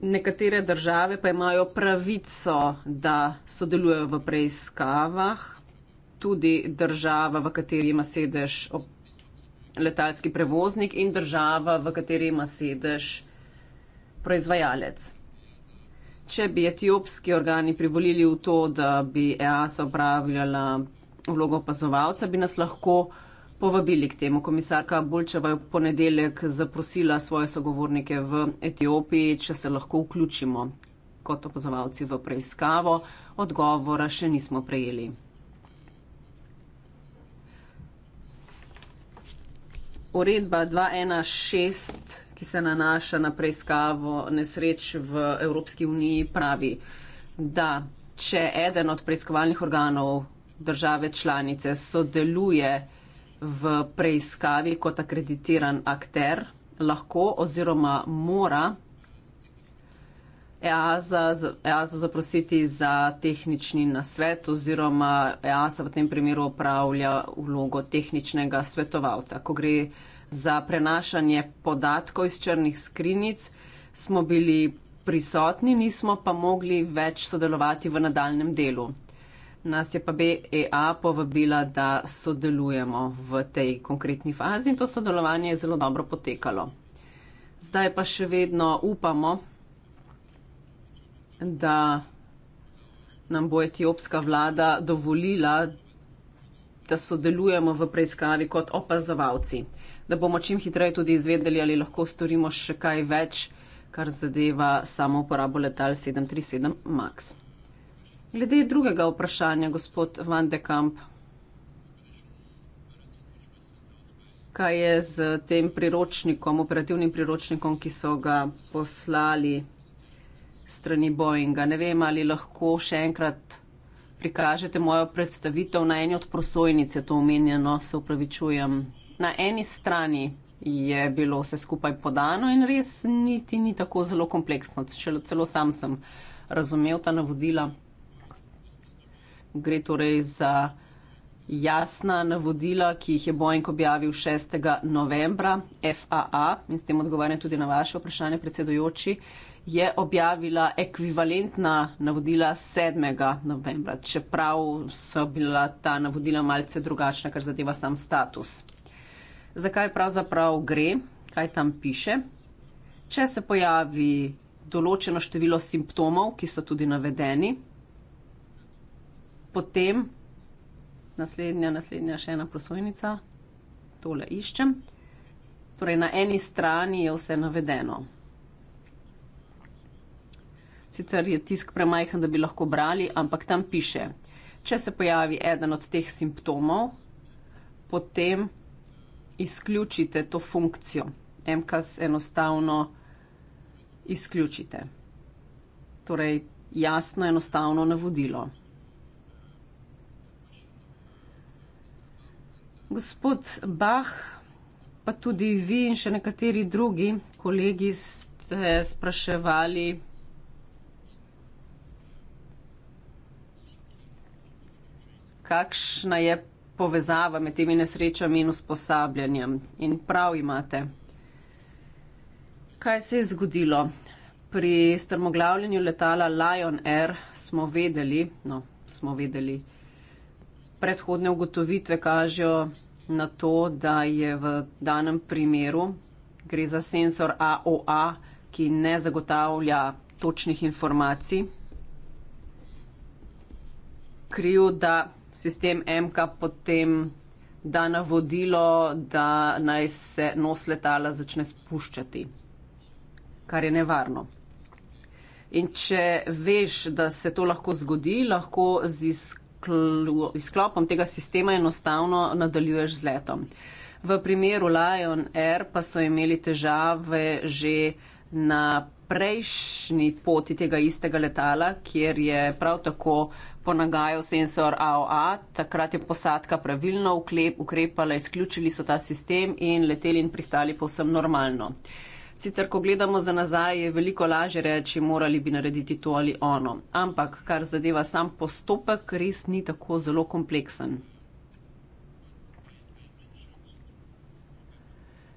Nekatere države pa imajo pravico, da sodelujejo v preiskavah, tudi država, v kateri ima sedež letalski prevoznik in država, v kateri ima sedež proizvajalec. Če bi etiopski organi privolili v to, da bi EASA upravljala vlogo opazovalca, bi nas lahko povabili k temu. Komisarka Bulčeva je v ponedeljek zaprosila svoje sogovornike v Etiopiji, če se lahko vključimo kot opazovalci v preiskavo. Odgovora še nismo prejeli. Uredba 216 ki se nanaša na preiskavo nesreč v Evropski uniji, pravi, da če eden od preiskovalnih organov države članice sodeluje v preiskavi kot akreditiran akter, lahko oziroma mora EASA, EASA e zaprositi za tehnični nasvet oziroma EASA v tem primeru opravlja vlogo tehničnega svetovalca. Ko gre za prenašanje podatkov iz črnih skrinic, smo bili prisotni, nismo pa mogli več sodelovati v nadaljem delu. Nas je pa BEA povabila, da sodelujemo v tej konkretni fazi in to sodelovanje je zelo dobro potekalo. Zdaj pa še vedno upamo, da nam bo etiopska vlada dovolila, da sodelujemo v preiskavi kot opazovalci da bomo čim hitreje tudi izvedeli, ali lahko storimo še kaj več, kar zadeva samo uporabo letal 737 Max. Glede drugega vprašanja, gospod Van de Kamp, kaj je z tem priročnikom, operativnim priročnikom, ki so ga poslali strani Boeinga? Ne vem, ali lahko še enkrat prikažete mojo predstavitev na eni od prosojnice, to omenjeno, se upravičujem. Na eni strani je bilo vse skupaj podano in res niti ni tako zelo kompleksno. Celo, celo sam sem razumel ta navodila. Gre torej za jasna navodila, ki jih je Boeing objavil 6. novembra, FAA, in s tem odgovarjam tudi na vaše vprašanje, predsedujoči, je objavila ekvivalentna navodila 7. novembra, čeprav so bila ta navodila malce drugačna, kar zadeva sam status zakaj pravzaprav gre, kaj tam piše. Če se pojavi določeno število simptomov, ki so tudi navedeni, potem naslednja, naslednja še ena prosojnica, tole iščem. Torej, na eni strani je vse navedeno. Sicer je tisk premajhen, da bi lahko brali, ampak tam piše, če se pojavi eden od teh simptomov, potem izključite to funkcijo. MKS enostavno izključite. Torej, jasno, enostavno navodilo. Gospod Bah, pa tudi vi in še nekateri drugi kolegi ste spraševali, kakšna je povezava med temi nesrečami in usposabljanjem. In prav imate. Kaj se je zgodilo? Pri strmoglavljanju letala Lion Air smo vedeli, no, smo vedeli, predhodne ugotovitve kažejo na to, da je v danem primeru gre za senzor AOA, ki ne zagotavlja točnih informacij. Kriv, da sistem MK potem da navodilo, da naj se nos letala začne spuščati, kar je nevarno. In če veš, da se to lahko zgodi, lahko z izklo, izklopom tega sistema enostavno nadaljuješ z letom. V primeru Lion Air pa so imeli težave že na prejšnji poti tega istega letala, kjer je prav tako ponagajal senzor AOA, takrat je posadka pravilno ukrepala, izključili so ta sistem in leteli in pristali povsem normalno. Sicer, ko gledamo za nazaj, je veliko lažje reči, morali bi narediti to ali ono, ampak kar zadeva sam postopek, res ni tako zelo kompleksen.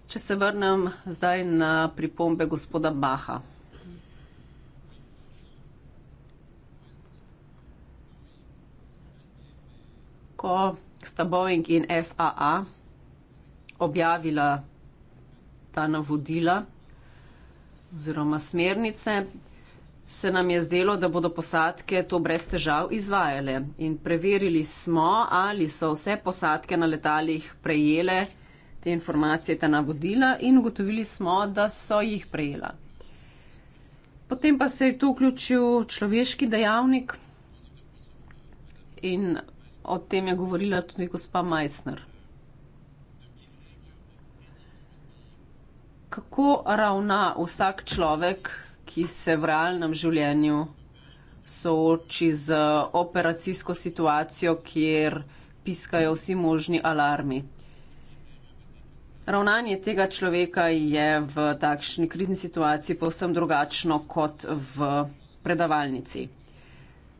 Če se vrnem zdaj na pripombe gospoda Baha. ko sta Boeing in FAA objavila ta navodila oziroma smernice, se nam je zdelo, da bodo posadke to brez težav izvajale. In preverili smo, ali so vse posadke na letalih prejele te informacije, ta navodila in ugotovili smo, da so jih prejela. Potem pa se je tu vključil človeški dejavnik in O tem je govorila tudi gospa Meissner. Kako ravna vsak človek, ki se v realnem življenju sooči z operacijsko situacijo, kjer piskajo vsi možni alarmi? Ravnanje tega človeka je v takšni krizni situaciji povsem drugačno kot v predavalnici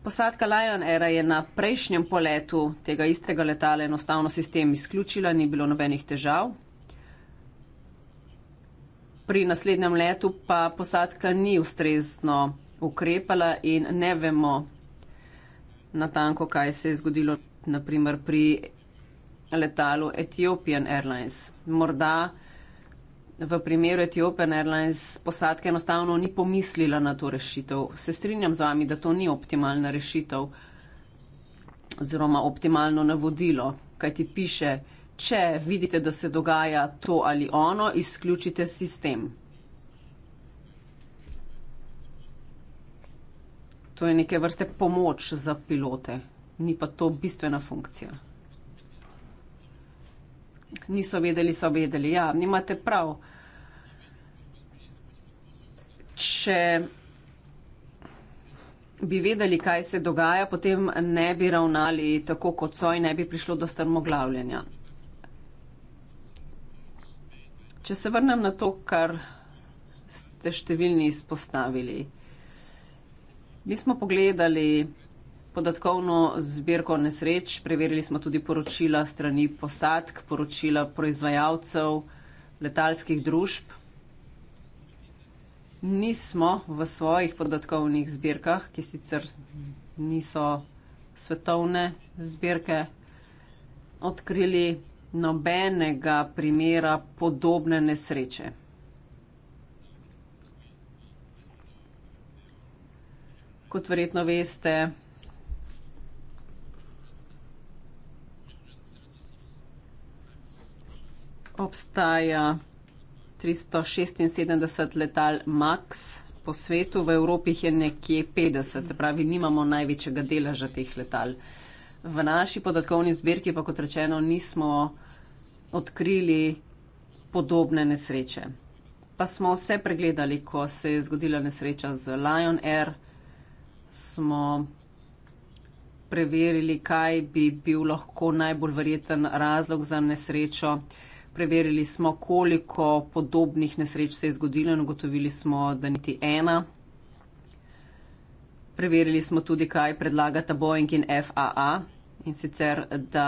posadka Lion Air je na prejšnjem poletu tega istega letala enostavno sistem izključila, ni bilo nobenih težav. Pri naslednjem letu pa posadka ni ustrezno ukrepala in ne vemo natanko, kaj se je zgodilo naprimer, pri letalu Ethiopian Airlines. Morda v primeru Ethiopian Airlines posadke enostavno ni pomislila na to rešitev. Se strinjam z vami, da to ni optimalna rešitev oziroma optimalno navodilo, kaj ti piše, če vidite, da se dogaja to ali ono, izključite sistem. To je neke vrste pomoč za pilote, ni pa to bistvena funkcija. Niso vedeli, so vedeli. Ja, nimate prav. Če bi vedeli, kaj se dogaja, potem ne bi ravnali tako kot so in ne bi prišlo do strmoglavljanja. Če se vrnem na to, kar ste številni izpostavili. Mi smo pogledali podatkovno zbirko nesreč, preverili smo tudi poročila strani posadk, poročila proizvajalcev letalskih družb. Nismo v svojih podatkovnih zbirkah, ki sicer niso svetovne zbirke, odkrili nobenega primera podobne nesreče. Kot verjetno veste, obstaja 376 letal Max po svetu, v Evropi jih je nekje 50, se pravi, nimamo največjega deleža teh letal. V naši podatkovni zbirki pa, kot rečeno, nismo odkrili podobne nesreče. Pa smo vse pregledali, ko se je zgodila nesreča z Lion Air, smo preverili, kaj bi bil lahko najbolj verjeten razlog za nesrečo. Uh, Preverili smo, koliko podobnih nesreč se je zgodilo in ugotovili smo, da niti ena. Preverili smo tudi, kaj predlagata Boeing in FAA in sicer, da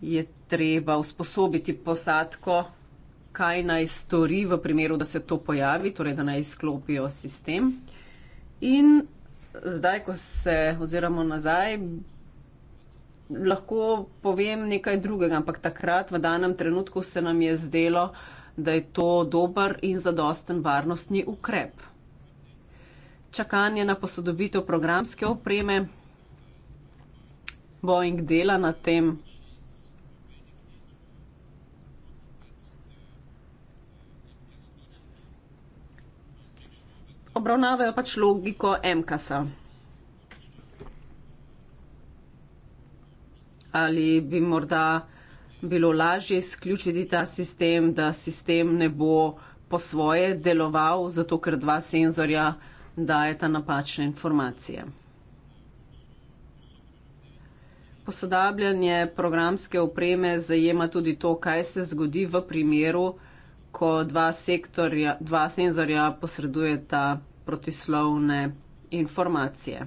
je treba usposobiti posadko, kaj naj stori v primeru, da se to pojavi, torej da naj izklopijo sistem. In zdaj, ko se oziramo nazaj, lahko povem nekaj drugega, ampak takrat v danem trenutku se nam je zdelo, da je to dober in zadosten varnostni ukrep. Čakanje na posodobitev programske opreme, Boeing dela na tem. Obravnavajo pač logiko MKS-a. ali bi morda bilo lažje izključiti ta sistem, da sistem ne bo po svoje deloval, zato ker dva senzorja dajeta napačne informacije. Posodabljanje programske opreme zajema tudi to, kaj se zgodi v primeru, ko dva, sektorja, dva senzorja posredujeta protislovne informacije.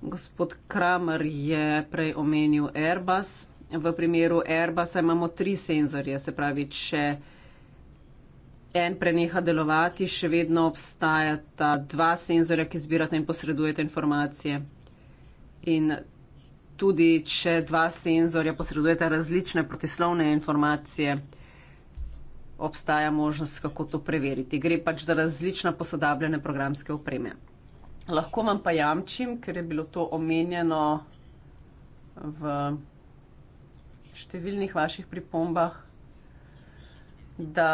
Gospod Kramer je prej omenil Airbus. V primeru Airbusa imamo tri senzorje, se pravi, če en preneha delovati, še vedno obstajata dva senzorja, ki zbirata in posredujeta informacije. In tudi, če dva senzorja posredujeta različne protislovne informacije, obstaja možnost, kako to preveriti. Gre pač za različna posodabljene programske opreme. Lahko vam pa jamčim, ker je bilo to omenjeno v številnih vaših pripombah, da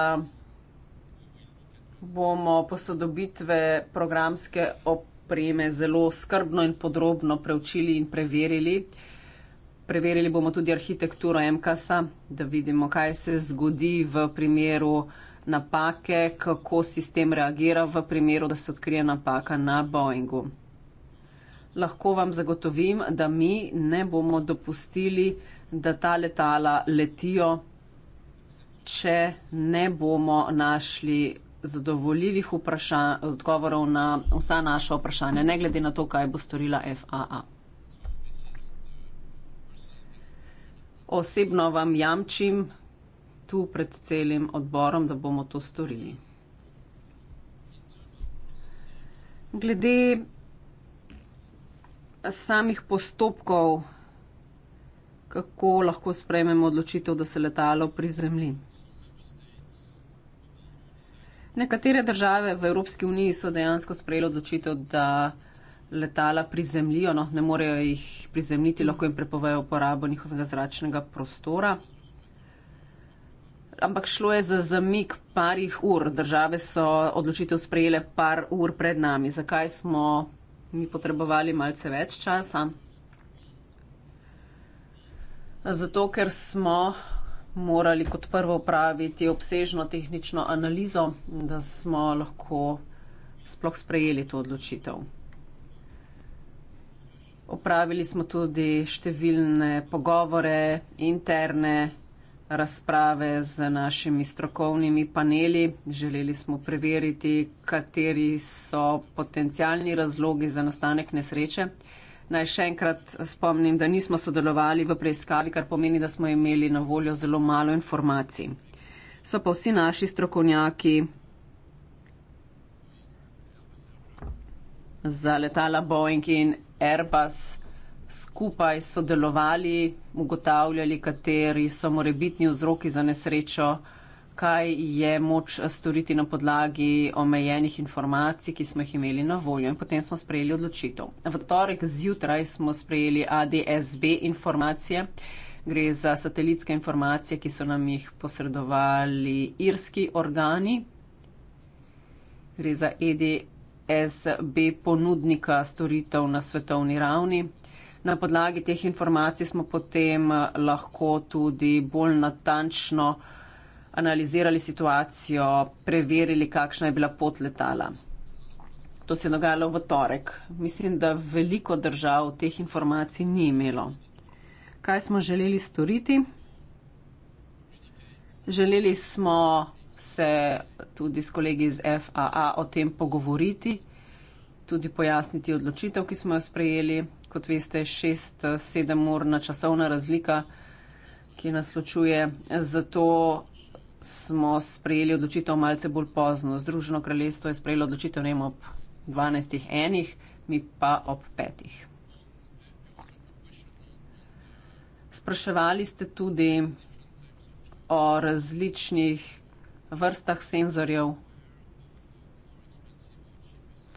bomo posodobitve programske opreme zelo skrbno in podrobno preučili in preverili. Preverili bomo tudi arhitekturo MKS-a, da vidimo, kaj se zgodi v primeru napake, kako sistem reagira v primeru, da se odkrije napaka na Boeingu. Lahko vam zagotovim, da mi ne bomo dopustili, da ta letala letijo, če ne bomo našli zadovoljivih odgovorov na vsa naša vprašanja, ne glede na to, kaj bo storila FAA. Osebno vam jamčim, tu pred celim odborom, da bomo to storili. Glede samih postopkov, kako lahko sprejmemo odločitev, da se letalo prizemlji. Nekatere države v Evropski uniji so dejansko sprejeli odločitev, da letala prizemljijo, no, ne morejo jih prizemljiti, lahko jim prepovejo uporabo njihovega zračnega prostora ampak šlo je za zamik parih ur. Države so odločitev sprejele par ur pred nami. Zakaj smo mi potrebovali malce več časa? Zato, ker smo morali kot prvo upraviti obsežno tehnično analizo, da smo lahko sploh sprejeli to odločitev. Opravili smo tudi številne pogovore interne, razprave z našimi strokovnimi paneli. Želeli smo preveriti, kateri so potencijalni razlogi za nastanek nesreče. Naj še enkrat spomnim, da nismo sodelovali v preiskavi, kar pomeni, da smo imeli na voljo zelo malo informacij. So pa vsi naši strokovnjaki za letala Boeing in Airbus skupaj sodelovali, ugotavljali, kateri so morebitni vzroki za nesrečo, kaj je moč storiti na podlagi omejenih informacij, ki smo jih imeli na voljo in potem smo sprejeli odločitev. V torek zjutraj smo sprejeli ADSB informacije. Gre za satelitske informacije, ki so nam jih posredovali irski organi. Gre za EDSB ponudnika storitev na svetovni ravni. Na podlagi teh informacij smo potem eh, lahko tudi bolj natančno analizirali situacijo, preverili, kakšna je bila pot letala. To se je dogajalo v torek. Mislim, da veliko držav teh informacij ni imelo. Kaj smo želeli storiti? Želeli smo se tudi s kolegi iz FAA o tem pogovoriti, tudi pojasniti odločitev, ki smo jo sprejeli kot veste, 6-7 urna časovna razlika, ki nas ločuje. Zato smo sprejeli odločitev malce bolj pozno. Združeno kraljestvo je sprejelo odločitev ne ob 12.1, mi pa ob 5. Spraševali ste tudi o različnih vrstah senzorjev,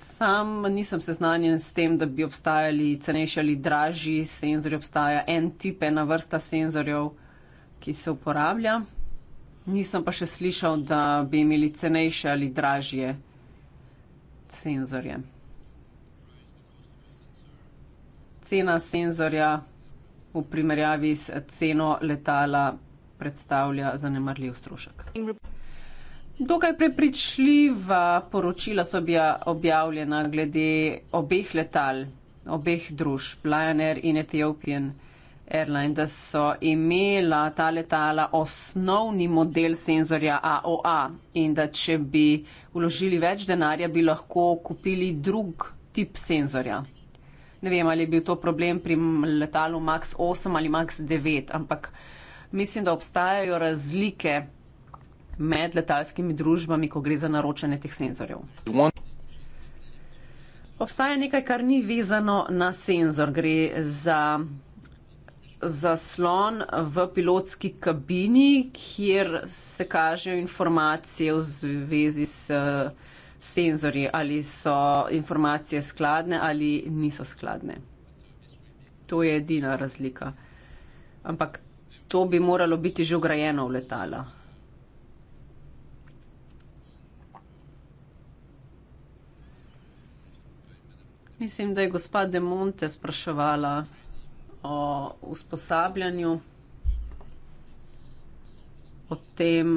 Sam nisem seznanjen s tem, da bi obstajali cenejši ali dražji senzori. Obstaja en tip, ena vrsta senzorjev, ki se uporablja. Nisem pa še slišal, da bi imeli cenejše ali dražje senzorje. Cena senzorja v primerjavi s ceno letala predstavlja zanemarljiv strošek. In... Dokaj prepričljiva poročila so bila objavljena glede obeh letal, obeh družb, Lionel in Ethiopian Airlines, da so imela ta letala osnovni model senzorja AOA in da če bi vložili več denarja, bi lahko kupili drug tip senzorja. Ne vem, ali je bil to problem pri letalu MAX 8 ali MAX 9, ampak mislim, da obstajajo razlike med letalskimi družbami, ko gre za naročanje teh senzorjev? Obstaja nekaj, kar ni vezano na senzor. Gre za zaslon v pilotski kabini, kjer se kažejo informacije v zvezi s senzorji, ali so informacije skladne ali niso skladne. To je edina razlika. Ampak to bi moralo biti že ugrajeno v letala. Mislim, da je gospa De Monte spraševala o usposabljanju, o tem,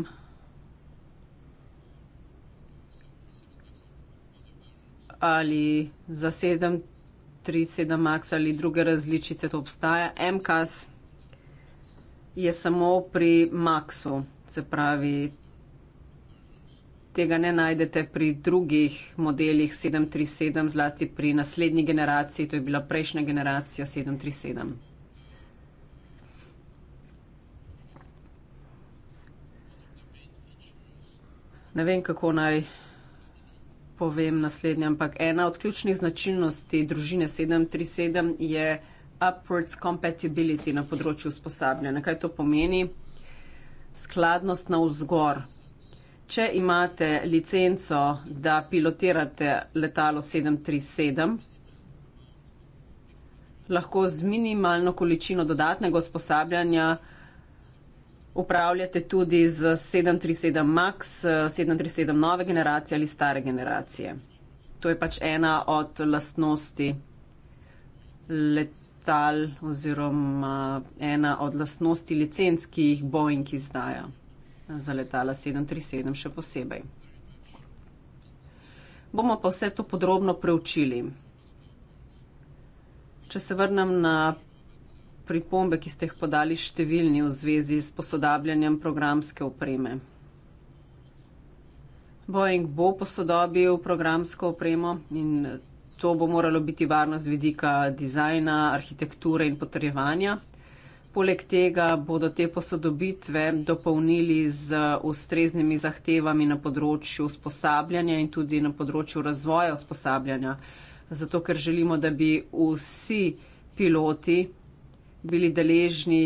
ali za 737 Max ali druge različice to obstaja. MKS je samo pri Maxu, se pravi tega ne najdete pri drugih modelih 737, zlasti pri naslednji generaciji, to je bila prejšnja generacija 737. Ne vem, kako naj povem naslednje, ampak ena od ključnih značilnosti družine 737 je upwards compatibility na področju usposabljanja. Kaj to pomeni? Skladnost na vzgor Če imate licenco, da pilotirate letalo 737, lahko z minimalno količino dodatnega usposabljanja upravljate tudi z 737 Max, 737 nove generacije ali stare generacije. To je pač ena od lastnosti letal oziroma ena od lastnosti licenc, ki jih Boeing izdaja za letala 737 še posebej. Bomo pa vse to podrobno preučili. Če se vrnem na pripombe, ki ste jih podali številni v zvezi s posodabljanjem programske opreme. Boeing bo posodobil programsko opremo in to bo moralo biti varno z vidika dizajna, arhitekture in potrjevanja. Poleg tega bodo te posodobitve dopolnili z ustreznimi zahtevami na področju usposabljanja in tudi na področju razvoja usposabljanja, zato ker želimo, da bi vsi piloti bili deležni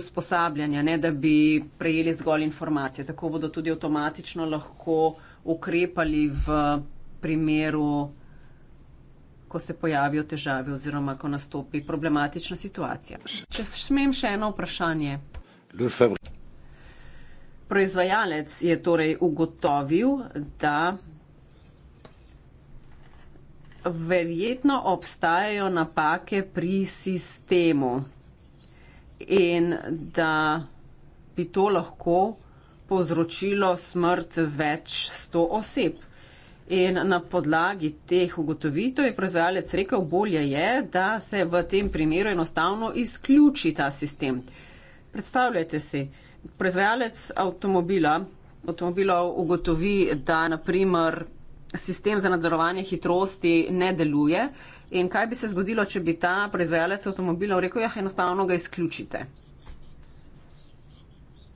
usposabljanja, ne da bi prejeli zgolj informacije. Tako bodo tudi avtomatično lahko ukrepali v primeru ko se pojavijo težave oziroma ko nastopi problematična situacija. Če smem še eno vprašanje. Proizvajalec je torej ugotovil, da verjetno obstajajo napake pri sistemu in da bi to lahko povzročilo smrt več sto oseb. In na podlagi teh ugotovitev je proizvajalec rekel, bolje je, da se v tem primeru enostavno izključi ta sistem. Predstavljajte si, proizvajalec avtomobila, avtomobilov ugotovi, da naprimer sistem za nadzorovanje hitrosti ne deluje. In kaj bi se zgodilo, če bi ta proizvajalec avtomobila rekel, ja, enostavno ga izključite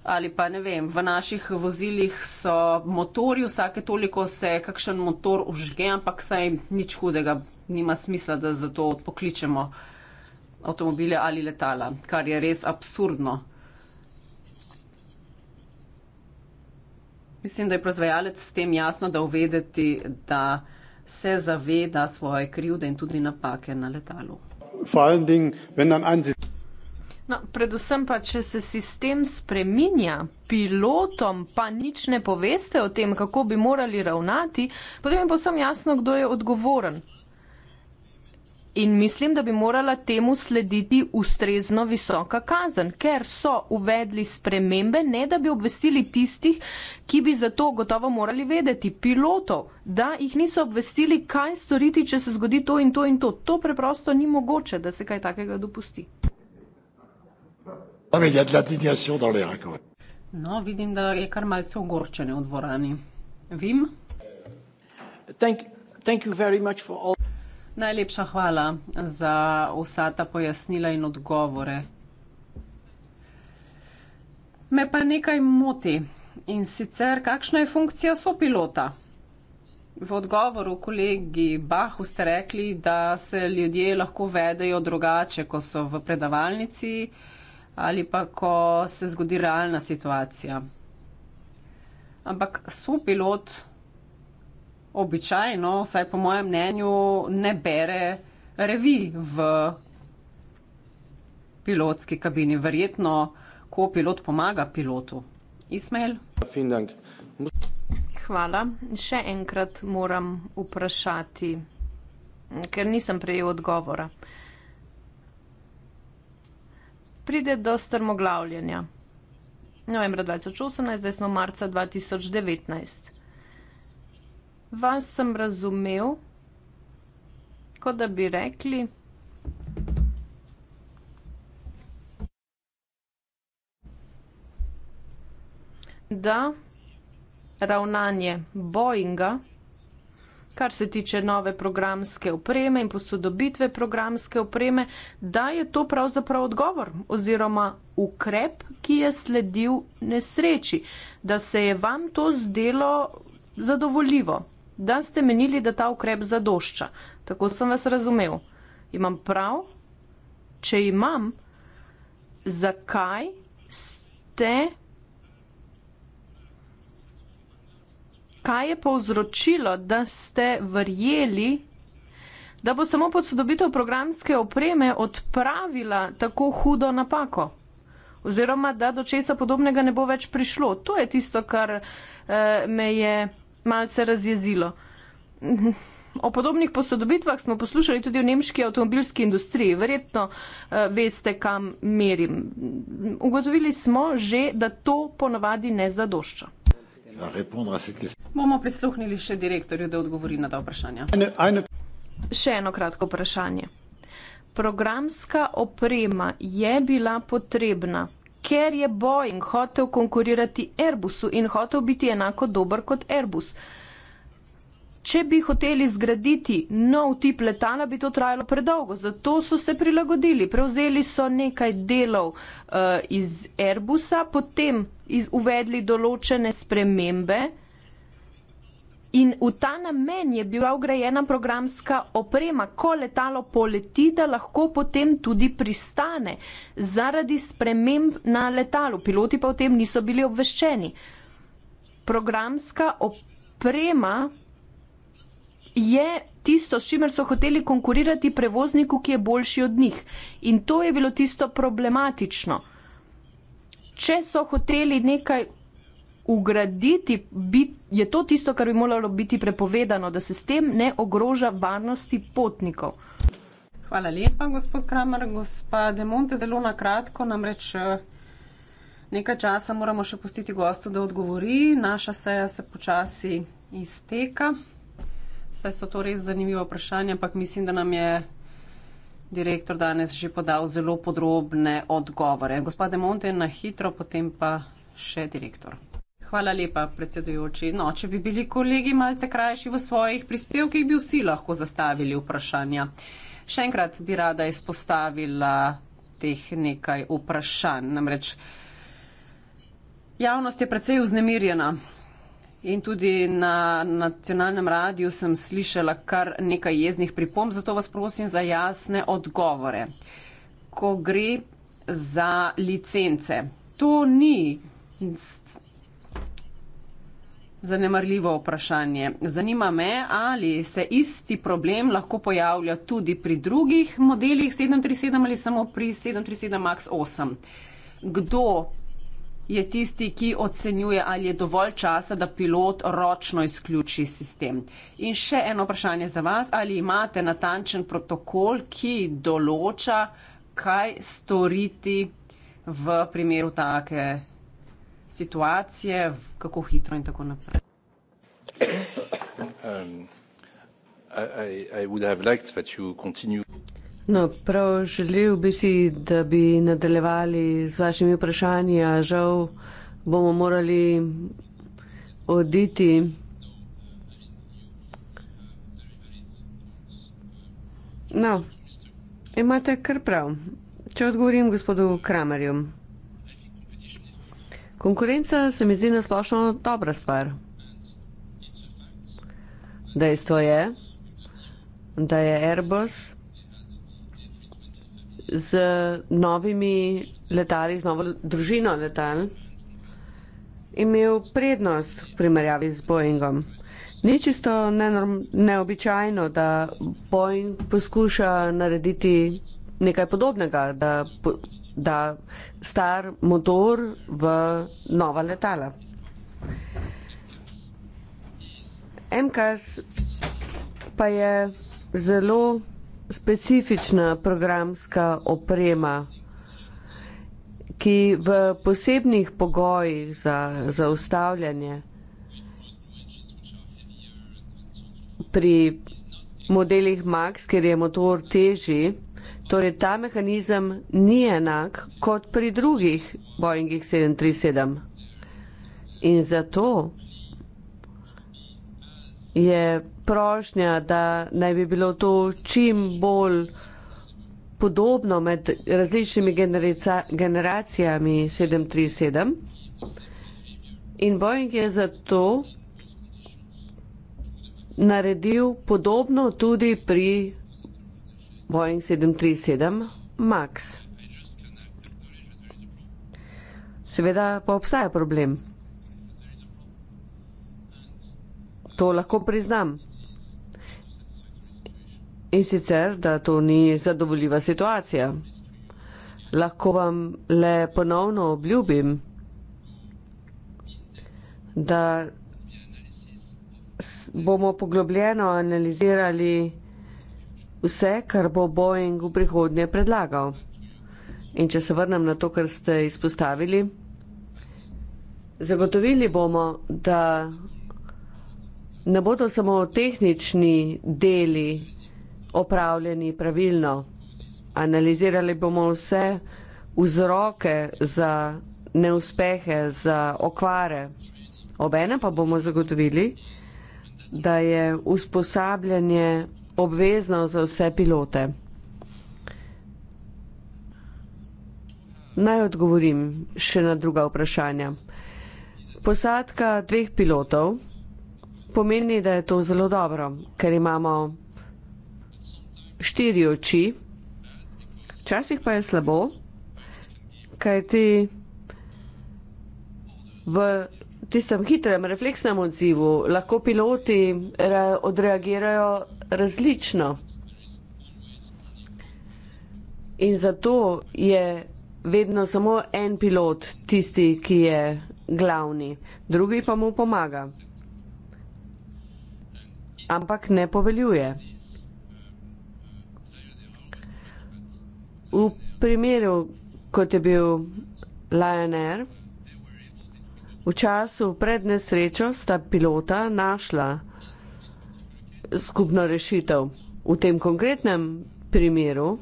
ali pa ne vem, v naših vozilih so motori, vsake toliko se kakšen motor užge, ampak saj nič hudega, nima smisla, da zato odpokličemo avtomobile ali letala, kar je res absurdno. Mislim, da je proizvajalec s tem jasno, da uvedeti, da se zaveda svoje krivde in tudi napake na letalu. Vor allen Dingen, wenn dann ein No, predvsem pa, če se sistem spreminja, pilotom pa nič ne poveste o tem, kako bi morali ravnati, potem je posem jasno, kdo je odgovoren. In mislim, da bi morala temu slediti ustrezno visoka kazen, ker so uvedli spremembe, ne da bi obvestili tistih, ki bi za to gotovo morali vedeti, pilotov, da jih niso obvestili, kaj storiti, če se zgodi to in to in to. To preprosto ni mogoče, da se kaj takega dopusti. Ampak je tla tinja se odale, rekel. No, vidim, da je kar malce ogorčene v dvorani. Vim? Thank, thank all... Najlepša hvala za vsa ta pojasnila in odgovore. Me pa nekaj moti in sicer, kakšna je funkcija sopilota? V odgovoru kolegi Bahu ste rekli, da se ljudje lahko vedejo drugače, ko so v predavalnici ali pa ko se zgodi realna situacija. Ampak sopilot običajno, vsaj po mojem mnenju, ne bere revi v pilotski kabini. Verjetno, ko pilot pomaga pilotu. Ismail. Hvala. Še enkrat moram vprašati, ker nisem prejel odgovora pride do strmoglavljenja. Novembra 2018, zdaj smo marca 2019. Vas sem razumel, kot da bi rekli. Da ravnanje Boeinga kar se tiče nove programske opreme in posodobitve programske opreme, da je to pravzaprav odgovor oziroma ukrep, ki je sledil nesreči, da se je vam to zdelo zadovoljivo, da ste menili, da ta ukrep zadošča. Tako sem vas razumel. Imam prav, če imam, zakaj ste kaj je povzročilo, da ste verjeli, da bo samo podsodobitev programske opreme odpravila tako hudo napako? Oziroma, da do česa podobnega ne bo več prišlo. To je tisto, kar eh, me je malce razjezilo. O podobnih posodobitvah smo poslušali tudi v nemški avtomobilski industriji. Verjetno eh, veste, kam merim. Ugotovili smo že, da to ponavadi ne zadošča. Bomo prisluhnili še direktorju, da odgovori na ta vprašanja. Eine, eine... Še eno kratko vprašanje. Programska oprema je bila potrebna, ker je Boeing hotel konkurirati Airbusu in hotel biti enako dober kot Airbus. Če bi hoteli zgraditi nov tip letala, bi to trajalo predolgo. Zato so se prilagodili. Prevzeli so nekaj delov uh, iz Airbusa, potem iz, uvedli določene spremembe. In v ta namen je bila ugrajena programska oprema, ko letalo poleti, da lahko potem tudi pristane zaradi sprememb na letalu. Piloti pa o tem niso bili obveščeni. Programska oprema je tisto, s čimer so hoteli konkurirati prevozniku, ki je boljši od njih. In to je bilo tisto problematično. Če so hoteli nekaj ugraditi, je to tisto, kar bi moralo biti prepovedano, da se s tem ne ogroža varnosti potnikov. Hvala lepa, gospod Kramer. Gospa Demonte, zelo na kratko, namreč eh, nekaj časa moramo še pustiti gostu, da odgovori. Naša seja se počasi izteka. Saj so to res zanimivo vprašanje, ampak mislim, da nam je direktor danes že podal zelo podrobne odgovore. Gospod Demonte, na hitro, potem pa še direktor. Hvala lepa, predsedujoči. No, če bi bili kolegi malce krajši v svojih prispevkih, bi vsi lahko zastavili vprašanja. Še enkrat bi rada izpostavila teh nekaj vprašanj. Namreč javnost je precej vznemirjena. In tudi na nacionalnem radiju sem slišala kar nekaj jeznih pripomb, zato vas prosim za jasne odgovore. Ko gre za licence, to ni zanemrljivo vprašanje. Zanima me, ali se isti problem lahko pojavlja tudi pri drugih modelih 737 ali samo pri 737 MAX 8. Kdo je tisti, ki ocenjuje, ali je dovolj časa, da pilot ročno izključi sistem. In še eno vprašanje za vas, ali imate natančen protokol, ki določa, kaj storiti v primeru take situacije, kako hitro in tako naprej. Um, I, I, I would have liked that you continue. No, prav želel bi si, da bi nadaljevali z vašimi vprašanji, a žal bomo morali oditi. No, imate kar prav. Če odgovorim gospodu Kramerju. Konkurenca se mi zdi nasplošno dobra stvar. Dejstvo je, da je Airbus z novimi letali, z novo družino letal, imel prednost v primerjavi z Boeingom. Ni čisto nenorm, neobičajno, da Boeing poskuša narediti nekaj podobnega, da, da star motor v nova letala. MKS pa je zelo specifična programska oprema, ki v posebnih pogojih za zaustavljanje pri modelih MAX, kjer je motor teži, torej ta mehanizem ni enak kot pri drugih Boeingih 737. In zato je prošnja, da naj bi bilo to čim bolj podobno med različnimi generacijami 737. In Boeing je zato naredil podobno tudi pri Boeing 737 MAX. Seveda pa obstaja problem. to lahko priznam. In sicer, da to ni zadovoljiva situacija. Lahko vam le ponovno obljubim, da bomo poglobljeno analizirali vse, kar bo Boeing v prihodnje predlagal. In če se vrnem na to, kar ste izpostavili, zagotovili bomo, da ne bodo samo tehnični deli opravljeni pravilno. Analizirali bomo vse vzroke za neuspehe, za okvare. Obenem pa bomo zagotovili, da je usposabljanje obvezno za vse pilote. Naj odgovorim še na druga vprašanja. Posadka dveh pilotov pomeni, da je to zelo dobro, ker imamo štiri oči. Včasih pa je slabo, kajti v tistem hitrem refleksnem odzivu lahko piloti re odreagirajo različno. In zato je vedno samo en pilot tisti, ki je glavni, drugi pa mu pomaga ampak ne poveljuje. V primeru, kot je bil Lion Air, v času pred nesrečo sta pilota našla skupno rešitev. V tem konkretnem primeru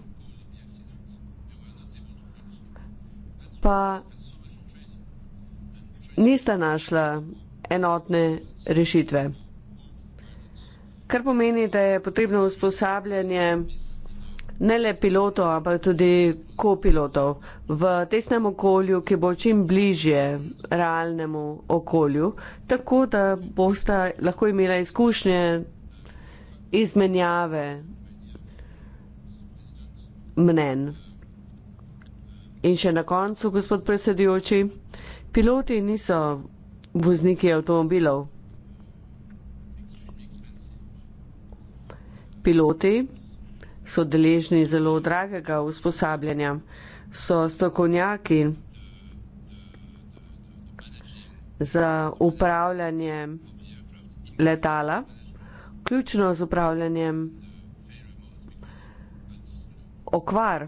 pa nista našla enotne rešitve. Kar pomeni, da je potrebno usposabljanje ne le pilotov, ampak tudi kopilotov v tesnem okolju, ki bo čim bližje realnemu okolju, tako da boste lahko imeli izkušnje izmenjave mnen. In še na koncu, gospod predsedujoči, piloti niso vozniki avtomobilov. Piloti so deležni zelo dragega usposabljanja, so strokovnjaki za upravljanje letala, vključno z upravljanjem okvar.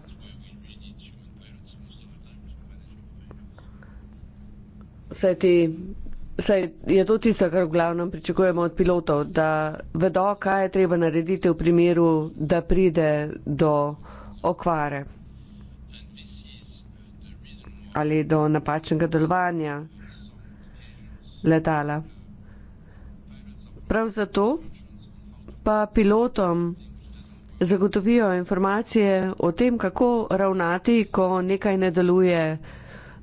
Saj ti Saj je to tisto, kar v glavnem pričakujemo od pilotov, da vedo, kaj je treba narediti v primeru, da pride do okvare ali do napačnega delovanja letala. Prav zato pa pilotom zagotovijo informacije o tem, kako ravnati, ko nekaj ne deluje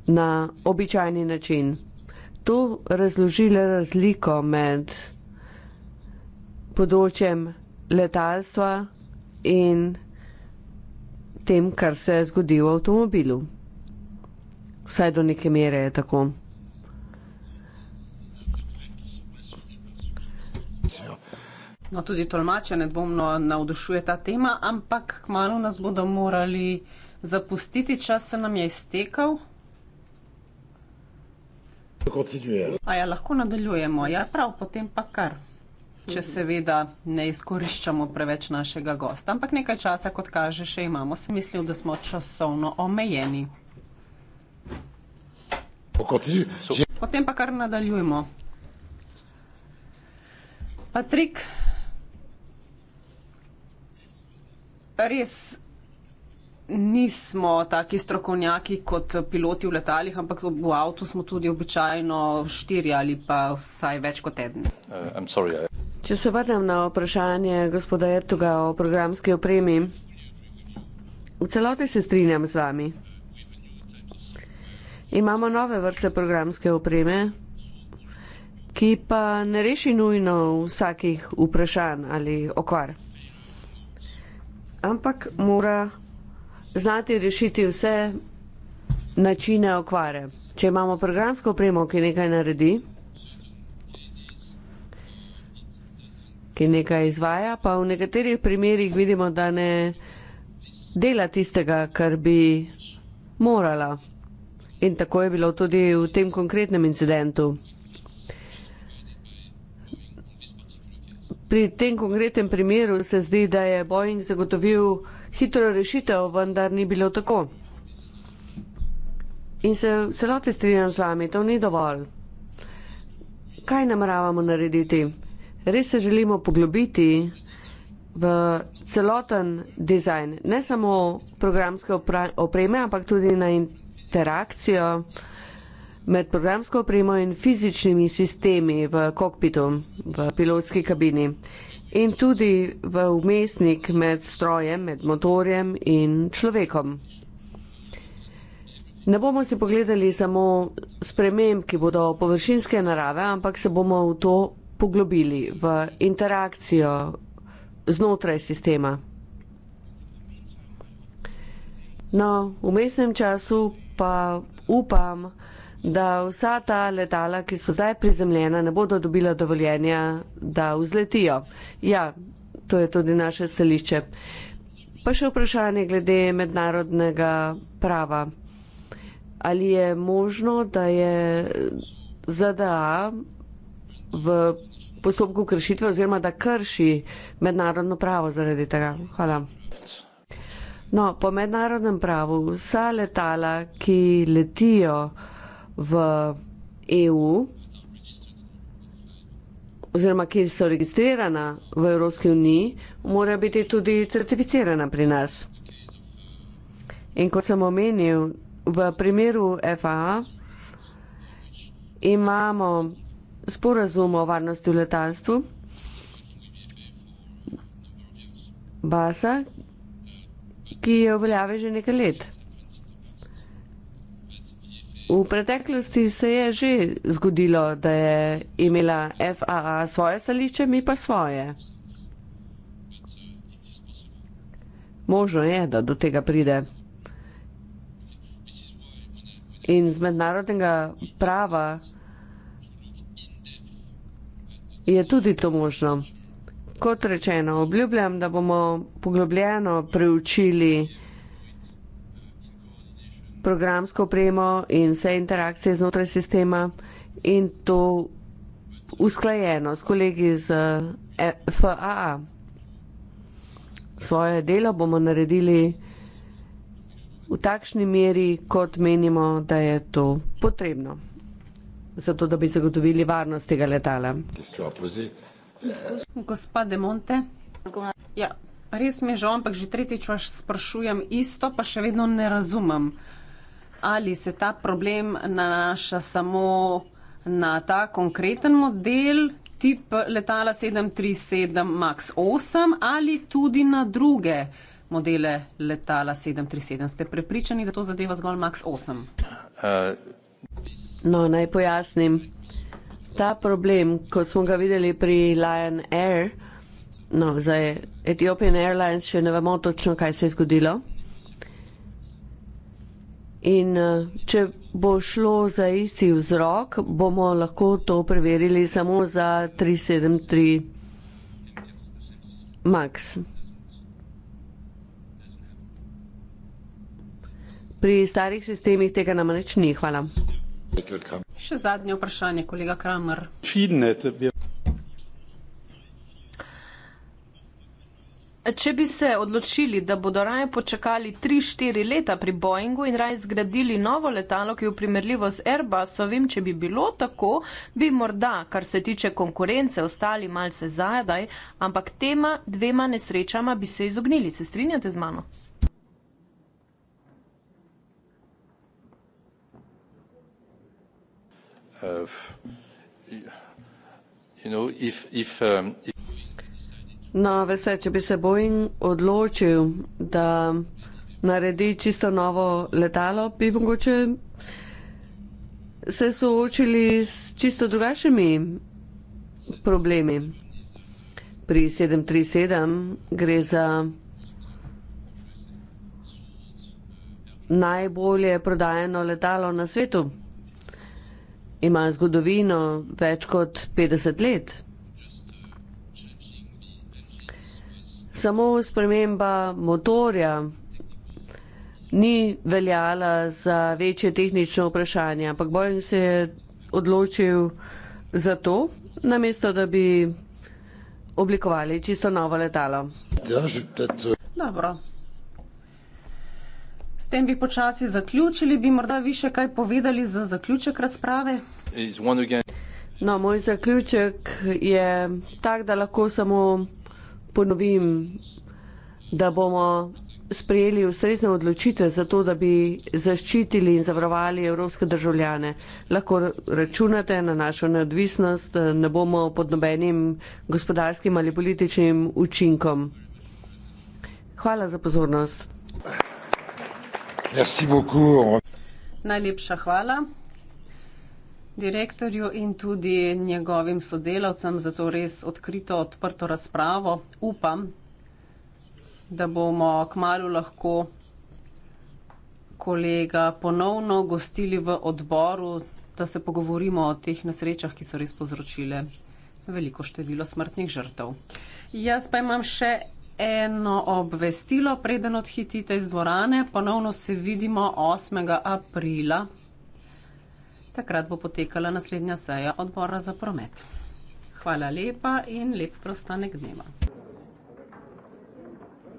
na običajni način tu razložile razliko med področjem letalstva in tem, kar se zgodi v avtomobilu. Vsaj do neke mere je tako. No, tudi tolmače nedvomno navdušuje ta tema, ampak kmalo nas bodo morali zapustiti, čas se nam je iztekal. Ja, lahko nadaljujemo. Ja, prav, potem pa kar. Če seveda ne izkoriščamo preveč našega gosta. Ampak nekaj časa, kot kaže, še imamo. Sem mislil, da smo časovno omejeni. Potem pa kar nadaljujemo. Patrik, res nismo taki strokovnjaki kot piloti v letalih, ampak v avtu smo tudi običajno štiri ali pa vsaj več kot eden. Uh, Če se vrnem na vprašanje gospoda Ertuga o programski opremi, v celoti se strinjam z vami. Imamo nove vrste programske opreme, ki pa ne reši nujno vsakih vprašanj ali okvar. Ampak mora znati rešiti vse načine okvare. Če imamo programsko opremo, ki nekaj naredi, ki nekaj izvaja, pa v nekaterih primerjih vidimo, da ne dela tistega, kar bi morala. In tako je bilo tudi v tem konkretnem incidentu. Pri tem konkretnem primeru se zdi, da je Boeing zagotovil hitro rešitev, vendar ni bilo tako. In se celote strinjam z vami, to ni dovolj. Kaj nameravamo narediti? Res se želimo poglobiti v celoten dizajn, ne samo programske opreme, ampak tudi na interakcijo med programsko opremo in fizičnimi sistemi v kokpitu, v pilotski kabini in tudi v umestnik med strojem, med motorjem in človekom. Ne bomo si pogledali samo sprememb, ki bodo površinske narave, ampak se bomo v to poglobili, v interakcijo znotraj sistema. No, v mestnem času pa upam, da vsa ta letala, ki so zdaj prizemljena, ne bodo dobila dovoljenja, da vzletijo. Ja, to je tudi naše stališče. Pa še vprašanje glede mednarodnega prava. Ali je možno, da je ZDA v postopku kršitve oziroma da krši mednarodno pravo zaradi tega? Hvala. No, po mednarodnem pravu vsa letala, ki letijo, v EU, oziroma kjer so registrirana v Evropski uniji, mora biti tudi certificirana pri nas. In kot sem omenil, v primeru FAA imamo sporazum o varnosti v letalstvu, baza, ki je uveljavljena že nekaj let. V preteklosti se je že zgodilo, da je imela FAA svoje stališče, mi pa svoje. Možno je, da do tega pride. In z mednarodnega prava je tudi to možno. Kot rečeno, obljubljam, da bomo poglobljeno preučili programsko opremo in vse interakcije znotraj sistema in to usklajeno s kolegi z eh, FAA. Svoje delo bomo naredili v takšni meri, kot menimo, da je to potrebno, zato da bi zagotovili varnost tega letala. Gospa De Monte. Ja, res mi je žal, ampak že tretjič vas sprašujem isto, pa še vedno ne razumem ali se ta problem nanaša samo na ta konkreten model, tip letala 737 MAX 8 ali tudi na druge modele letala 737. Ste prepričani, da to zadeva zgolj MAX 8? No, naj pojasnim. Ta problem, kot smo ga videli pri Lion Air, no, zdaj Ethiopian Airlines še ne vemo točno, kaj se je zgodilo. In eh, če bo šlo za isti vzrok, bomo lahko to preverili samo za 373 max. Pri starih sistemih tega namreč ni. Hvala. Še zadnje vprašanje, kolega Kramer. če bi se odločili, da bodo raje počakali 3-4 leta pri Boeingu in raje zgradili novo letalo, ki je primerljivo z Airbusovim, če bi bilo tako, bi morda, kar se tiče konkurence, ostali malce zadaj, ampak tema dvema nesrečama bi se izognili. Se strinjate z mano? Uh, you know, if, if, um, if No, veste, če bi se Boeing odločil, da naredi čisto novo letalo, bi mogoče se soočili s čisto drugačnimi problemi. Pri 737 gre za najbolje prodajeno letalo na svetu. Ima zgodovino več kot 50 let. samo sprememba motorja ni veljala za večje tehnično vprašanje, ampak Bojan se je odločil za to, namesto da bi oblikovali čisto novo letalo. Dobro. S tem bi počasi zaključili, bi morda vi še kaj povedali za zaključek razprave? No, moj zaključek je tak, da lahko samo ponovim, da bomo sprejeli ustrezne odločitve za to, da bi zaščitili in zavarovali evropske državljane. Lahko računate na našo neodvisnost, ne bomo pod nobenim gospodarskim ali političnim učinkom. Hvala za pozornost. Najlepša hvala direktorju in tudi njegovim sodelavcem za to res odkrito, odprto razpravo. Upam, da bomo kmalo lahko kolega ponovno gostili v odboru, da se pogovorimo o teh nesrečah, ki so res povzročile veliko število smrtnih žrtev. Jaz pa imam še eno obvestilo, preden odhitite iz dvorane. Ponovno se vidimo 8. aprila Takrat bo potekala naslednja seja odbora za promet. Hvala lepa in lep prostanek dneva.